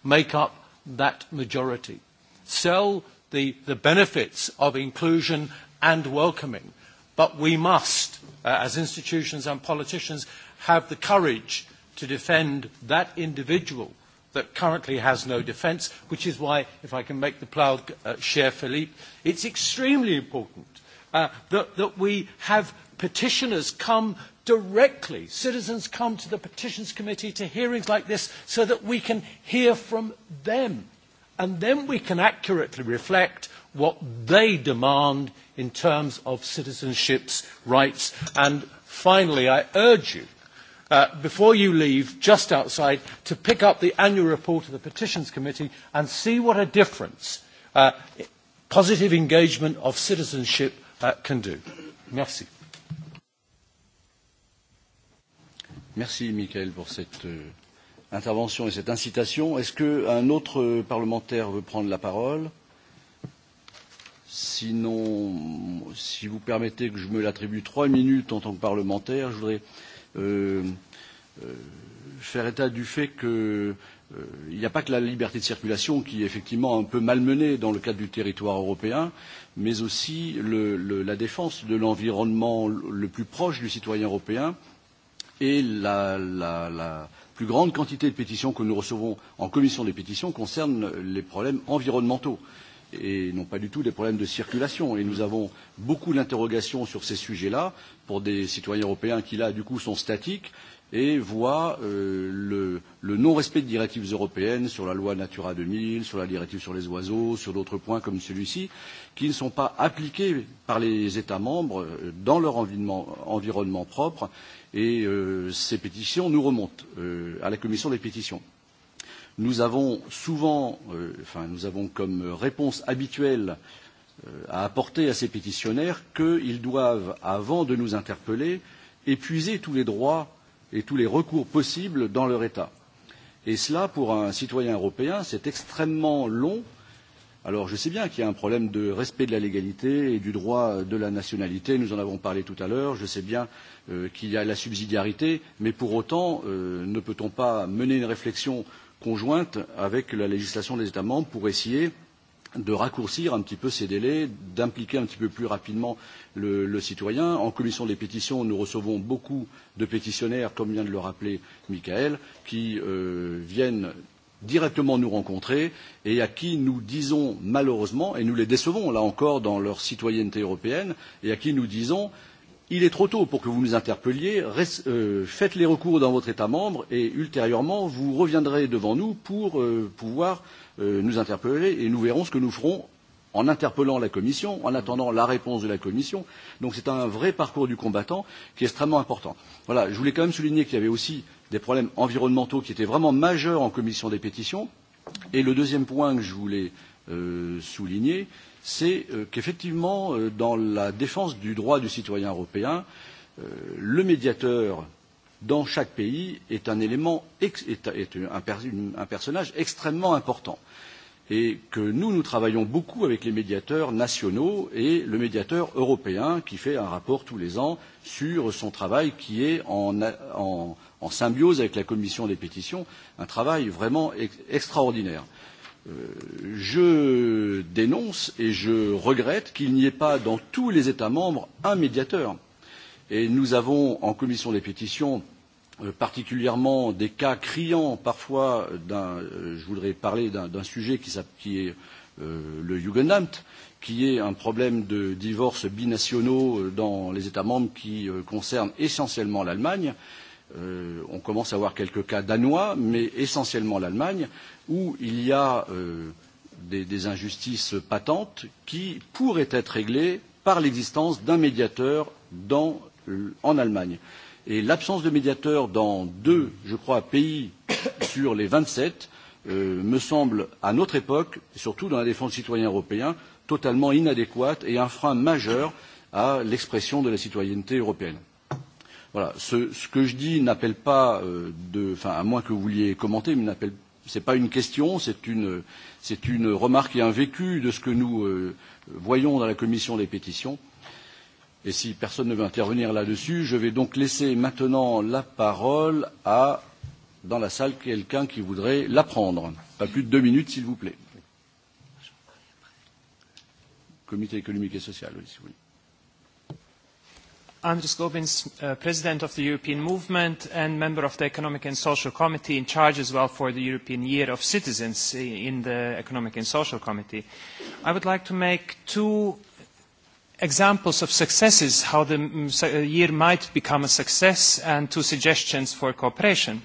make up that majority. Sell the, the benefits of inclusion and welcoming, but we must, uh, as institutions and politicians, have the courage to defend that individual that currently has no defence, which is why, if I can make the plough uh, share Philippe, it's extremely important uh, that, that we have petitioners come directly, citizens come to the petitions committee to hearings like this so that we can hear from them. And then we can accurately reflect what they demand in terms of citizenship's rights. And finally, I urge you uh, before you leave just outside to pick up the annual report of the Petitions Committee and see what a difference uh, positive engagement of citizenship uh, can do. Merci. Merci Michael pour cette euh, intervention et cette incitation. Est-ce qu'un autre parlementaire veut prendre la parole Sinon, si vous permettez que je me l'attribue trois minutes en tant que parlementaire, je voudrais euh, Euh, euh, faire état du fait que euh, il euh, n'y a pas que la liberté de circulation qui est effectivement un peu malmenée dans le cadre du territoire européen, mais aussi le, le, la défense de l'environnement le plus proche du citoyen européen et la, la, la plus grande quantité de pétitions que nous recevons en commission des pétitions concerne les problèmes environnementaux. Euh, et non pas du tout des problèmes de circulation. Et nous avons beaucoup d'interrogations sur ces sujets-là pour des citoyens européens qui, là, du coup, sont statiques et voient euh, le, le non-respect de directives européennes sur la loi Natura 2000, sur la directive sur les oiseaux, sur d'autres points comme celui-ci, qui ne sont pas appliqués par les États membres euh, dans leur environnement, environnement propre. Et euh, ces pétitions nous remontent euh, à la Commission des pétitions. Nous avons souvent, euh, enfin, nous avons comme réponse habituelle euh, à apporter à ces pétitionnaires qu'ils doivent, avant de nous interpeller, épuiser tous les droits et tous les recours possibles dans leur État. Et cela, pour un citoyen européen, c'est extrêmement long. Alors, je sais bien qu'il y a un problème de respect de la légalité et du droit de la nationalité, nous en avons parlé tout à l'heure, je sais bien euh, qu'il y a la subsidiarité, mais pour autant, euh, ne peut-on pas mener une réflexion conjointe avec la législation des États membres pour essayer de raccourcir un petit peu ces délais, d'impliquer un petit peu plus rapidement le, le citoyen. En commission des pétitions, nous recevons beaucoup de pétitionnaires, comme vient de le rappeler Michael, qui euh, viennent directement nous rencontrer et à qui nous disons malheureusement, et nous les décevons là encore dans leur citoyenneté européenne, et à qui nous disons Il est trop tôt pour que vous nous interpelliez. Reste, euh, faites les recours dans votre État membre et ultérieurement, vous reviendrez devant nous pour euh, pouvoir euh, nous interpeller et nous verrons ce que nous ferons en interpellant la Commission, en attendant la réponse de la Commission. Donc c'est un vrai parcours du combattant qui est extrêmement important. Voilà, je voulais quand même souligner qu'il y avait aussi des problèmes environnementaux qui étaient vraiment majeurs en Commission des pétitions. Et le deuxième point que je voulais euh, souligner, euh, c'est euh, qu'effectivement, euh, dans la défense du droit du citoyen européen, euh, le médiateur dans chaque pays est un élément, est, un, personnage extrêmement important. Et que nous, nous travaillons beaucoup avec les médiateurs nationaux et le médiateur européen qui fait un rapport tous les ans sur son travail qui est en, en, en symbiose avec la commission des pétitions, un travail vraiment extraordinaire. Euh, je dénonce et je regrette qu'il n'y ait pas dans tous les États membres un médiateur. Et nous avons en commission des pétitions euh, particulièrement des cas criants parfois d'un euh, je voudrais parler d'un sujet qui, qui est euh, le Jugendamt, qui est un problème de divorces binationaux dans les États membres qui euh, concerne essentiellement l'Allemagne. Euh, Euh, on commence à avoir quelques cas danois, mais essentiellement l'Allemagne, où il y a euh, des, des injustices patentes qui pourraient être réglées par l'existence d'un médiateur dans, euh, en Allemagne. Et l'absence de médiateur dans deux, je crois, pays sur les 27 euh, me semble, à notre époque, surtout dans la défense citoyenne européenne, totalement inadéquate et un frein majeur à l'expression de la citoyenneté européenne. Voilà, ce, ce que je dis n'appelle pas euh, de, enfin, à moins que vous vouliez commenter, mais n'appelle, c'est pas une question, c'est une, c'est une remarque et un vécu de ce que nous euh, voyons dans la commission des pétitions. Et si personne ne veut intervenir là-dessus, je vais donc laisser maintenant la parole à, dans la salle, quelqu'un qui voudrait la prendre. Pas plus de deux minutes, s'il vous plaît. Comité économique et social, oui, si vous voulez. Andris Gobins, uh, President of the European Movement and member of the Economic and Social Committee in charge as well for the European Year of Citizens in the Economic and Social Committee. I would like to make two examples of successes, how the mm, uh, year might become a success, and two suggestions for cooperation.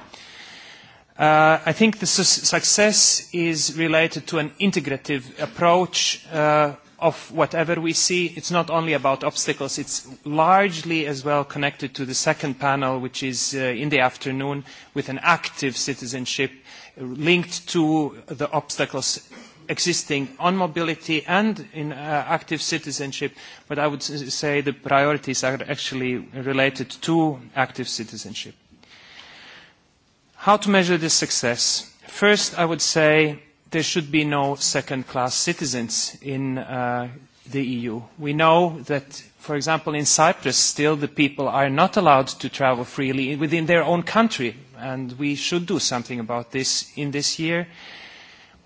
Uh, I think the su success is related to an integrative approach uh, of whatever we see, it's not only about obstacles, it's largely as well connected to the second panel, which is uh, in the afternoon, with an active citizenship linked to the obstacles existing on mobility and in uh, active citizenship, but I would say the priorities are actually related to active citizenship. How to measure this success? First, I would say there should be no second-class citizens in uh, the EU. We know that, for example, in Cyprus, still the people are not allowed to travel freely within their own country, and we should do something about this in this year.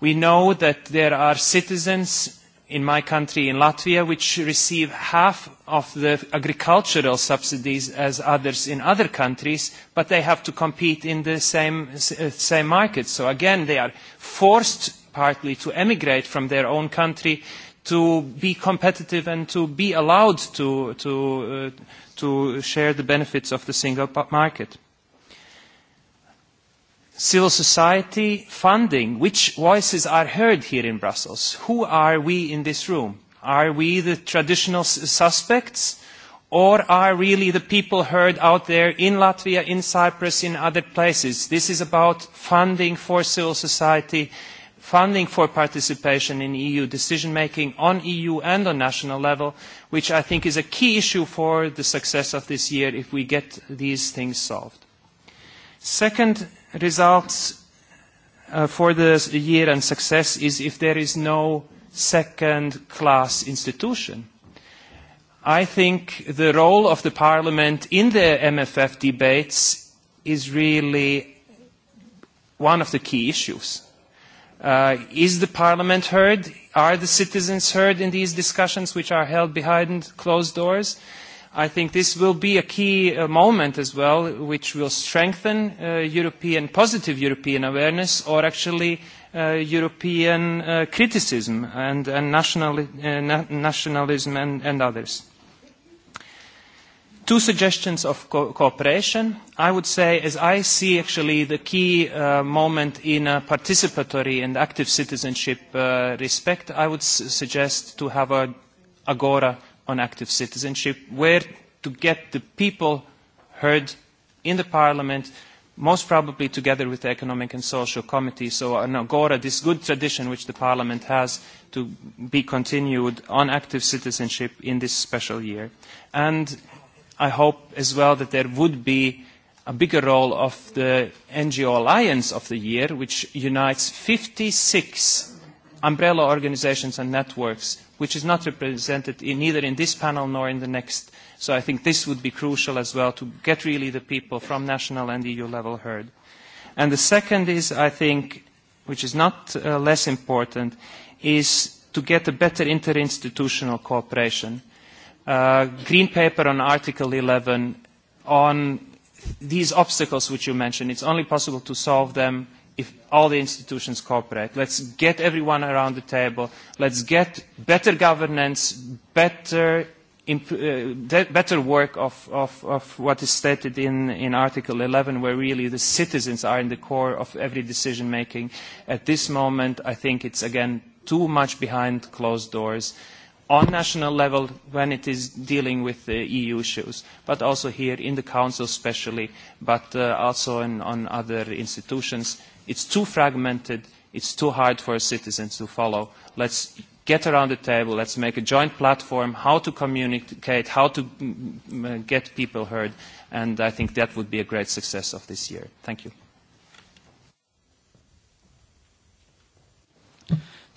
We know that there are citizens in my country, in Latvia, which receive half of the agricultural subsidies as others in other countries, but they have to compete in the same, uh, same market. So again, they are forced partly to emigrate from their own country to be competitive and to be allowed to, to, uh, to share the benefits of the single market civil society funding, which voices are heard here in Brussels? Who are we in this room? Are we the traditional suspects? Or are really the people heard out there in Latvia, in Cyprus, in other places? This is about funding for civil society, funding for participation in EU decision making on EU and on national level, which I think is a key issue for the success of this year if we get these things solved. Second results uh, for the year and success is if there is no second-class institution. I think the role of the Parliament in the MFF debates is really one of the key issues. Uh, is the Parliament heard? Are the citizens heard in these discussions which are held behind closed doors? Uh, I think this will be a key uh, moment as well, which will strengthen uh, European, positive European awareness or actually uh, European uh, criticism and, and national, uh, na nationalism and, and others. Two suggestions of co cooperation. I would say, as I see actually the key uh, moment in a participatory and active citizenship uh, respect, I would s suggest to have a agora on active citizenship, where to get the people heard in the parliament, most probably together with the Economic and Social Committee. So an uh, agora, this good tradition which the Parliament has to be continued on active citizenship in this special year. And I hope as well that there would be a bigger role of the NGO Alliance of the Year, which unites 56 umbrella organizations and networks which is not represented in, either in this panel nor in the next. So I think this would be crucial as well to get really the people from national and EU level heard. And the second is, I think, which is not uh, less important, is to get a better interinstitutional cooperation. Uh, green paper on Article 11 on these obstacles which you mentioned, it's only possible to solve them if all the institutions cooperate. Let's get everyone around the table. Let's get better governance, better, uh, better work of, of, of what is stated in, in Article 11, where really the citizens are in the core of every decision making. At this moment, I think it's, again, too much behind closed doors on national level when it is dealing with the EU issues, but also here in the Council especially, but uh, also in, on other institutions. It's too fragmented, it's too hard for citizens to follow. Let's get around the table, let's make a joint platform, how to communicate, how to mm, mm, get people heard, and I think that would be a great success of this year. Thank you.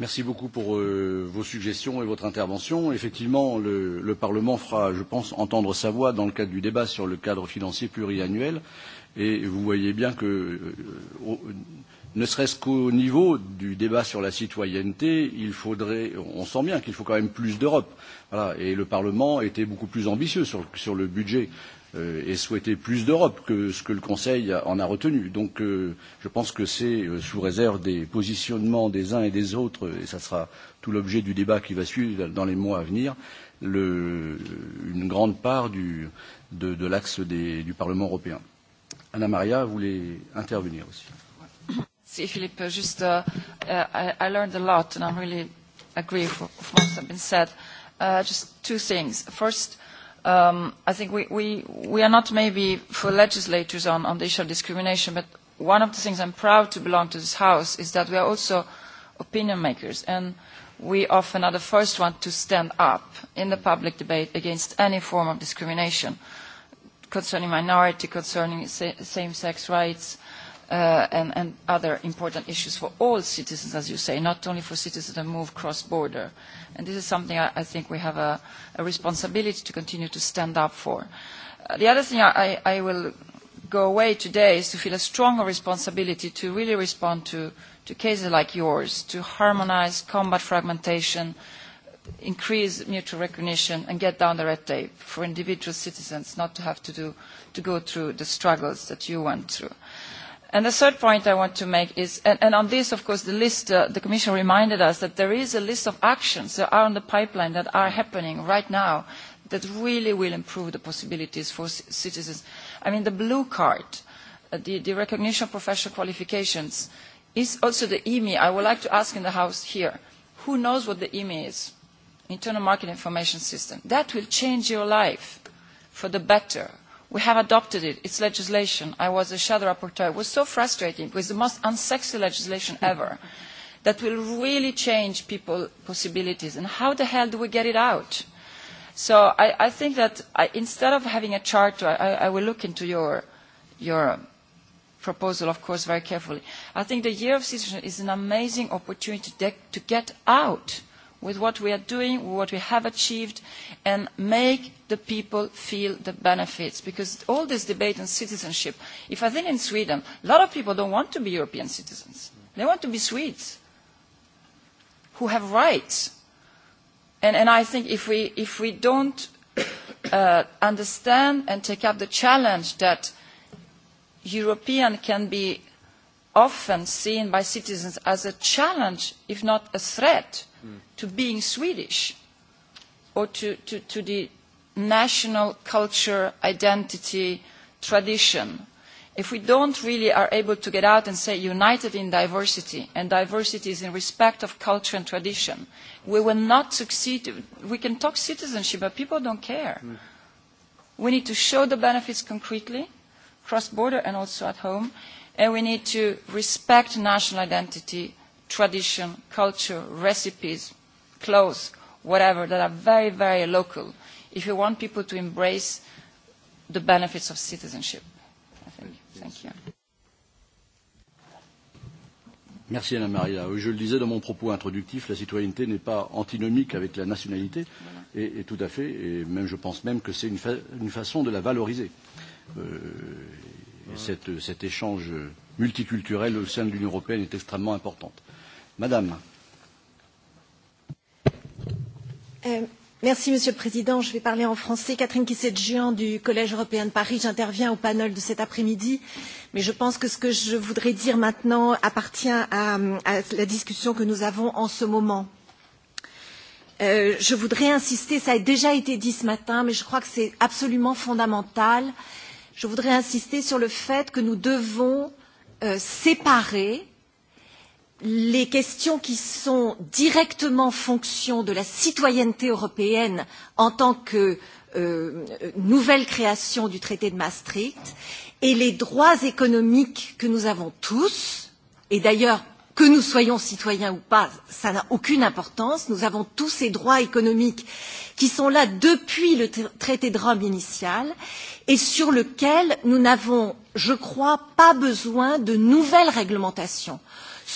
Merci beaucoup pour euh, vos suggestions et votre intervention. Effectivement, le, le Parlement fera, je pense, entendre sa voix dans le cadre du débat sur le cadre financier pluriannuel. Et vous voyez bien que, euh, au, ne serait-ce qu'au niveau du débat sur la citoyenneté, il faudrait, on sent bien qu'il faut quand même plus d'Europe. Voilà, et le Parlement était beaucoup plus ambitieux sur, sur le budget euh, et souhaité plus d'Europe que ce que le Conseil en a retenu. Donc euh, je pense que c'est euh, sous réserve des positionnements des uns et des autres, et ça sera tout l'objet du débat qui va suivre dans les mois à venir, le, une grande part du, de, de l'axe du Parlement européen. Anna Maria voulait intervenir aussi. Si, Philippe, just uh, uh, I, I learned a lot and I really agree with what has been said. Uh, just two things. First, uh, um, I think we, we, we are not maybe for legislators on, on the issue of discrimination, but one of the things I'm proud to belong to this House is that we are also opinion makers, and we often are the first one to stand up in the public debate against any form of discrimination concerning minority, concerning same-sex rights, uh, uh, and, and other important issues for all citizens, as you say, not only for citizens that move cross-border. And this is something I, I think we have a, a responsibility to continue to stand up for. Uh, the other thing I, I will go away today is to feel a stronger responsibility to really respond to, to cases like yours, to harmonize, combat fragmentation, increase mutual recognition and get down the red tape for individual citizens not to have to, do, to go through the struggles that you went through. And the third point I want to make is, and, and on this, of course, the list, uh, the Commission reminded us that there is a list of actions that are on the pipeline that are happening right now that really will improve the possibilities for citizens. I mean, the blue card, uh, the, the recognition of professional qualifications, is also the EMI. E. I would like to ask in the House here, who knows what the EMI e is? Internal Market Information System. That will change your life for the better We have adopted it. It's legislation. I was a shadow rapporteur. It was so frustrating. It was the most unsexy legislation hmm. ever that will really change people's possibilities. And how the hell do we get it out? So I, I think that I, instead of having a charter, I, I will look into your, your proposal, of course, very carefully. I think the year of citizenship is an amazing opportunity to, to get out with what we are doing, what we have achieved, and make the people feel the benefits. Because all this debate on citizenship, if I think in Sweden, a lot of people don't want to be European citizens. They want to be Swedes who have rights. And, and I think if we, if we don't uh, understand and take up the challenge that European can be often seen by citizens as a challenge, if not a threat, mm. to being Swedish or to, to, to, the, national culture, identity, tradition. If we don't really are able to get out and say united in diversity, and diversity is in respect of culture and tradition, we will not succeed. We can talk citizenship, but people don't care. Mm. We need to show the benefits concretely, cross-border and also at home, and we need to respect national identity, tradition, culture, recipes, clothes, whatever, that are very, very local if you want people to embrace the benefits of citizenship. I think. Thank you. Merci Anna Maria. Je le disais dans mon propos introductif, la citoyenneté n'est pas antinomique avec la nationalité, et, et tout à fait, et même je pense même que c'est une, fa une façon de la valoriser. Euh, voilà. cette, cet échange multiculturel au sein de l'Union européenne est extrêmement important. Madame. Euh, Merci, Monsieur le Président. Je vais parler en français. Catherine Kisset-Juan du Collège européen de Paris. J'interviens au panel de cet après-midi, mais je pense que ce que je voudrais dire maintenant appartient à, à la discussion que nous avons en ce moment. Euh, je voudrais insister, ça a déjà été dit ce matin, mais je crois que c'est absolument fondamental. Je voudrais insister sur le fait que nous devons euh, séparer les questions qui sont directement fonction de la citoyenneté européenne en tant que euh, nouvelle création du traité de Maastricht et les droits économiques que nous avons tous, et d'ailleurs que nous soyons citoyens ou pas, ça n'a aucune importance. Nous avons tous ces droits économiques qui sont là depuis le traité de Rome initial et sur lequel nous n'avons, je crois, pas besoin de nouvelles réglementations.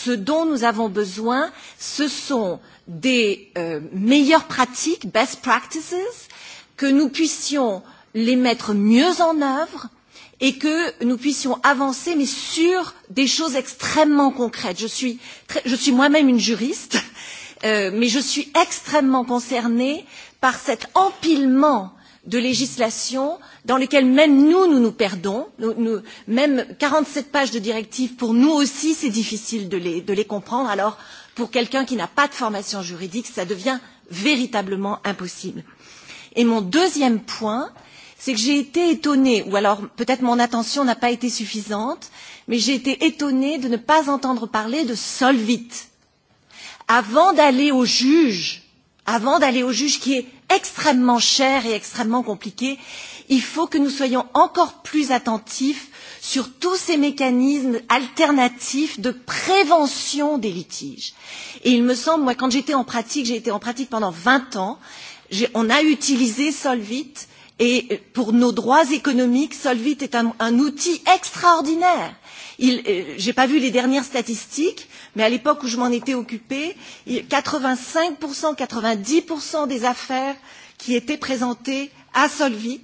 Ce dont nous avons besoin, ce sont des euh, meilleures pratiques, best practices, que nous puissions les mettre mieux en œuvre et que nous puissions avancer, mais sur des choses extrêmement concrètes. Je suis, suis moi-même une juriste, euh, mais je suis extrêmement concernée par cet empilement euh, de législation dans lesquelles même nous, nous nous perdons. Nous, nous, même 47 pages de directives, pour nous aussi, c'est difficile de les, de les comprendre. Alors, pour quelqu'un qui n'a pas de formation juridique, ça devient véritablement impossible. Et mon deuxième point, c'est que j'ai été étonnée, ou alors peut-être mon attention n'a pas été suffisante, mais j'ai été étonnée de ne pas entendre parler de Solvit. Avant d'aller au juge, avant d'aller au juge qui est extrêmement cher et extrêmement compliqué. Il faut que nous soyons encore plus attentifs sur tous ces mécanismes alternatifs de prévention des litiges. Et il me semble, moi, quand j'étais en pratique, j'ai été en pratique pendant 20 ans, on a utilisé Solvit Et pour nos droits économiques, Solvit est un, un outil extraordinaire. euh, j'ai pas vu les dernières statistiques, mais à l'époque où je m'en étais occupée, 85%, 90% des affaires qui étaient présentées à Solvit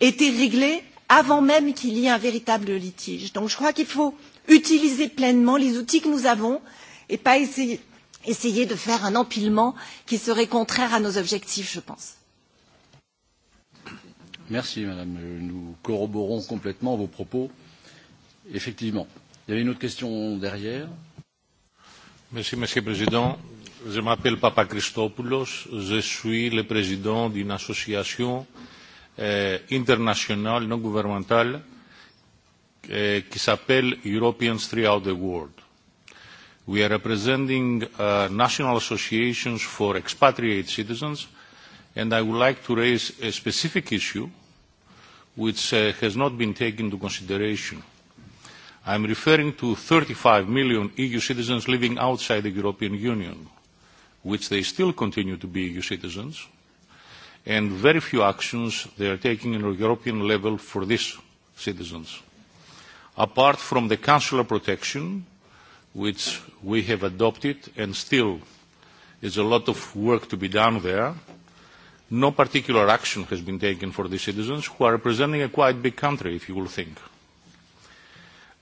étaient réglées avant même qu'il y ait un véritable litige. Donc je crois qu'il faut utiliser pleinement les outils que nous avons et pas essayer, essayer de faire un empilement qui serait contraire à nos objectifs, je pense. Merci, madame. Nous corroborons complètement vos propos. Effectivement. Il y avait une autre question derrière. Merci, monsieur le président. Je m'appelle Papa Christopoulos. Je suis le président d'une association euh, internationale non gouvernementale euh, qui s'appelle Europeans Throughout the World. We are representing uh, national associations for expatriate citizens, and I would like to raise a specific issue which uh, has not been taken into consideration. I am referring to 35 million EU citizens living outside the European Union, which they still continue to be EU citizens, and very few actions they are taking on a European level for these citizens. Apart from the consular protection, which we have adopted and still is a lot of work to be done there, no particular action has been taken for these citizens who are representing a quite big country, if you will think.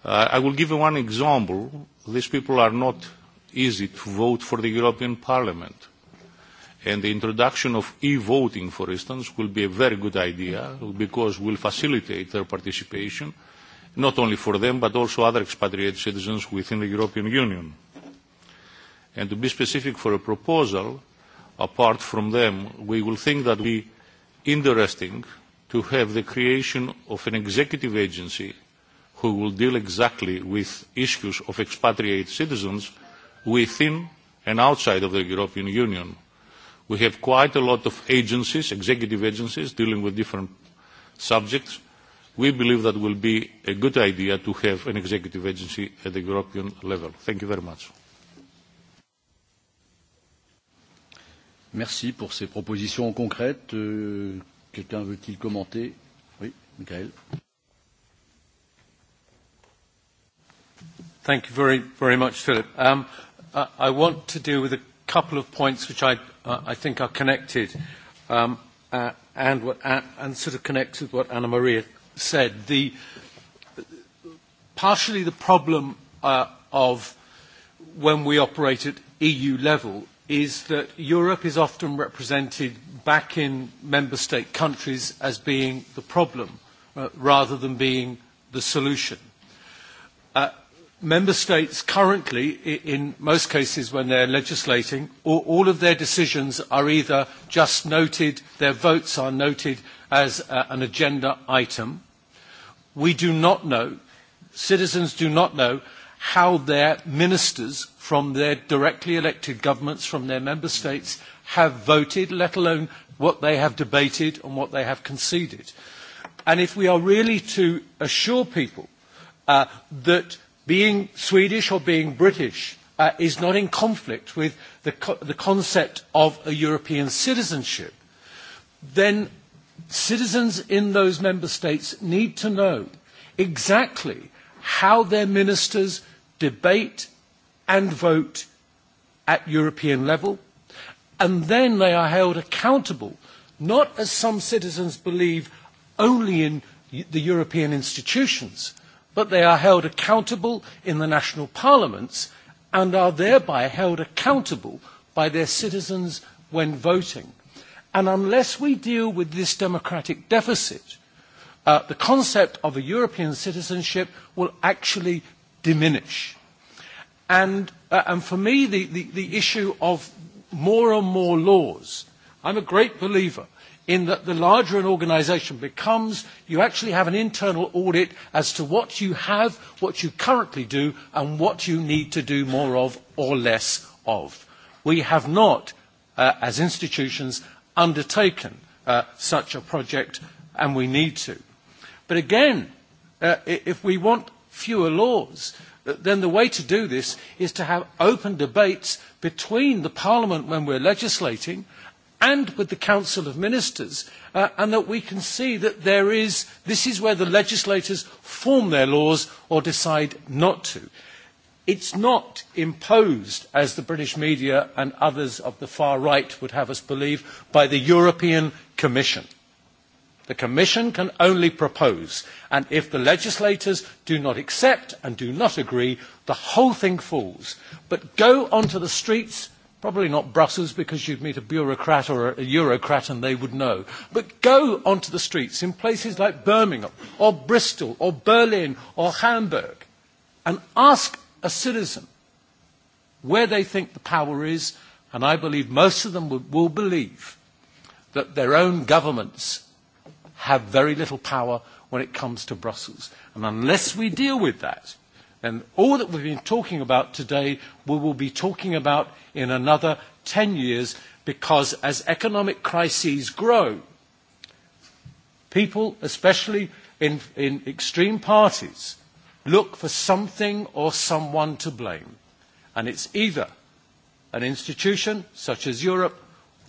Uh, I will give you one example. These people are not easy to vote for the European Parliament. And the introduction of e-voting, for instance, will be a very good idea because will facilitate their participation, not only for them, but also other expatriate citizens within the European Union. And to be specific for a proposal, apart from them, we will think that we interesting to have the creation of an executive agency who will deal exactly with issues of expatriate citizens within and outside of the European Union. We have quite a lot of agencies, executive agencies, dealing with different subjects. We believe that will be a good idea to have an executive agency at the European level. Thank you very much. Merci pour ces propositions concrètes. Euh, quelqu'un veut-il commenter Oui, Michael. Thank you very, very much, Philip. Um, I, I want to deal with a couple of points which I, uh, I think are connected um, uh, and, what, uh, and sort of connected with what Anna Maria said. The, partially the problem uh, of when we operate at EU level is that Europe is often represented back in member state countries as being the problem uh, rather than being the solution. Uh, member states currently, in most cases when they're legislating, all, of their decisions are either just noted, their votes are noted as uh, an agenda item. We do not know, citizens do not know how their ministers from their directly elected governments, from their member states, have voted, let alone what they have debated and what they have conceded. And if we are really to assure people uh, that being Swedish or being British uh, is not in conflict with the, co the concept of a European citizenship, then citizens in those member states need to know exactly how their ministers debate and vote at European level, and then they are held accountable, not as some citizens believe only in the European institutions, but they are held accountable in the national parliaments and are thereby held accountable by their citizens when voting. And unless we deal with this democratic deficit, uh, the concept of a European citizenship will actually diminish. And, uh, and for me, the, the, the issue of more and more laws, I'm a great believer in that the larger an organisation becomes, you actually have an internal audit as to what you have, what you currently do, and what you need to do more of or less of. We have not, uh, as institutions, undertaken uh, such a project, and we need to. But again, uh, if we want fewer laws, then the way to do this is to have open debates between the Parliament when we're legislating and with the Council of Ministers, uh, and that we can see that there is, this is where the legislators form their laws or decide not to. It's not imposed, as the British media and others of the far right would have us believe, by the European Commission. The Commission can only propose, and if the legislators do not accept and do not agree, the whole thing falls. But go onto the streets, probably not Brussels because you'd meet a bureaucrat or a Eurocrat and they would know, but go onto the streets in places like Birmingham or Bristol or Berlin or Hamburg and ask a citizen where they think the power is, and I believe most of them will, will believe that their own governments have very little power when it comes to Brussels. And unless we deal with that, then all that we've been talking about today, we will be talking about in another 10 years, because as economic crises grow, people, especially in, in extreme parties, look for something or someone to blame. And it's either an institution, such as Europe,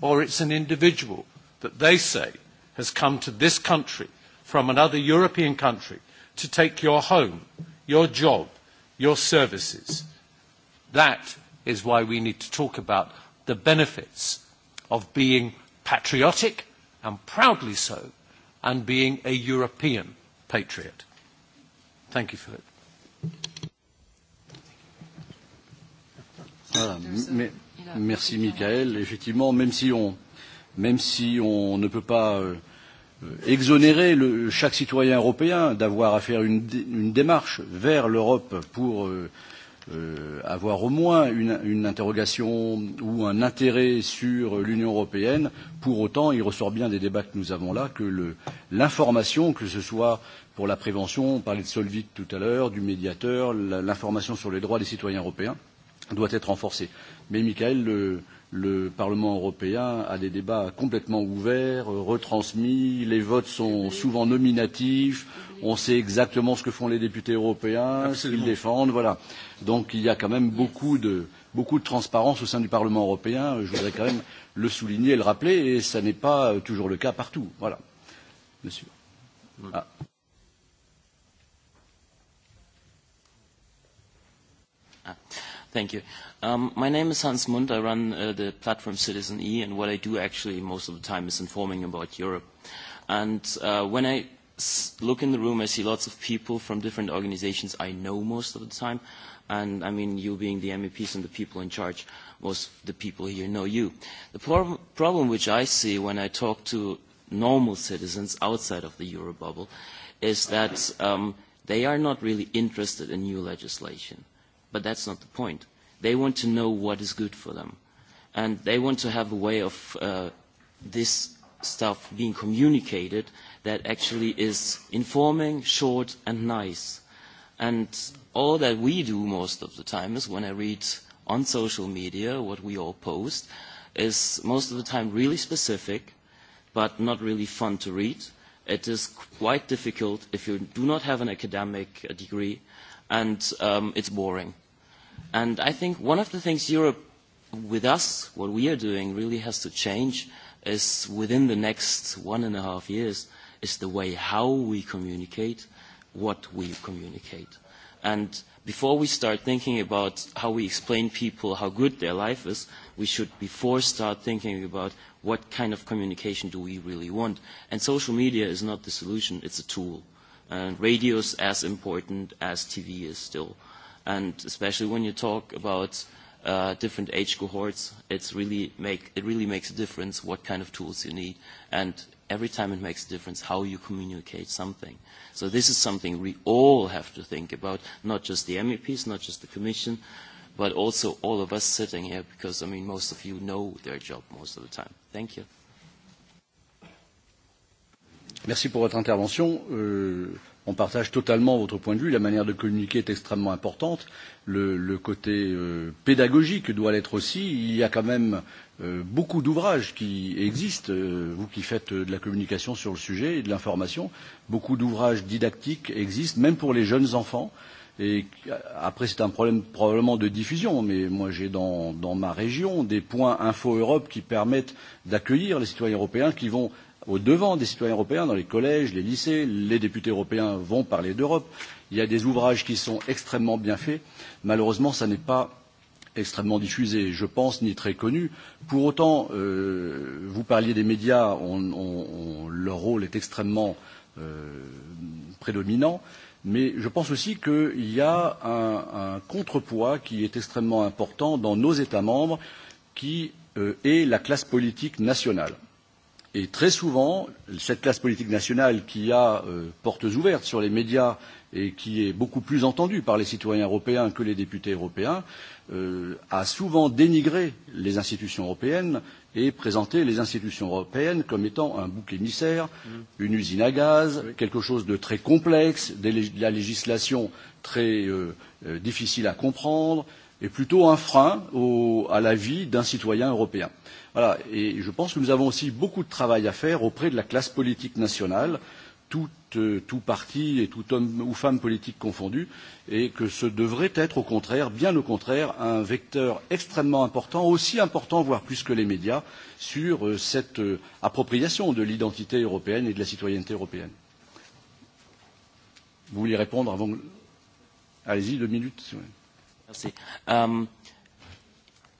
or it's an individual that they say has come to this country from another European country to take your home, your job, your services. That is why we need to talk about the benefits of being patriotic and proudly so and being a European patriot. Thank you, Philip. Voilà. merci Michael. Effectivement, même si on, même si on ne peut pas euh, exonérer le, chaque citoyen européen d'avoir à faire une, une démarche vers l'Europe pour euh, euh, avoir au moins une, une interrogation ou un intérêt sur l'Union européenne. Pour autant, il ressort bien des débats que nous avons là que l'information, que ce soit pour la prévention, on parlait de Solvit tout à l'heure, du médiateur, l'information sur les droits des citoyens européens doit être renforcée. Mais Michael, le, euh, le Parlement européen a des débats complètement ouverts, euh, retransmis, les votes sont souvent nominatifs, on sait exactement ce que font les députés européens, ce qu'ils défendent, voilà. Donc il y a quand même beaucoup de, beaucoup de transparence au sein du Parlement européen, euh, je voudrais quand même le souligner et le rappeler, et ça n'est pas euh, toujours le cas partout. Voilà. Monsieur. Ah. ah. Thank you. Um, my name is Hans Mund. I run uh, the platform Citizen E, and what I do actually most of the time is informing about Europe. And uh, when I s look in the room, I see lots of people from different organizations I know most of the time. And I mean, you being the MEPs and the people in charge, most of the people here know you. The pro- problem which I see when I talk to normal citizens outside of the Euro bubble is that um, they are not really interested in new legislation. But that's not the point They want to know what is good for them. And they want to have a way of uh, this stuff being communicated that actually is informing, short, and nice. And all that we do most of the time is when I read on social media what we all post, is most of the time really specific, but not really fun to read. It is quite difficult if you do not have an academic uh, degree, and um, it's boring. And I think one of the things Europe, with us, what we are doing really has to change is within the next one and a half years is the way how we communicate, what we communicate. And before we start thinking about how we explain people how good their life is, we should before start thinking about what kind of communication do we really want. And social media is not the solution, it's a tool. And radio is as important as TV is still and especially when you talk about uh, different age cohorts, it's really make, it really makes a difference what kind of tools you need, and every time it makes a difference how you communicate something. So this is something we all have to think about, not just the MEPs, not just the Commission, but also all of us sitting here, because, I mean, most of you know their job most of the time. Thank you. Merci pour votre intervention. Euh, on partage totalement votre point de vue. La manière de communiquer est extrêmement importante. Le, le côté euh, pédagogique doit l'être aussi. Il y a quand même euh, beaucoup d'ouvrages qui existent, euh, vous qui faites euh, de la communication sur le sujet et de l'information. Beaucoup d'ouvrages didactiques existent, même pour les jeunes enfants. Et après, c'est un problème probablement de diffusion, mais moi j'ai dans, dans ma région des points Info Europe qui permettent d'accueillir les citoyens européens qui vont au devant des citoyens européens dans les collèges, les lycées. Les députés européens vont parler d'Europe. Il y a des ouvrages qui sont extrêmement bien faits. Malheureusement, ça n'est pas extrêmement diffusé, je pense, ni très connu. Pour autant, euh, vous parliez des médias, on, on, on, leur rôle est extrêmement euh, prédominant, mais je pense aussi qu'il y a un, un contrepoids qui est extrêmement important dans nos États membres, qui euh, est la classe politique nationale. Et très souvent, cette classe politique nationale qui a euh, portes ouvertes sur les médias et qui est beaucoup plus entendue par les citoyens européens que les députés européens, euh, a souvent dénigré les institutions européennes et présenté les institutions européennes comme étant un bouc émissaire, mmh. une usine à gaz, oui. quelque chose de très complexe, de la législation très euh, euh, difficile à comprendre, et plutôt un frein au, à la vie d'un citoyen européen. Voilà, et je pense que nous avons aussi beaucoup de travail à faire auprès de la classe politique nationale, tout, euh, tout parti et tout homme ou femme politique confondu, et que ce devrait être au contraire, bien au contraire, un vecteur extrêmement important, aussi important, voire plus que les médias, sur euh, cette euh, appropriation de l'identité européenne et de la citoyenneté européenne. Vous voulez répondre avant Allez-y, deux minutes. Merci. Um,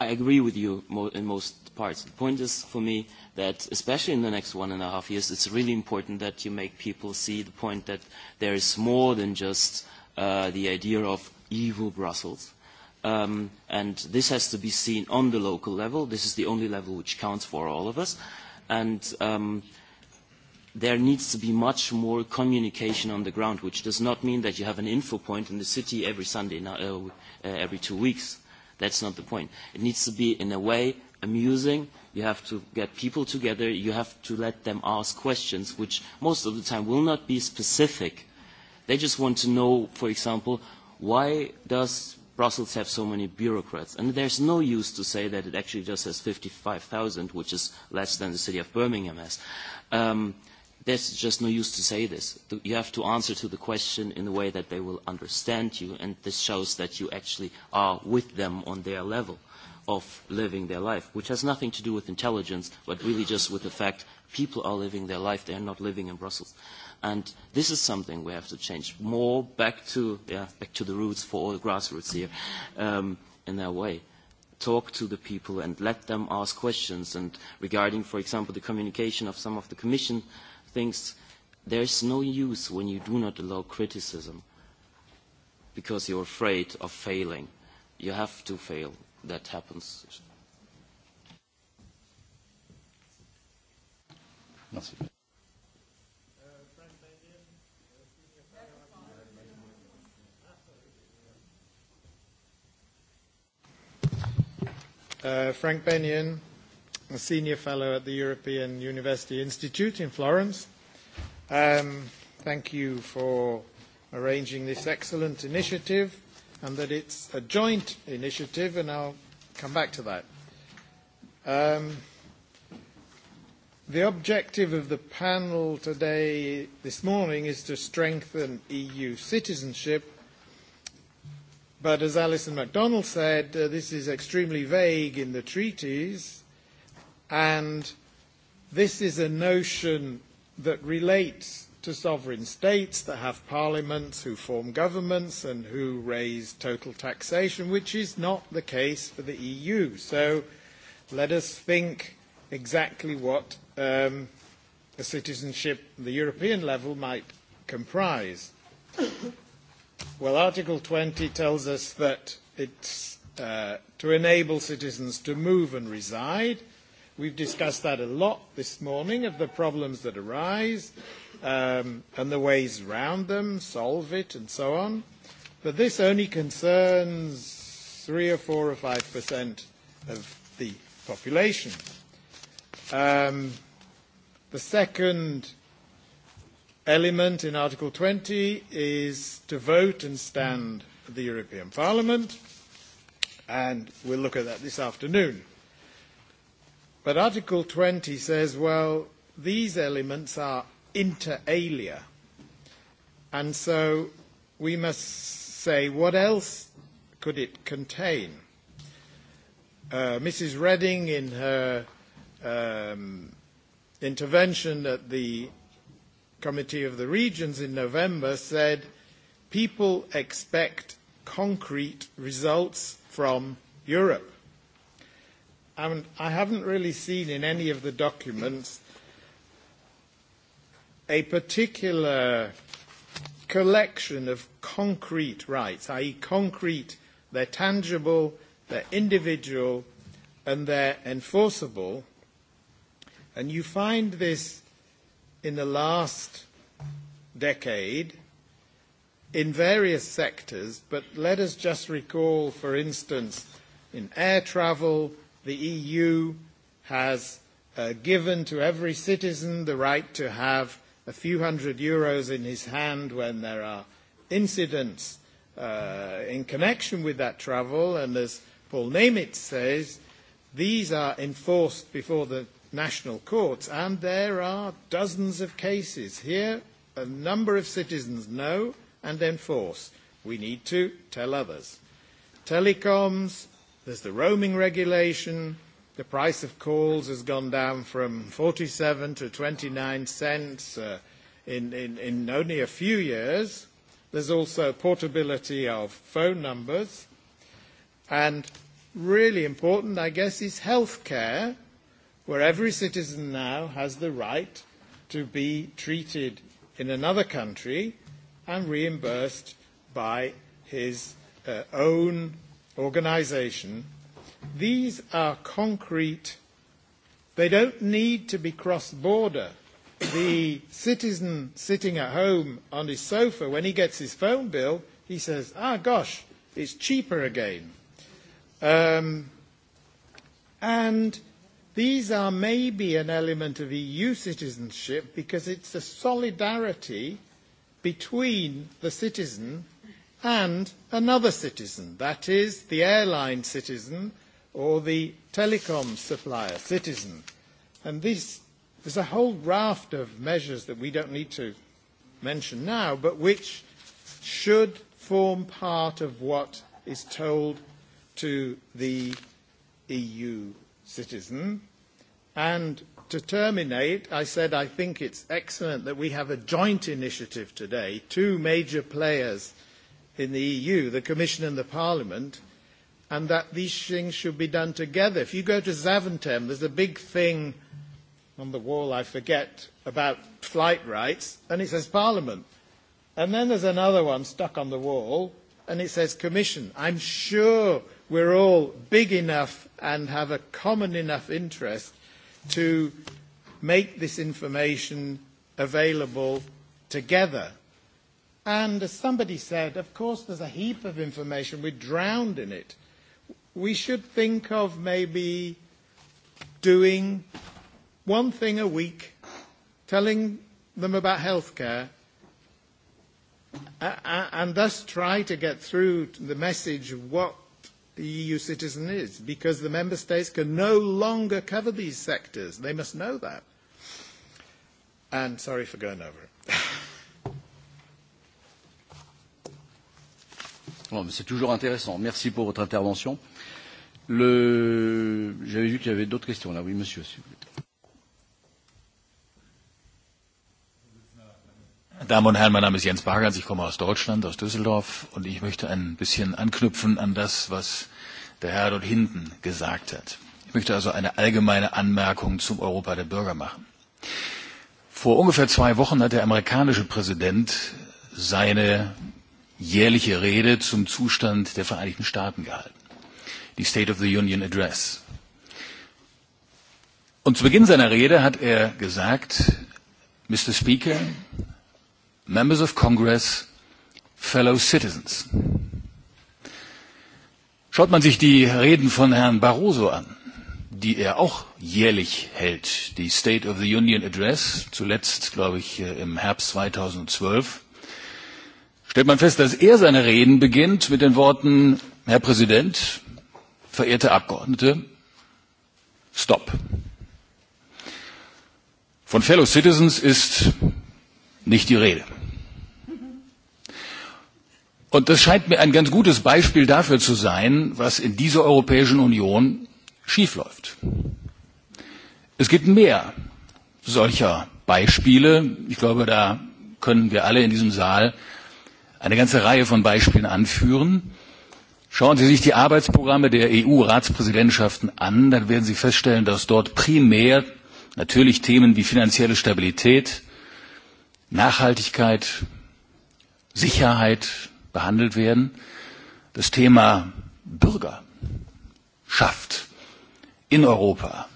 I agree with you in most parts. The point is for me that, especially in the next one and a half years, it's really important that you make people see the point that there is more than just uh, the idea of evil Brussels. Um, and this has to be seen on the local level. This is the only level which counts for all of us. And um, there needs to be much more communication on the ground, which does not mean that you have an info point in the city every Sunday, uh, uh, every two weeks. That's not the point. It needs to be in a way amusing. You have to get people together. You have to let them ask questions, which most of the time will not be specific. They just want to know, for example, why does Brussels have so many bureaucrats? And there's no use to say that it actually just has 55,000, which is less than the city of Birmingham has. Um, there's just no use to say this. You have to answer to the question in a way that they will understand you, and this shows that you actually are with them on their level of living their life, which has nothing to do with intelligence, but really just with the fact people are living their life, they are not living in Brussels. And this is something we have to change more back to, yeah, back to the roots for all the grassroots here um, in their way. Talk to the people and let them ask questions. And regarding, for example, the communication of some of the Commission things, there is no use when you do not allow criticism because you're afraid of failing. You have to fail that happens. Merci. Uh, Frank Benyon, a senior fellow at the European University Institute in Florence. Um, thank you for arranging this excellent initiative and that it's a joint initiative, and I'll come back to that. Um, the objective of the panel today, this morning, is to strengthen EU citizenship. But as Alison MacDonald said, uh, this is extremely vague in the treaties, and this is a notion that relates to sovereign states that have parliaments, who form governments, and who raise total taxation, which is not the case for the EU. So let us think exactly what um, a citizenship at the European level might comprise. well, Article 20 tells us that it's uh, to enable citizens to move and reside. We've discussed that a lot this morning of the problems that arise um, and the ways round them, solve it, and so on. But this only concerns three or four or five percent of the population. Um, the second element in Article 20 is to vote and stand at the European Parliament, and we'll look at that this afternoon. But Article 20 says, well, these elements are inter alia. And so we must say, what else could it contain? Uh, Mrs. Redding, in her um, intervention at the Committee of the Regions in November, said people expect concrete results from Europe. And I haven't really seen in any of the documents a particular collection of concrete rights, i.e. concrete, they're tangible, they're individual, and they're enforceable. And you find this in the last decade in various sectors, but let us just recall, for instance, in air travel, the EU has uh, given to every citizen the right to have a few hundred euros in his hand when there are incidents uh, in connection with that travel, and as Paul Nemitz says, these are enforced before the national courts, and there are dozens of cases. Here, a number of citizens know and enforce. We need to tell others. Telecoms, there's the roaming regulation, The price of coals has gone down from 47 to 29 cents uh, in, in, in only a few years. There's also portability of phone numbers. And really important, I guess, is health care, where every citizen now has the right to be treated in another country and reimbursed by his uh, own organisation These are concrete. They don't need to be cross-border. The citizen sitting at home on his sofa, when he gets his phone bill, he says, ah, gosh, it's cheaper again. Um, and these are maybe an element of EU citizenship because it's a solidarity between the citizen and another citizen, that is, the airline citizen or the telecom supplier, Citizen. And this, there's a whole raft of measures that we don't need to mention now, but which should form part of what is told to the EU citizen. And to terminate, I said I think it's excellent that we have a joint initiative today, two major players in the EU, the Commission and the Parliament, and that these things should be done together. If you go to Zaventem, there's a big thing on the wall, I forget, about flight rights, and it says Parliament. And then there's another one stuck on the wall, and it says Commission. I'm sure we're all big enough and have a common enough interest to make this information available together. And as somebody said, of course there's a heap of information. We're drowned in it we should think of maybe doing one thing a week, telling them about healthcare, and thus try to get through the message of what the EU citizen is, because the member states can no longer cover these sectors. They must know that. And sorry for going over it. C'est toujours intéressant. Merci pour votre intervention. Le... J'avais vu qu'il y avait d'autres questions là. Oui, monsieur, s'il vous plaît. Damen und Herren, mein Name ist Jens Bargans, ich komme aus Deutschland, aus Düsseldorf und ich möchte ein bisschen anknüpfen an das, was der Herr dort hinten gesagt hat. Ich möchte also eine allgemeine Anmerkung zum Europa der Bürger machen. Vor ungefähr zwei Wochen hat der amerikanische Präsident seine jährliche Rede zum Zustand der Vereinigten Staaten gehalten die State of the Union Address. Und zu Beginn seiner Rede hat er gesagt, Mr. Speaker, Members of Congress, Fellow Citizens. Schaut man sich die Reden von Herrn Barroso an, die er auch jährlich hält, die State of the Union Address, zuletzt, glaube ich, äh, im Herbst 2012, stellt man fest, dass er seine Reden beginnt mit den Worten, Herr Präsident, verehrte Abgeordnete, stop. Von Fellow Citizens ist nicht die Rede. Und das scheint mir ein ganz gutes Beispiel dafür zu sein, was in dieser Europäischen Union schiefläuft. Es gibt mehr solcher Beispiele. Ich glaube, da können wir alle in diesem Saal eine ganze Reihe von Beispielen anführen. Schauen Sie sich die Arbeitsprogramme der EU-Ratspräsidentschaften an, dann werden Sie feststellen, dass dort primär natürlich Themen wie finanzielle Stabilität, Nachhaltigkeit, Sicherheit behandelt werden. Das Thema Bürgerschaft in Europa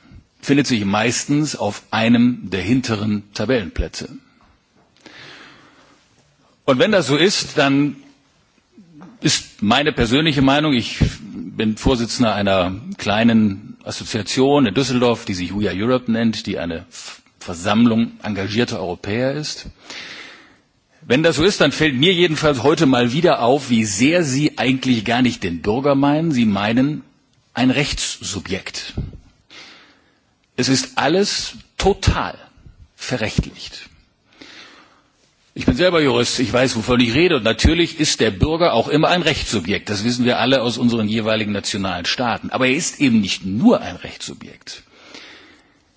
findet sich meistens auf einem der hinteren Tabellenplätze. Und wenn das so ist, dann ist meine persönliche Meinung. Ich bin Vorsitzender einer kleinen Assoziation in Düsseldorf, die sich We Are Europe nennt, die eine Versammlung engagierter Europäer ist. Wenn das so ist, dann fällt mir jedenfalls heute mal wieder auf, wie sehr Sie eigentlich gar nicht den Bürger meinen. Sie meinen ein Rechtssubjekt. Es ist alles total verrechtlicht. Ich bin selber Jurist, ich weiß, wovon ich rede. Und natürlich ist der Bürger auch immer ein Rechtssubjekt. Das wissen wir alle aus unseren jeweiligen nationalen Staaten. Aber er ist eben nicht nur ein Rechtssubjekt.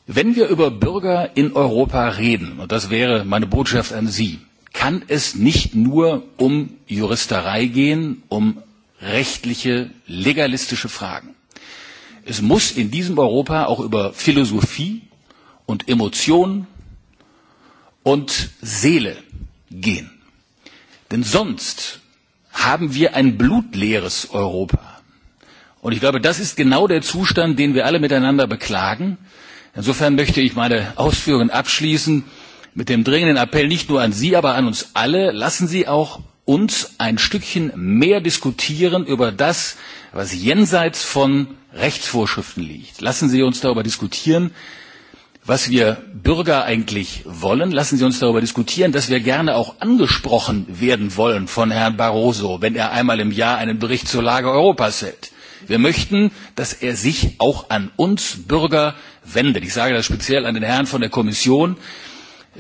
Wenn wir über Bürger in Europa reden, und das wäre meine Botschaft an Sie, kann es nicht nur um Juristerei gehen, um rechtliche, legalistische Fragen. Es muss in diesem Europa auch über Philosophie und Emotionen und Seele gehen. Denn sonst haben wir ein blutleeres Europa. Und ich glaube, das ist genau der Zustand, den wir alle miteinander beklagen. Insofern möchte ich meine Ausführungen abschließen mit dem dringenden Appell nicht nur an Sie, aber an uns alle. Lassen Sie auch uns ein Stückchen mehr diskutieren über das, was jenseits von Rechtsvorschriften liegt. Lassen Sie uns darüber diskutieren, was wir Bürger eigentlich wollen. Lassen Sie uns darüber diskutieren, dass wir gerne auch angesprochen werden wollen von Herrn Barroso, wenn er einmal im Jahr einen Bericht zur Lage Europas hält. Wir möchten, dass er sich auch an uns Bürger wendet. Ich sage das speziell an den Herrn von der Kommission.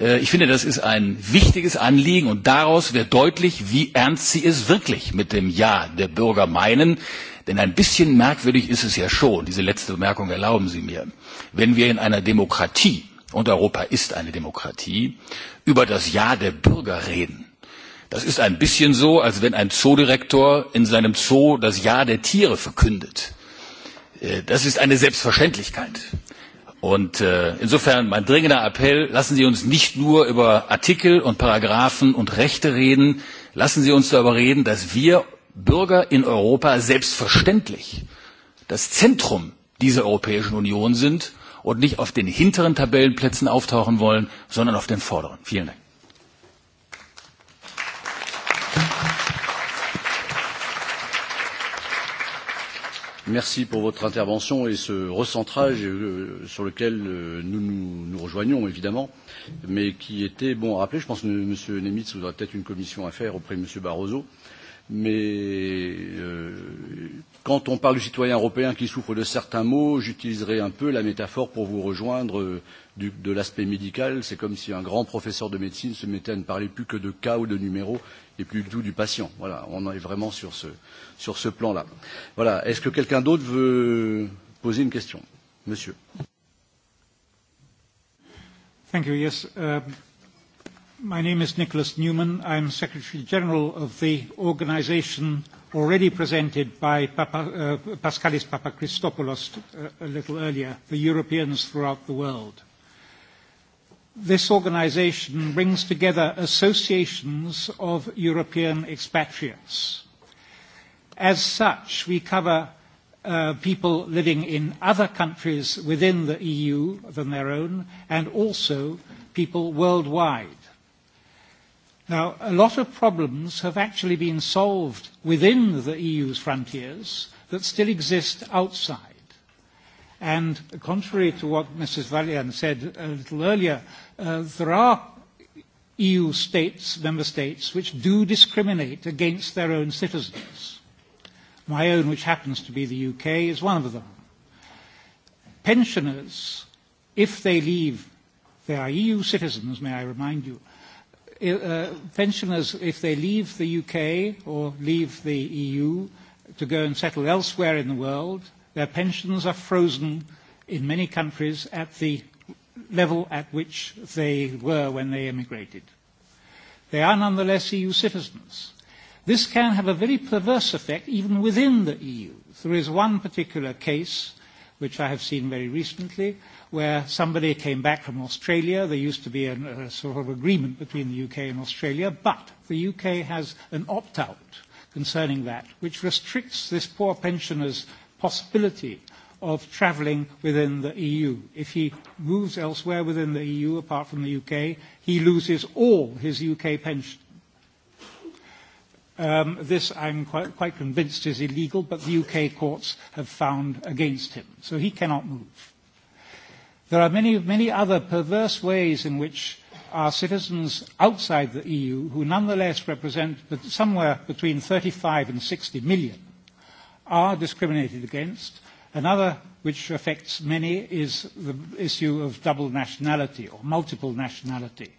Äh, ich finde, das ist ein wichtiges Anliegen und daraus wird deutlich, wie ernst Sie es wirklich mit dem Ja der Bürger meinen. Denn ein bisschen merkwürdig ist es ja schon, diese letzte Bemerkung erlauben Sie mir, wenn wir in einer Demokratie, und Europa ist eine Demokratie, über das Ja der Bürger reden. Das ist ein bisschen so, als wenn ein Zoodirektor in seinem Zoo das Ja der Tiere verkündet. Äh, das ist eine Selbstverständlichkeit. Und äh, insofern mein dringender Appell, lassen Sie uns nicht nur über Artikel und Paragraphen und Rechte reden, lassen Sie uns darüber reden, dass wir Bürger in Europa selbstverständlich das Zentrum dieser Europäischen Union sind und nicht auf den hinteren Tabellenplätzen auftauchen wollen, sondern auf den vorderen. Vielen Dank. Merci pour votre intervention et ce recentrage euh, sur lequel euh, nous, nous nous rejoignons évidemment, mais qui était bon à rappeler Je pense que M. Nemitz aura peut-être une commission à faire auprès de M. Barroso. Euh, mais euh, quand on parle du citoyen européen qui souffre de certains maux, j'utiliserai un peu la métaphore pour vous rejoindre euh, du, de l'aspect médical. C'est comme si un grand professeur de médecine se mettait à ne parler plus que de cas ou de numéros et plus du tout du patient. Voilà, on est vraiment sur ce, sur ce plan-là. Voilà, est-ce que quelqu'un d'autre veut poser une question Monsieur. Thank you. Yes, uh, My name is Nicholas Newman. I'm Secretary General of the organization already presented by Papa, uh, Pascalis Papakristopoulos a, uh, a little earlier, the Europeans throughout the world. This organization brings together associations of European expatriates. As such, we cover uh, people living in other countries within the EU than their own, and also people worldwide. Now, a lot of problems have actually been solved within the EU's frontiers that still exist outside. And contrary to what Mrs. Valian said a little earlier, uh, there are EU states, member states, which do discriminate against their own citizens. My own, which happens to be the UK, is one of them. Pensioners, if they leave, they are EU citizens, may I remind you, uh, pensioners, if they leave the UK or leave the EU to go and settle elsewhere in the world, their pensions are frozen in many countries at the level at which they were when they emigrated. They are nonetheless EU citizens. This can have a very perverse effect even within the EU. There is one particular case, which I have seen very recently, where somebody came back from Australia. There used to be a, a sort of agreement between the UK and Australia, but the UK has an opt-out concerning that, which restricts this poor pensioner's possibility of travelling within the EU. If he moves elsewhere within the EU, apart from the UK, he loses all his UK pension. Um, this, I'm quite, quite convinced, is illegal, but the UK courts have found against him, so he cannot move. There are many, many other perverse ways in which our citizens outside the EU, who nonetheless represent somewhere between 35 and 60 million, are discriminated against. Another which affects many is the issue of double nationality or multiple nationality.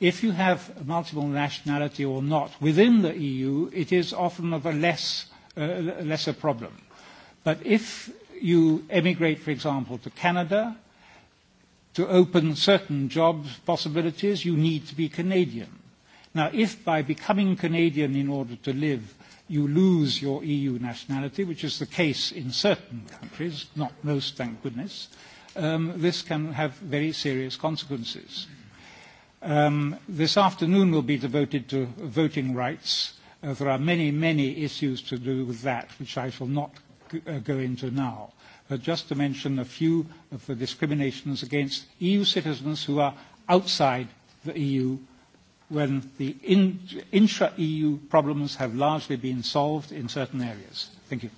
If you have multiple nationality or not within the EU, it is often of a less, uh, lesser problem. But if you emigrate, for example, to Canada, to open certain job possibilities, you need to be Canadian. Now, if by becoming Canadian in order to live, you lose your EU nationality, which is the case in certain countries, not most, thank goodness, um, this can have very serious consequences. Um, this afternoon will be devoted to voting rights. Uh, there are many, many issues to do with that, which I shall not uh, go into now uh, just to mention a few of the discriminations against EU citizens who are outside the EU when the in, intra-EU problems have largely been solved in certain areas. Thank you.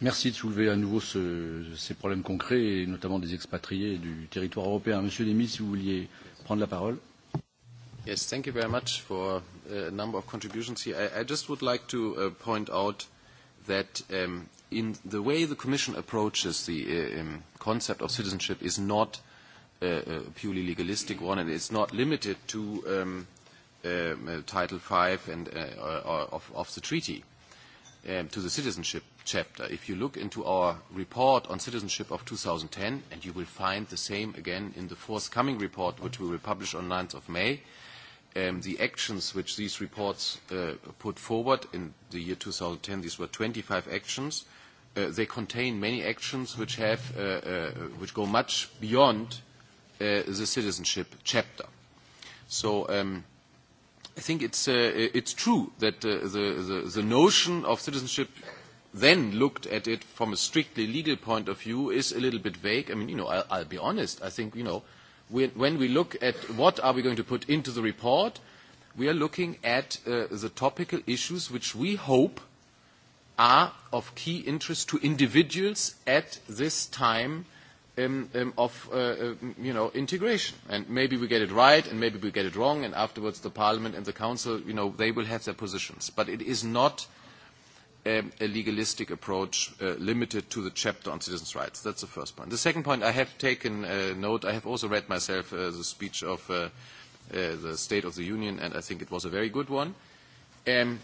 Merci de soulever à nouveau ce, ces problèmes concrets, et notamment des expatriés du territoire européen. Monsieur Demy, si vous vouliez prendre la parole. Yes, thank you very much for uh, a number of contributions here. I, I just would like to uh, point out uh, that um, in the way the Commission approaches the uh, um, concept of citizenship is not uh, uh a purely legalistic one and it's not limited to um, um, uh, Title V and, uh, uh, uh, of, of the treaty, um, to the citizenship chapter. If you look into our report on citizenship of 2010, and you will find the same again in the forthcoming report which we will publish on 9th of May, um, the actions which these reports uh, put forward in the year 2010, these were 25 actions. Uh, they contain many actions which, have, uh, uh, which go much beyond uh, the citizenship chapter. So um, I think it's, uh, it's true that uh, the, the, the notion of citizenship then looked at it from a strictly legal point of view is a little bit vague. I mean, you know, I'll, I'll be honest. I think, you know, uh, we, when we look at what are we going to put into the report, we are looking at uh, the topical issues which we hope are of key interest to individuals at this time um, um, of uh, um, you know, integration. And maybe we get it right and maybe we get it wrong and afterwards the Parliament and the Council, you know, they will have their positions. But it is not um, a legalistic approach uh, limited to the chapter on citizens' rights. That's the first point. The second point, I have taken uh, note, I have also read myself uh, the speech of uh, uh, the State of the Union, and I think it was a very good one. Um,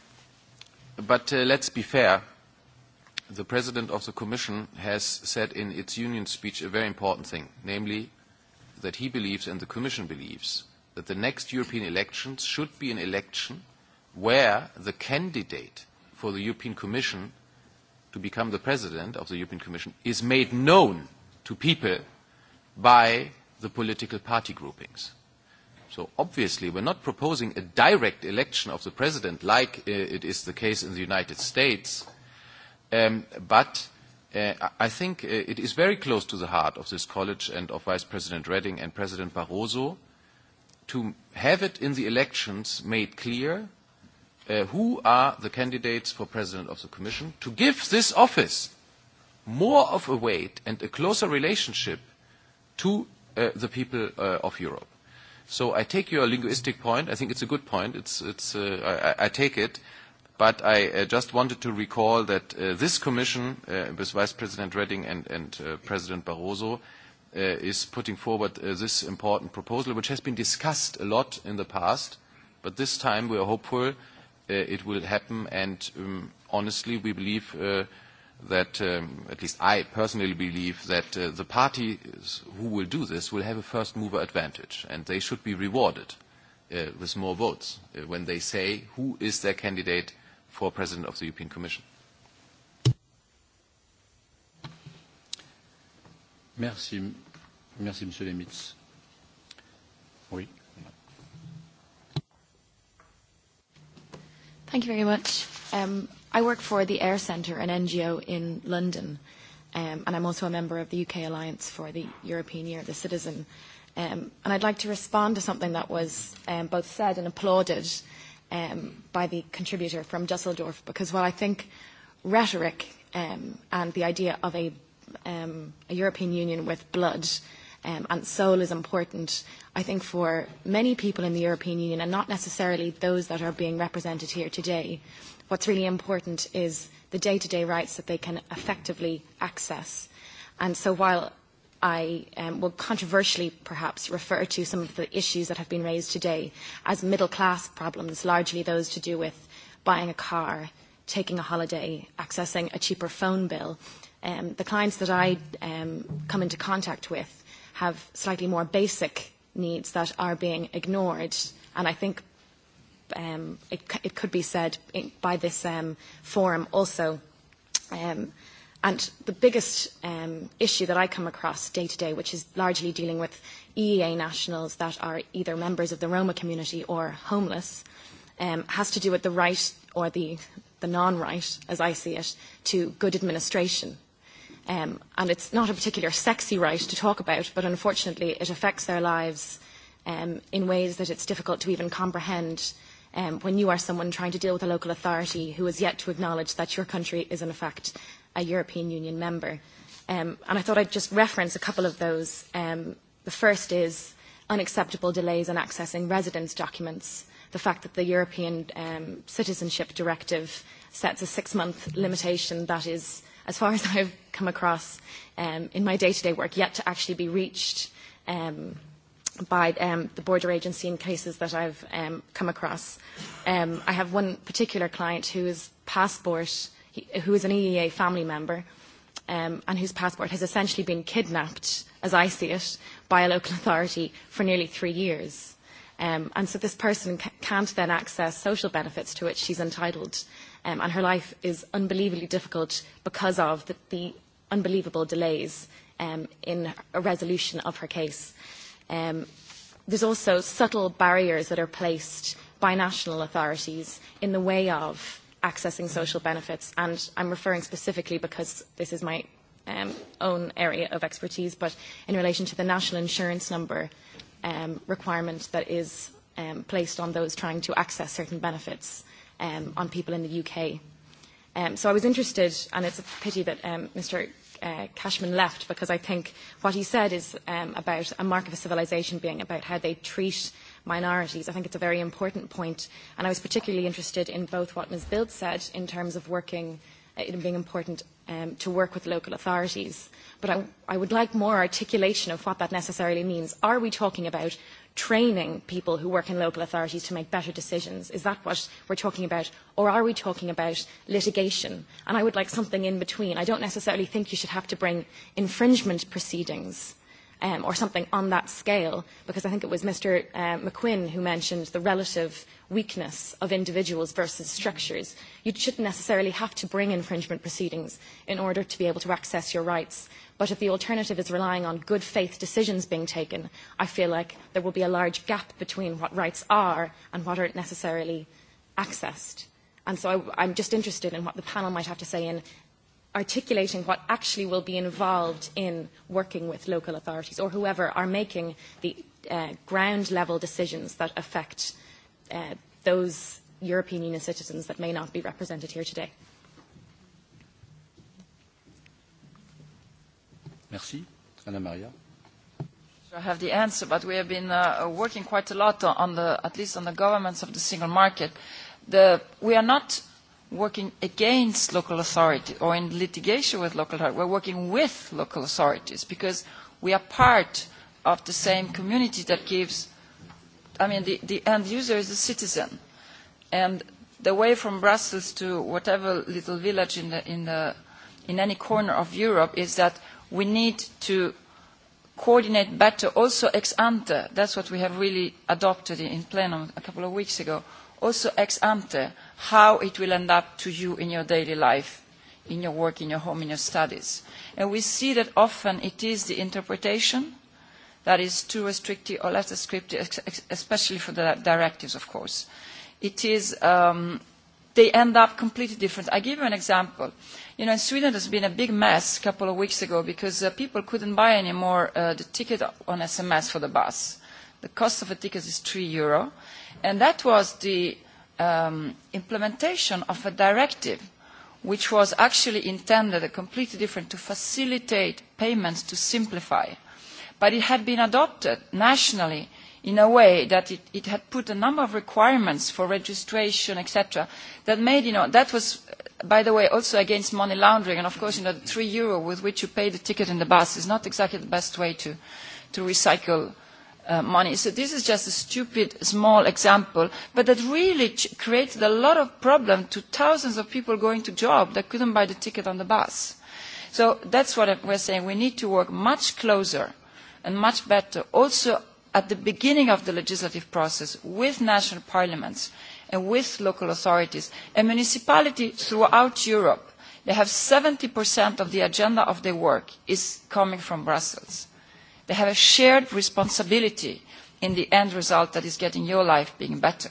but uh, let's be fair. The President of the Commission has said in its Union speech a very important thing, namely that he believes and the Commission believes that the next European elections should be an election where the candidate – for the European Commission to become the president of the European Commission is made known to people by the political party groupings. So obviously we're not proposing a direct election of the president like uh, it is the case in the United States, um, but uh, I think uh, it is very close to the heart of this college and of Vice President Redding and President Barroso to have it in the elections made clear uh, who are the candidates for President of the Commission to give this office more of a weight and a closer relationship to uh, the people uh, of Europe. So I take your linguistic point. I think it's a good point. It's, it's, uh, I, I take it. But I uh, just wanted to recall that uh, this commission, uh, with Vice President Redding and, and uh, President Barroso, uh, is putting forward uh, this important proposal, which has been discussed a lot in the past. But this time we are hopeful uh, it will happen. And um, honestly, we believe uh, that, um, at least I personally believe, that uh, the parties who will do this will have a first mover advantage, and they should be rewarded uh, with more votes uh, when they say who is their candidate for President of the European Commission. Merci, merci Monsieur Lemitz. Oui. Thank you very much. Um, I work for the Air Centre, an NGO in London, um, and I'm also a member of the UK Alliance for the European Year of the Citizen. Um, and I'd like to respond to something that was um, both said and applauded um, by the contributor from Dusseldorf, because while I think rhetoric um, and the idea of a, um, a European Union with blood um, and soul is important, I think, for many people in the European Union and not necessarily those that are being represented here today. What's really important is the day-to-day -day rights that they can effectively access. And so while I um, will controversially perhaps refer to some of the issues that have been raised today as middle-class problems, largely those to do with buying a car, taking a holiday, accessing a cheaper phone bill, um, the clients that I um, come into contact with have slightly more basic needs that are being ignored. And I think um, it, it could be said in, by this um, forum also. Um, and the biggest um, issue that I come across day to day, which is largely dealing with EEA nationals that are either members of the Roma community or homeless, um, has to do with the right or the, the non-right, as I see it, to good administration. Um, and it's not a particular sexy right to talk about, but unfortunately it affects their lives um, in ways that it's difficult to even comprehend um, when you are someone trying to deal with a local authority who has yet to acknowledge that your country is in effect a European Union member. Um, and I thought I'd just reference a couple of those. Um, the first is unacceptable delays in accessing residence documents. The fact that the European um, Citizenship Directive sets a six-month limitation that is as far as I've come across um, in my day-to-day -day work, yet to actually be reached um, by um, the border agency in cases that I've um, come across. Um, I have one particular client who is passport, who is an EEA family member, um, and whose passport has essentially been kidnapped, as I see it, by a local authority for nearly three years. Um, and so this person ca can't then access social benefits to which she's entitled um, and her life is unbelievably difficult because of the, the unbelievable delays um, in a resolution of her case. Um, there's also subtle barriers that are placed by national authorities in the way of accessing social benefits, and I'm referring specifically because this is my um, own area of expertise, but in relation to the national insurance number um, requirement that is um, placed on those trying to access certain benefits um, on people in the UK. Um, so I was interested, and it's a pity that um, Mr. Uh, Cashman left, because I think what he said is um, about a mark of a civilization being about how they treat minorities. I think it's a very important point, and I was particularly interested in both what Ms. Bild said in terms of working, uh, it being important um, to work with local authorities. But I, I would like more articulation of what that necessarily means. Are we talking about training people who work in local authorities to make better decisions? Is that what we're talking about? Or are we talking about litigation? And I would like something in between. I don't necessarily think you should have to bring infringement proceedings um, or something on that scale, because I think it was Mr. Uh, McQuinn who mentioned the relative weakness of individuals versus structures. You shouldn't necessarily have to bring infringement proceedings in order to be able to access your rights. But if the alternative is relying on good faith decisions being taken, I feel like there will be a large gap between what rights are and what aren't necessarily accessed. And so I, I'm just interested in what the panel might have to say in articulating what actually will be involved in working with local authorities or whoever are making the uh, ground level decisions that affect uh, those European Union citizens that may not be represented here today. Merci. Anna Maria. I have the answer, but we have been uh, uh, working quite a lot on the, at least on the governments of the single market. The, we are not working against local authority or in litigation with local authority. We're working with local authorities because we are part of the same community that gives, I mean, the, the end user is a citizen. And the way from Brussels to whatever little village in, the, in, the, in any corner of Europe is that we need to coordinate better also ex ante. That's what we have really adopted in plenum a couple of weeks ago. Also ex ante how it will end up to you in your daily life, in your work, in your home, in your studies. And we see that often it is the interpretation that is too restrictive or less restrictive, especially for the directives, of course. It is, um, they end up completely different. I give you an example. You know, in Sweden there's been a big mess a couple of weeks ago because uh, people couldn't buy anymore uh, the ticket on SMS for the bus. The cost of a ticket is 3 euro. And that was the um, implementation of a directive which was actually intended completely different to facilitate payments to simplify. But it had been adopted nationally in a way that it, it had put a number of requirements for registration, etc., that made, you know, that was, by the way, also against money laundering. And of course, you know, the three euro with which you pay the ticket in the bus is not exactly the best way to, to recycle uh, money. So this is just a stupid small example, but that really ch created a lot of problem to thousands of people going to job that couldn't buy the ticket on the bus. So that's what we're saying. We need to work much closer and much better also at the beginning of the legislative process with national parliaments and with local authorities and municipalities throughout Europe. They have 70% of the agenda of their work is coming from Brussels. They have a shared responsibility in the end result that is getting your life being better.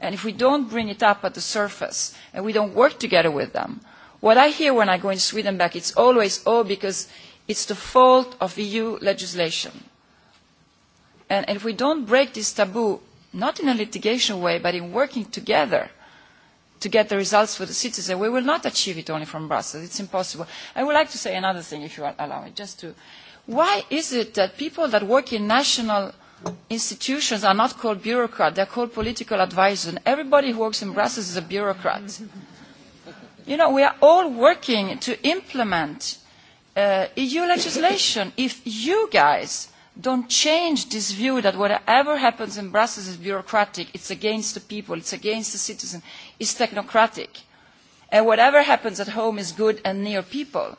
And if we don't bring it up at the surface and we don't work together with them, what I hear when I go in Sweden back, it's always, oh, because it's the fault of EU legislation. And, and if we don't break this taboo, not in a litigation way, but in working together to get the results for the citizen, we will not achieve it only from Brussels. It's impossible. I would like to say another thing, if you allow me, just to Why is it that people that work in national institutions are not called bureaucrats, they're called political advisors, and everybody who works in Brussels is a bureaucrat? you know, we are all working to implement uh, EU legislation. If you guys don't change this view that whatever happens in Brussels is bureaucratic, it's against the people, it's against the citizen, it's technocratic. And whatever happens at home is good and near people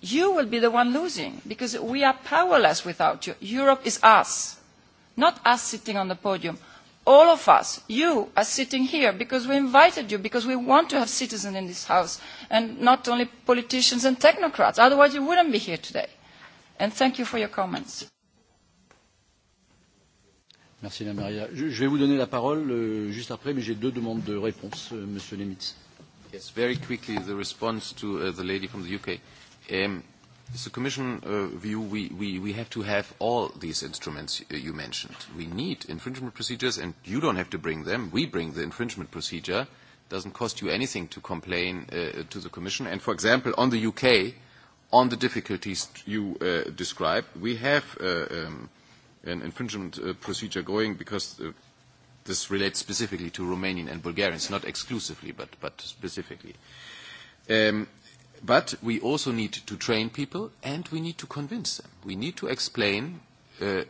you will be the one losing because we are powerless without you. Europe is us, not us sitting on the podium. All of us, you are sitting here because we invited you, because we want to have citizens in this house and not only politicians and technocrats. Otherwise you wouldn't be here today. And thank you for your comments. Merci, Maria. Je, vais vous donner la parole euh, juste après, mais j'ai deux demandes de réponse, euh, Monsieur Lemitz. Yes, very quickly, the response to uh, the lady from the UK. Um, so Commission uh, view, we, we, we have to have all these instruments uh, you mentioned. We need infringement procedures, and you don't have to bring them. We bring the infringement procedure. It doesn't cost you anything to complain uh, to the Commission. And, for example, on the UK, on the difficulties you uh, described, we have uh, um, an infringement uh, procedure going because uh, this relates specifically to Romanian and Bulgarians, not exclusively, but, but specifically. Um, But we also need to train people and we need to convince them. We need to explain uh, uh,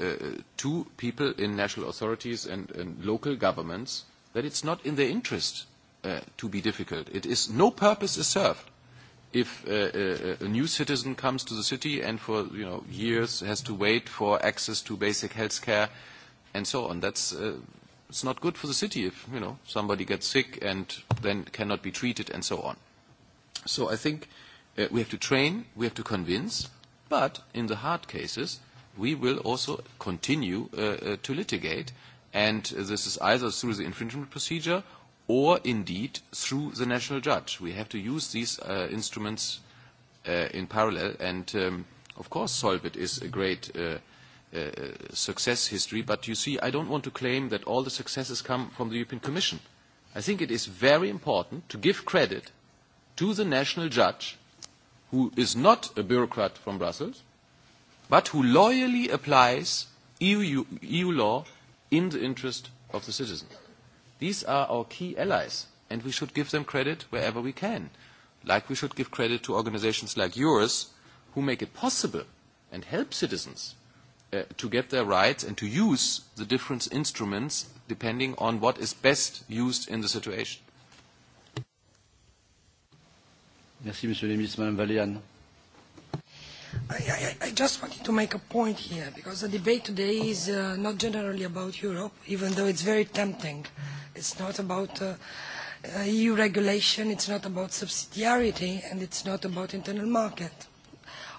to people in national authorities and, and local governments that it's not in their interest uh, to be difficult. It is no purpose is served if uh, a, uh, a new citizen comes to the city and for you know, years has to wait for access to basic health care and so on. That's, uh, it's not good for the city if you know, somebody gets sick and then cannot be treated and so on. So I think uh, we have to train, we have to convince, but in the hard cases, we will also continue uh, uh, to litigate, and uh, this is either through the infringement procedure or indeed through the national judge. We have to use these uh, instruments uh, in parallel, and um, of course Solvit is a great uh, uh, success history, but you see, I don't want to claim that all the successes come from the European Commission. I think it is very important to give credit to the national judge, who is not a bureaucrat from Brussels, but who loyally applies EU, EU law in the interest of the citizen. These are our key allies, and we should give them credit wherever we can, like we should give credit to organizations like yours, who make it possible and help citizens uh, to get their rights and to use the different instruments depending on what is best used in the situation. Merci, Monsieur le Ministre, Madame Valéane. I, I, I just wanted to make a point here because the debate today is uh, not generally about Europe, even though it's very tempting. It's not about uh, uh, EU regulation, it's not about subsidiarity, and it's not about internal market.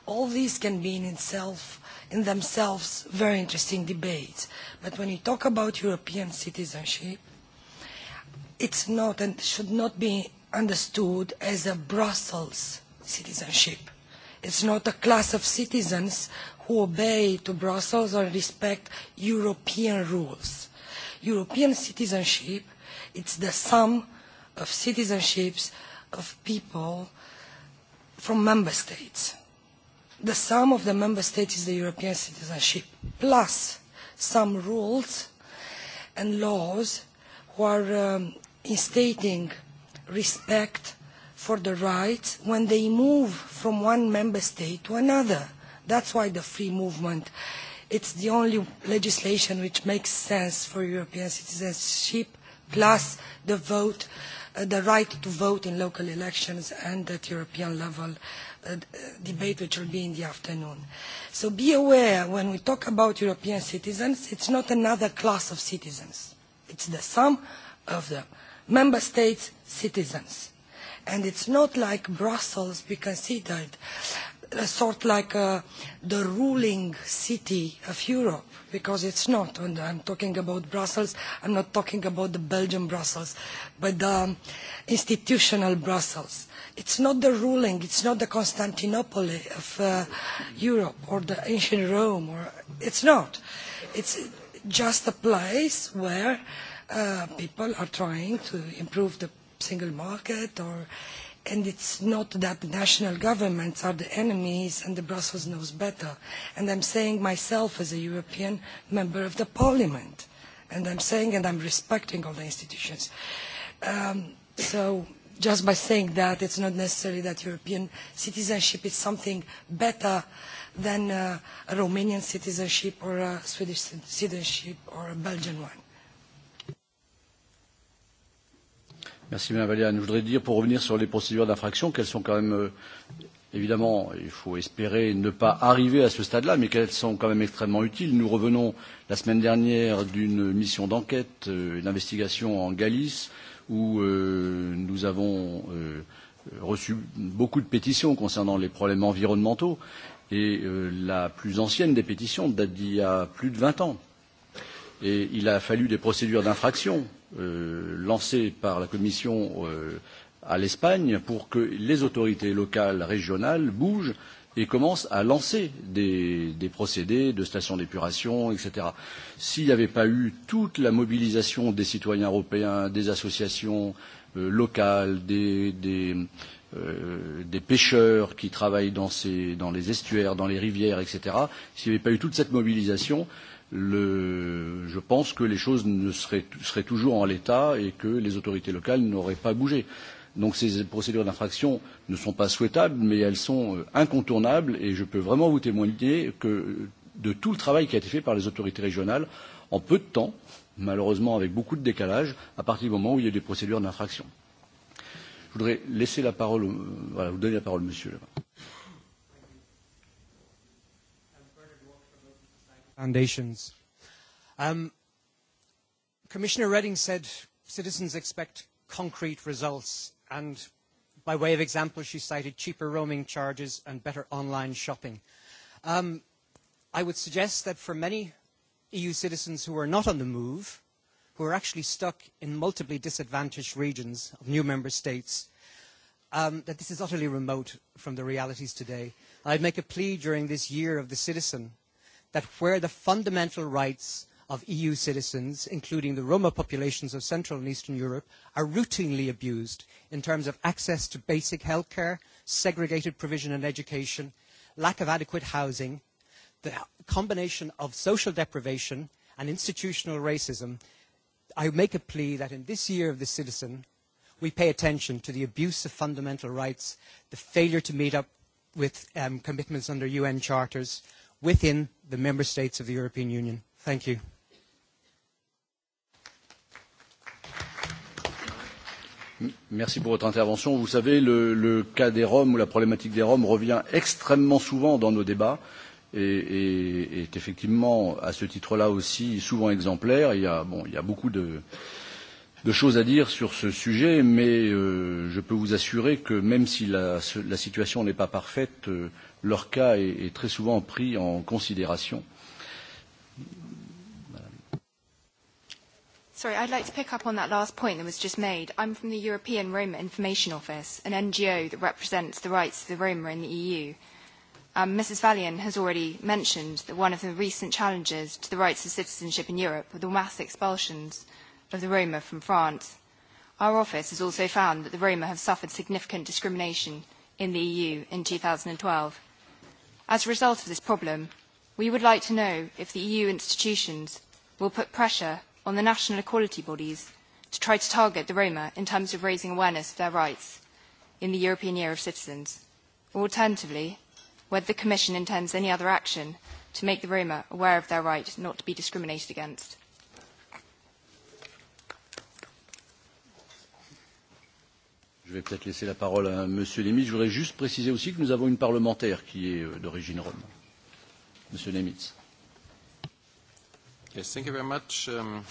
All these can be in itself, in themselves, very interesting debates. But when you talk about European citizenship, it's not and should not be understood as a Brussels citizenship. It's not a class of citizens who obey to Brussels or respect European rules. European citizenship, it's the sum of citizenships of people from member states. The sum of the member states is the European citizenship, plus some rules and laws who are um, instating respect for the rights when they move from one member state to another. That's why the free movement. It's the only legislation which makes sense for European citizenship, plus the vote, uh, the right to vote in local elections and at European level uh, uh debate which will be in the afternoon. So be aware when we talk about European citizens, it's not another class of citizens. It's the sum of the member states citizens. And it's not like Brussels be considered a sort like uh, the ruling city of Europe, because it's not. And I'm talking about Brussels, I'm not talking about the Belgian Brussels, but the um, institutional Brussels. It's not the ruling, it's not the Constantinople of uh, Europe or the ancient Rome. Or, it's not. It's just a place where uh, people are trying to improve the single market or and it's not that the national governments are the enemies and the Brussels knows better. And I'm saying myself as a European member of the parliament. And I'm saying and I'm respecting all the institutions. Um, so just by saying that, it's not necessarily that European citizenship is something better than uh, a Romanian citizenship or a Swedish citizenship or a Belgian one. Merci Mme Valéane. Je voudrais dire, pour revenir sur les procédures d'infraction, qu'elles sont quand même, euh, évidemment, il faut espérer ne pas arriver à ce stade-là, mais qu'elles sont quand même extrêmement utiles. Nous revenons la semaine dernière d'une mission d'enquête euh, et d'investigation en Galice, où euh, nous avons euh, reçu beaucoup de pétitions concernant les problèmes environnementaux, et euh, la plus ancienne des pétitions date d'il y a plus de 20 ans. Et il a fallu des procédures d'infraction lancé euh, lancée par la Commission euh, à l'Espagne pour que les autorités locales, régionales bougent et commencent à lancer des, des procédés de stations d'épuration, etc. S'il n'y avait pas eu toute la mobilisation des citoyens européens, des associations euh, locales, des, des, euh, des pêcheurs qui travaillent dans, ces, dans les estuaires, dans les rivières, etc., s'il n'y avait pas eu toute cette mobilisation, euh, le, je pense que les choses ne seraient, seraient toujours en l'état et que les autorités locales n'auraient pas bougé. Donc ces procédures d'infraction ne sont pas souhaitables, mais elles sont euh, incontournables et je peux vraiment vous témoigner que euh, de tout le travail qui a été fait par les autorités régionales en peu de temps, malheureusement avec beaucoup de décalage, à partir du moment où il y a des procédures d'infraction. Je voudrais laisser la parole, euh, voilà, vous donner la parole, monsieur. foundations. Um, Commissioner Redding said citizens expect concrete results, and by way of example, she cited cheaper roaming charges and better online shopping. Um, I would suggest that for many EU citizens who are not on the move, who are actually stuck in multiply disadvantaged regions of new member states, um, that this is utterly remote from the realities today. I'd make a plea during this year of the citizen that where the fundamental rights of EU citizens, including the Roma populations of Central and Eastern Europe, are routinely abused in terms of access to basic health care, segregated provision and education, lack of adequate housing, the combination of social deprivation and institutional racism. I make a plea that in this year of the citizen, we pay attention to the abuse of fundamental rights, the failure to meet up with um, commitments under UN charters, within the member states of the European Union. Thank you. Merci pour votre intervention. Vous savez, le, le cas des Roms ou la problématique des Roms revient extrêmement souvent dans nos débats et, et est effectivement, à ce titre-là aussi, souvent exemplaire. Il y a, bon, il y a beaucoup de, de choses à dire sur ce sujet, mais euh, je peux vous assurer que même si la, la situation n'est pas parfaite, euh, leur cas est, est très souvent pris en considération. Sorry, I'd like to pick up on that last point that was just made. I'm from the European Roma Information Office, an NGO that represents the rights of the Roma in the EU. Um, Mrs. Valian has already mentioned that one of the recent challenges to the rights of citizenship in Europe were the mass expulsions of the Roma from France. Our office has also found that the Roma have suffered significant discrimination in the EU in 2012. As a result of this problem, we would like to know if the EU institutions will put pressure on the national equality bodies to try to target the Roma in terms of raising awareness of their rights in the European Year of Citizens, or alternatively, whether the Commission intends any other action to make the Roma aware of their right not to be discriminated against. Je vais peut-être laisser la parole à Monsieur Lemitz. Je voudrais juste préciser aussi que nous avons une parlementaire qui est euh, d'origine rome. Monsieur Lemitz. Yes, thank you very much. Um,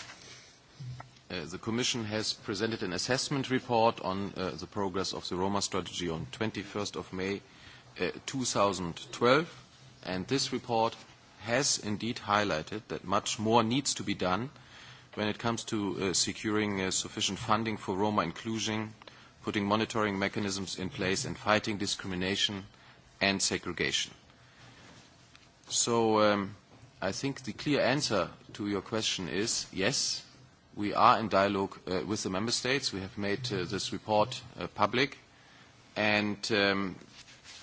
uh, the Commission has presented an assessment report on uh, the progress of the Roma strategy on 21st of May uh, 2012, and this report has indeed highlighted that much more needs to be done when it comes to uh, securing uh, sufficient funding for Roma inclusion putting monitoring mechanisms in place and fighting discrimination and segregation. So um, I think the clear answer to your question is yes, we are in dialogue uh, with the Member States. We have made uh, this report uh, public. And um,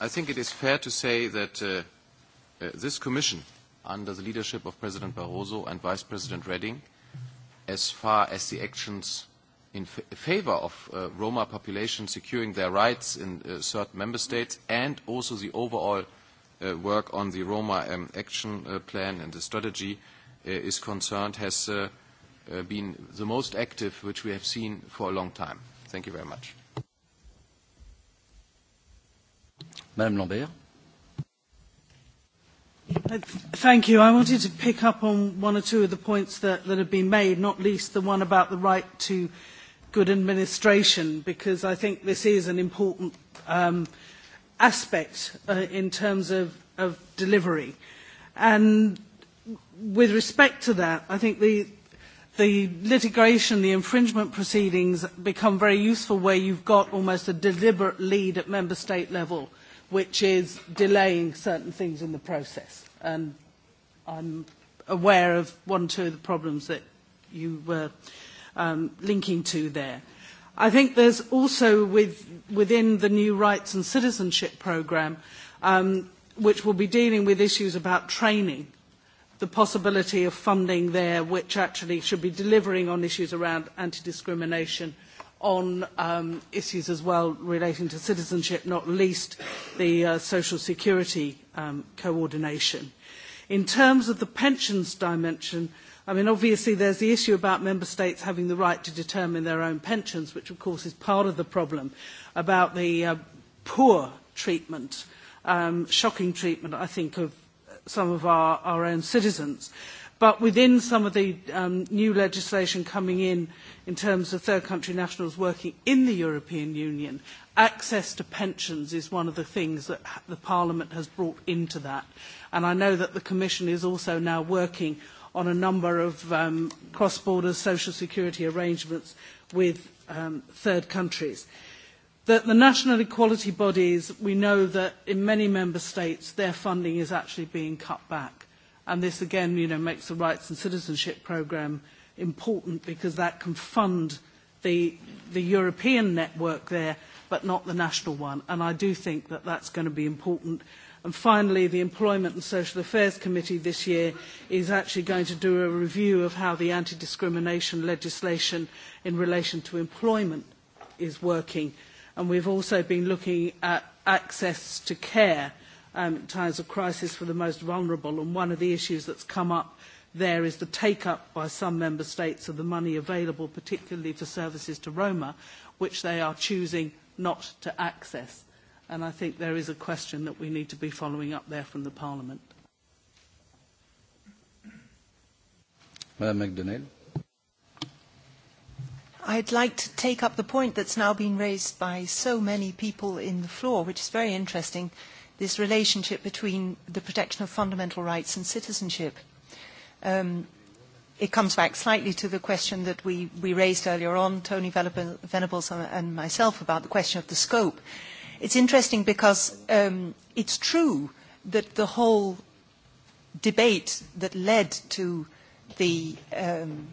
I think it is fair to say that uh, uh, this Commission, under the leadership of President Barroso and Vice President Redding, as far as the actions in f favor of uh, Roma population securing their rights in uh, certain member states and also the overall uh, work on the Roma um, action uh, plan and the strategy uh, is concerned has uh, uh, been the most active which we have seen for a long time. Thank you very much. Madame Lambert. Uh, thank you. I wanted to pick up on one or two of the points that, that have been made, not least the one about the right to good administration because I think this is an important um, aspect uh, in terms of, of delivery. And with respect to that, I think the, the litigation, the infringement proceedings become very useful where you've got almost a deliberate lead at member state level, which is delaying certain things in the process. And I'm aware of one or two of the problems that you were uh, um, linking to there. I think there's also with, within the new rights and citizenship programme, um, which will be dealing with issues about training, the possibility of funding there, which actually should be delivering on issues around anti-discrimination, on um, issues as well relating to citizenship, not least the uh, social security um, coordination. In terms of the pensions dimension, I mean, obviously, there's the issue about member states having the right to determine their own pensions, which, of course, is part of the problem about the uh, poor treatment, um, shocking treatment, I think, of some of our, our own citizens. But within some of the um, new legislation coming in, in terms of third country nationals working in the European Union, access to pensions is one of the things that the Parliament has brought into that. And I know that the Commission is also now working on a number of um, cross-border social security arrangements with um, third countries. That the national equality bodies, we know that in many member states their funding is actually being cut back. And this again, you know, makes the rights and citizenship programme important because that can fund the, the European network there, but not the national one. And I do think that that's going to be important And finally, the Employment and Social Affairs Committee this year is actually going to do a review of how the anti-discrimination legislation in relation to employment is working. And we've also been looking at access to care um, in times of crisis for the most vulnerable. And one of the issues that's come up there is the take-up by some member states of the money available, particularly for services to Roma, which they are choosing not to access. And I think there is a question that we need to be following up there from the Parliament. Madam McDonnell. I'd like to take up the point that's now been raised by so many people in the floor, which is very interesting, this relationship between the protection of fundamental rights and citizenship. Um, it comes back slightly to the question that we, we raised earlier on, Tony Venables and myself, about the question of the scope. It's interesting because um, it's true that the whole debate that led to the um,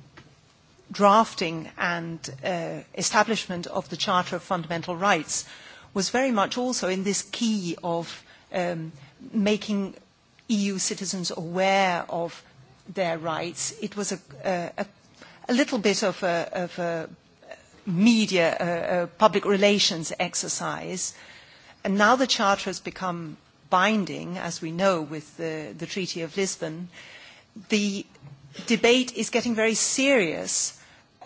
drafting and uh, establishment of the Charter of Fundamental Rights was very much also in this key of um, making EU citizens aware of their rights. It was a, a, a little bit of a, of a media, a, uh, a public relations exercise. Uh, And now the Charter has become binding, as we know with the, the Treaty of Lisbon. The debate is getting very serious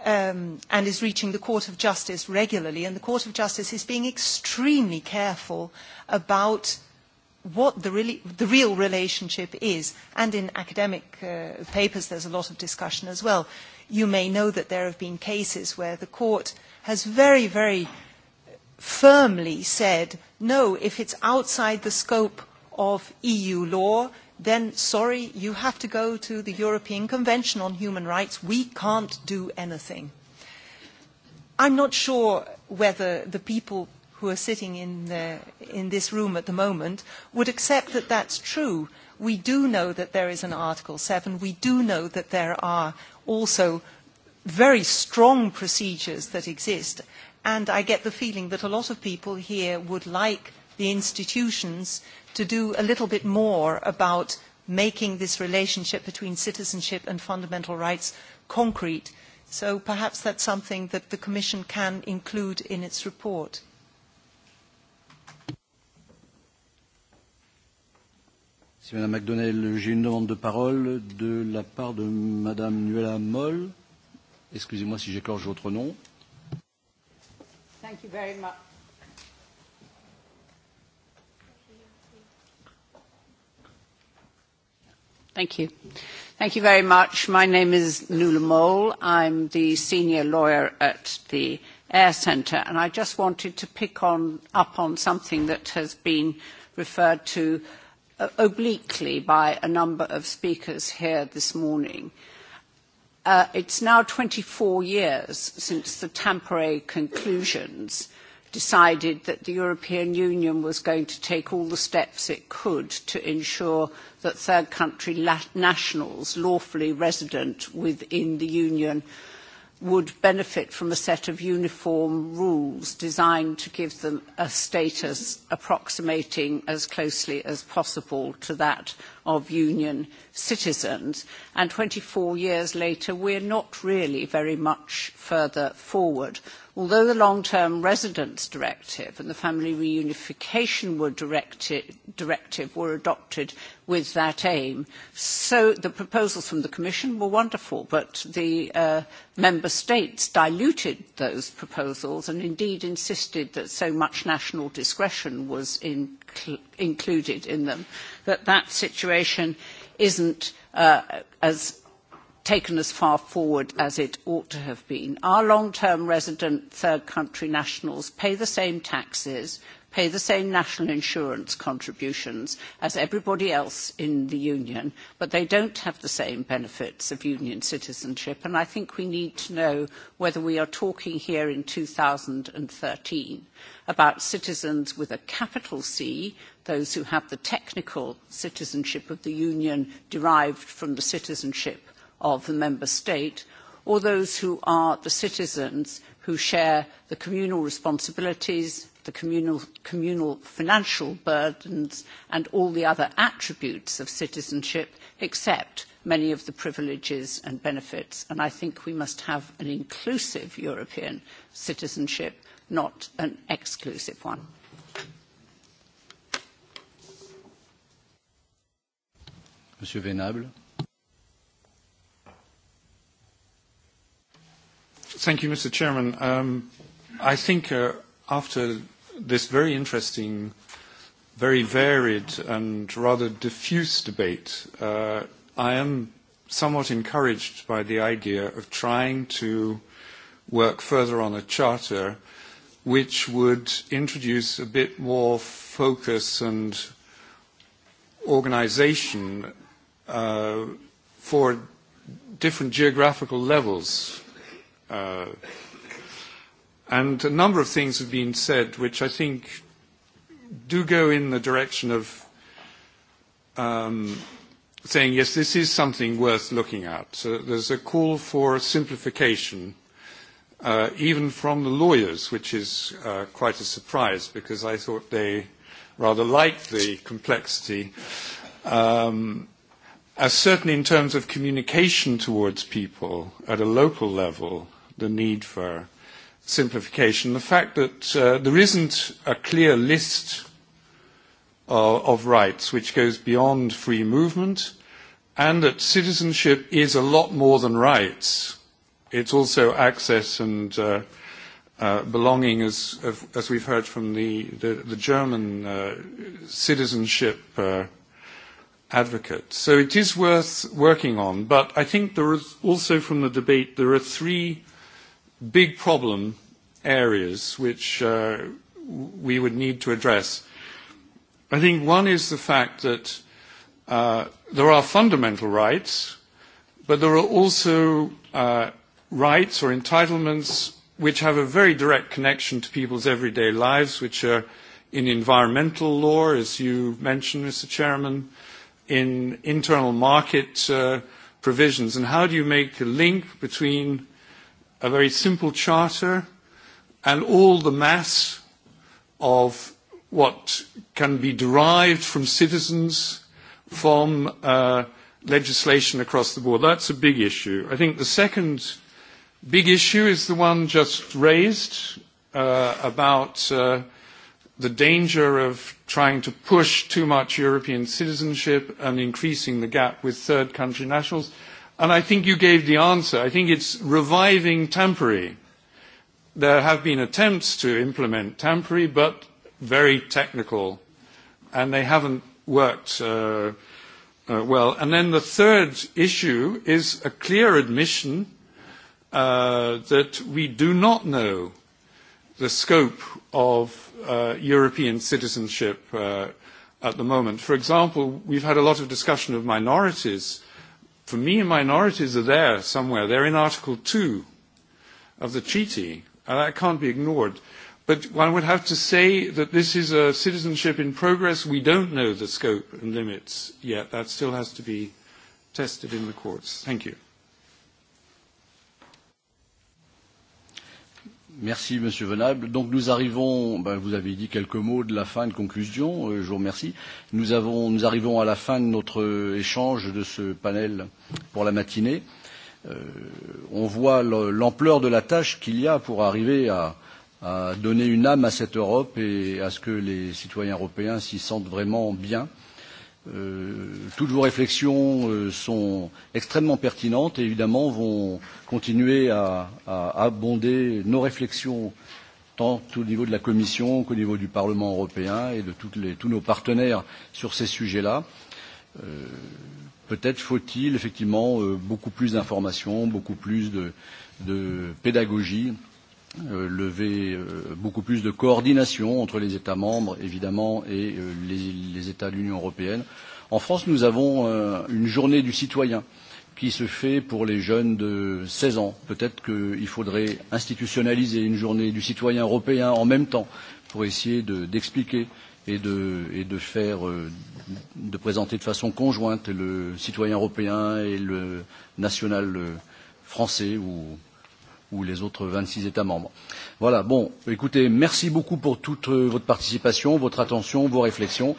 um, and is reaching the Court of Justice regularly, and the Court of Justice is being extremely careful about what the, really, the real relationship is. And in academic uh, papers, there's a lot of discussion as well. You may know that there have been cases where the court has very, very firmly said, no, if it's outside the scope of EU law, then sorry, you have to go to the European Convention on Human Rights. We can't do anything. I'm not sure whether the people who are sitting in, the, in this room at the moment would accept that that's true. We do know that there is an Article 7. We do know that there are also very strong procedures that exist and I get the feeling that a lot of people here would like the institutions to do a little bit more about making this relationship between citizenship and fundamental rights concrete. So perhaps that's something that the Commission can include in its report. Merci Madame McDonnell. J'ai une demande de parole de la part de Madame Nuela Moll. Excusez-moi si j'écorche votre nom. Thank you very much. Thank you. Thank you very much. My name is Nuala Mole. I'm the senior lawyer at the Air Centre, and I just wanted to pick on, up on something that has been referred to uh, obliquely by a number of speakers here this morning. Uh, it's now 24 years since the Tampere conclusions decided that the European Union was going to take all the steps it could to ensure that third country nationals lawfully resident within the Union would benefit from a set of uniform rules designed to give them a status approximating as closely as possible to that of union citizens. And 24 years later, we're not really very much further forward although the long-term residence directive and the family reunification were directive were adopted with that aim, so the proposals from the Commission were wonderful, but the uh, member states diluted those proposals and indeed insisted that so much national discretion was in included in them that that situation isn't uh, as taken as far forward as it ought to have been. Our long-term resident third country nationals pay the same taxes, pay the same national insurance contributions as everybody else in the union, but they don't have the same benefits of union citizenship, and I think we need to know whether we are talking here in 2013 about citizens with a capital C, those who have the technical citizenship of the union derived from the citizenship of the member state, or those who are the citizens who share the communal responsibilities, the communal, communal financial burdens, and all the other attributes of citizenship, except many of the privileges and benefits. And I think we must have an inclusive European citizenship, not an exclusive one. Monsieur Thank you, Mr. Chairman. Um, I think uh, after this very interesting, very varied and rather diffuse debate, uh, I am somewhat encouraged by the idea of trying to work further on a charter which would introduce a bit more focus and organization uh, for different geographical levels Uh, and a number of things have been said which I think do go in the direction of um, saying, yes, this is something worth looking at. So there's a call for simplification, uh, even from the lawyers, which is uh, quite a surprise because I thought they rather liked the complexity, um, uh, certainly in terms of communication towards people at a local level the need for simplification. The fact that uh, there isn't a clear list uh, of rights which goes beyond free movement and that citizenship is a lot more than rights. It's also access and uh, uh, belonging, as, as we've heard from the, the, the German uh, citizenship uh, advocate. So it is worth working on, but I think there is also from the debate there are three big problem areas which uh, we would need to address. I think one is the fact that uh, there are fundamental rights, but there are also uh, rights or entitlements which have a very direct connection to people's everyday lives, which are in environmental law, as you mentioned, Mr. Chairman, in internal market uh, provisions. And how do you make a link between a very simple charter, and all the mass of what can be derived from citizens from uh, legislation across the board. That's a big issue. I think the second big issue is the one just raised uh, about uh, the danger of trying to push too much European citizenship and increasing the gap with third country nationals. And I think you gave the answer. I think it's reviving temporary. There have been attempts to implement temporary, but very technical, and they haven't worked uh, uh, well. And then the third issue is a clear admission uh, that we do not know the scope of uh, European citizenship uh, at the moment. For example, we've had a lot of discussion of minorities For me, minorities are there somewhere. They're in Article 2 of the treaty. and that can't be ignored. But one would have to say that this is a citizenship in progress. We don't know the scope and limits yet. That still has to be tested in the courts. Thank you. Merci, Monsieur Venable. Donc nous arrivons, ben, vous avez dit quelques mots de la fin de conclusion, euh, je vous remercie. Nous, avons, nous arrivons à la fin de notre échange de ce panel pour la matinée. Euh, on voit l'ampleur de la tâche qu'il y a pour arriver à, à donner une âme à cette Europe et à ce que les citoyens européens s'y sentent vraiment bien. Euh, Euh, toutes vos réflexions euh, sont extrêmement pertinentes et évidemment vont continuer à, à abonder nos réflexions tant au niveau de la Commission qu'au niveau du Parlement européen et de toutes les, tous nos partenaires sur ces sujets-là. Euh, Peut-être faut-il effectivement euh, beaucoup plus d'informations, beaucoup plus de, de pédagogie Euh, lever euh, beaucoup plus de coordination entre les États membres, évidemment, et euh, les, les États de l'Union européenne. En France, nous avons une journée du citoyen qui se fait pour les jeunes de 16 ans. Peut-être qu'il faudrait institutionnaliser une journée du citoyen européen en même temps pour essayer d'expliquer de, et, de, et de faire, de présenter de façon conjointe le citoyen européen et le national français ou ou les autres 26 États membres. Voilà, bon, écoutez, merci beaucoup pour toute euh, votre participation, votre attention, vos réflexions.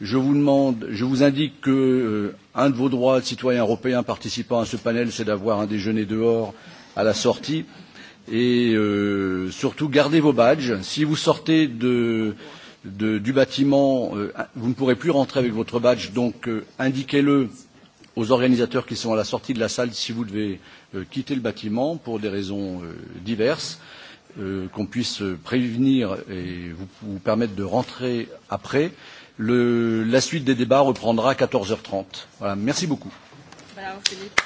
Je vous demande, je vous indique que euh, un de vos droits de citoyen européen participant à ce panel, c'est d'avoir un déjeuner dehors à la sortie. Et euh, surtout, gardez vos badges. Si vous sortez de, de, du bâtiment, euh, vous ne pourrez plus rentrer avec votre badge, donc euh, indiquez-le aux organisateurs qui sont à la sortie de la salle si vous devez Euh, quitter le bâtiment pour des raisons euh, diverses, euh, qu'on puisse prévenir et vous, vous permettre de rentrer après. Le, la suite des débats reprendra à 14h30. Voilà, merci beaucoup. Bravo Philippe.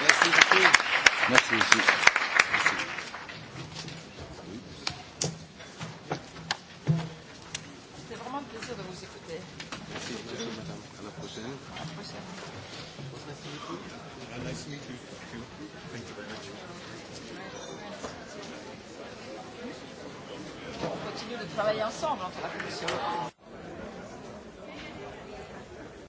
Merci beaucoup. Merci. merci.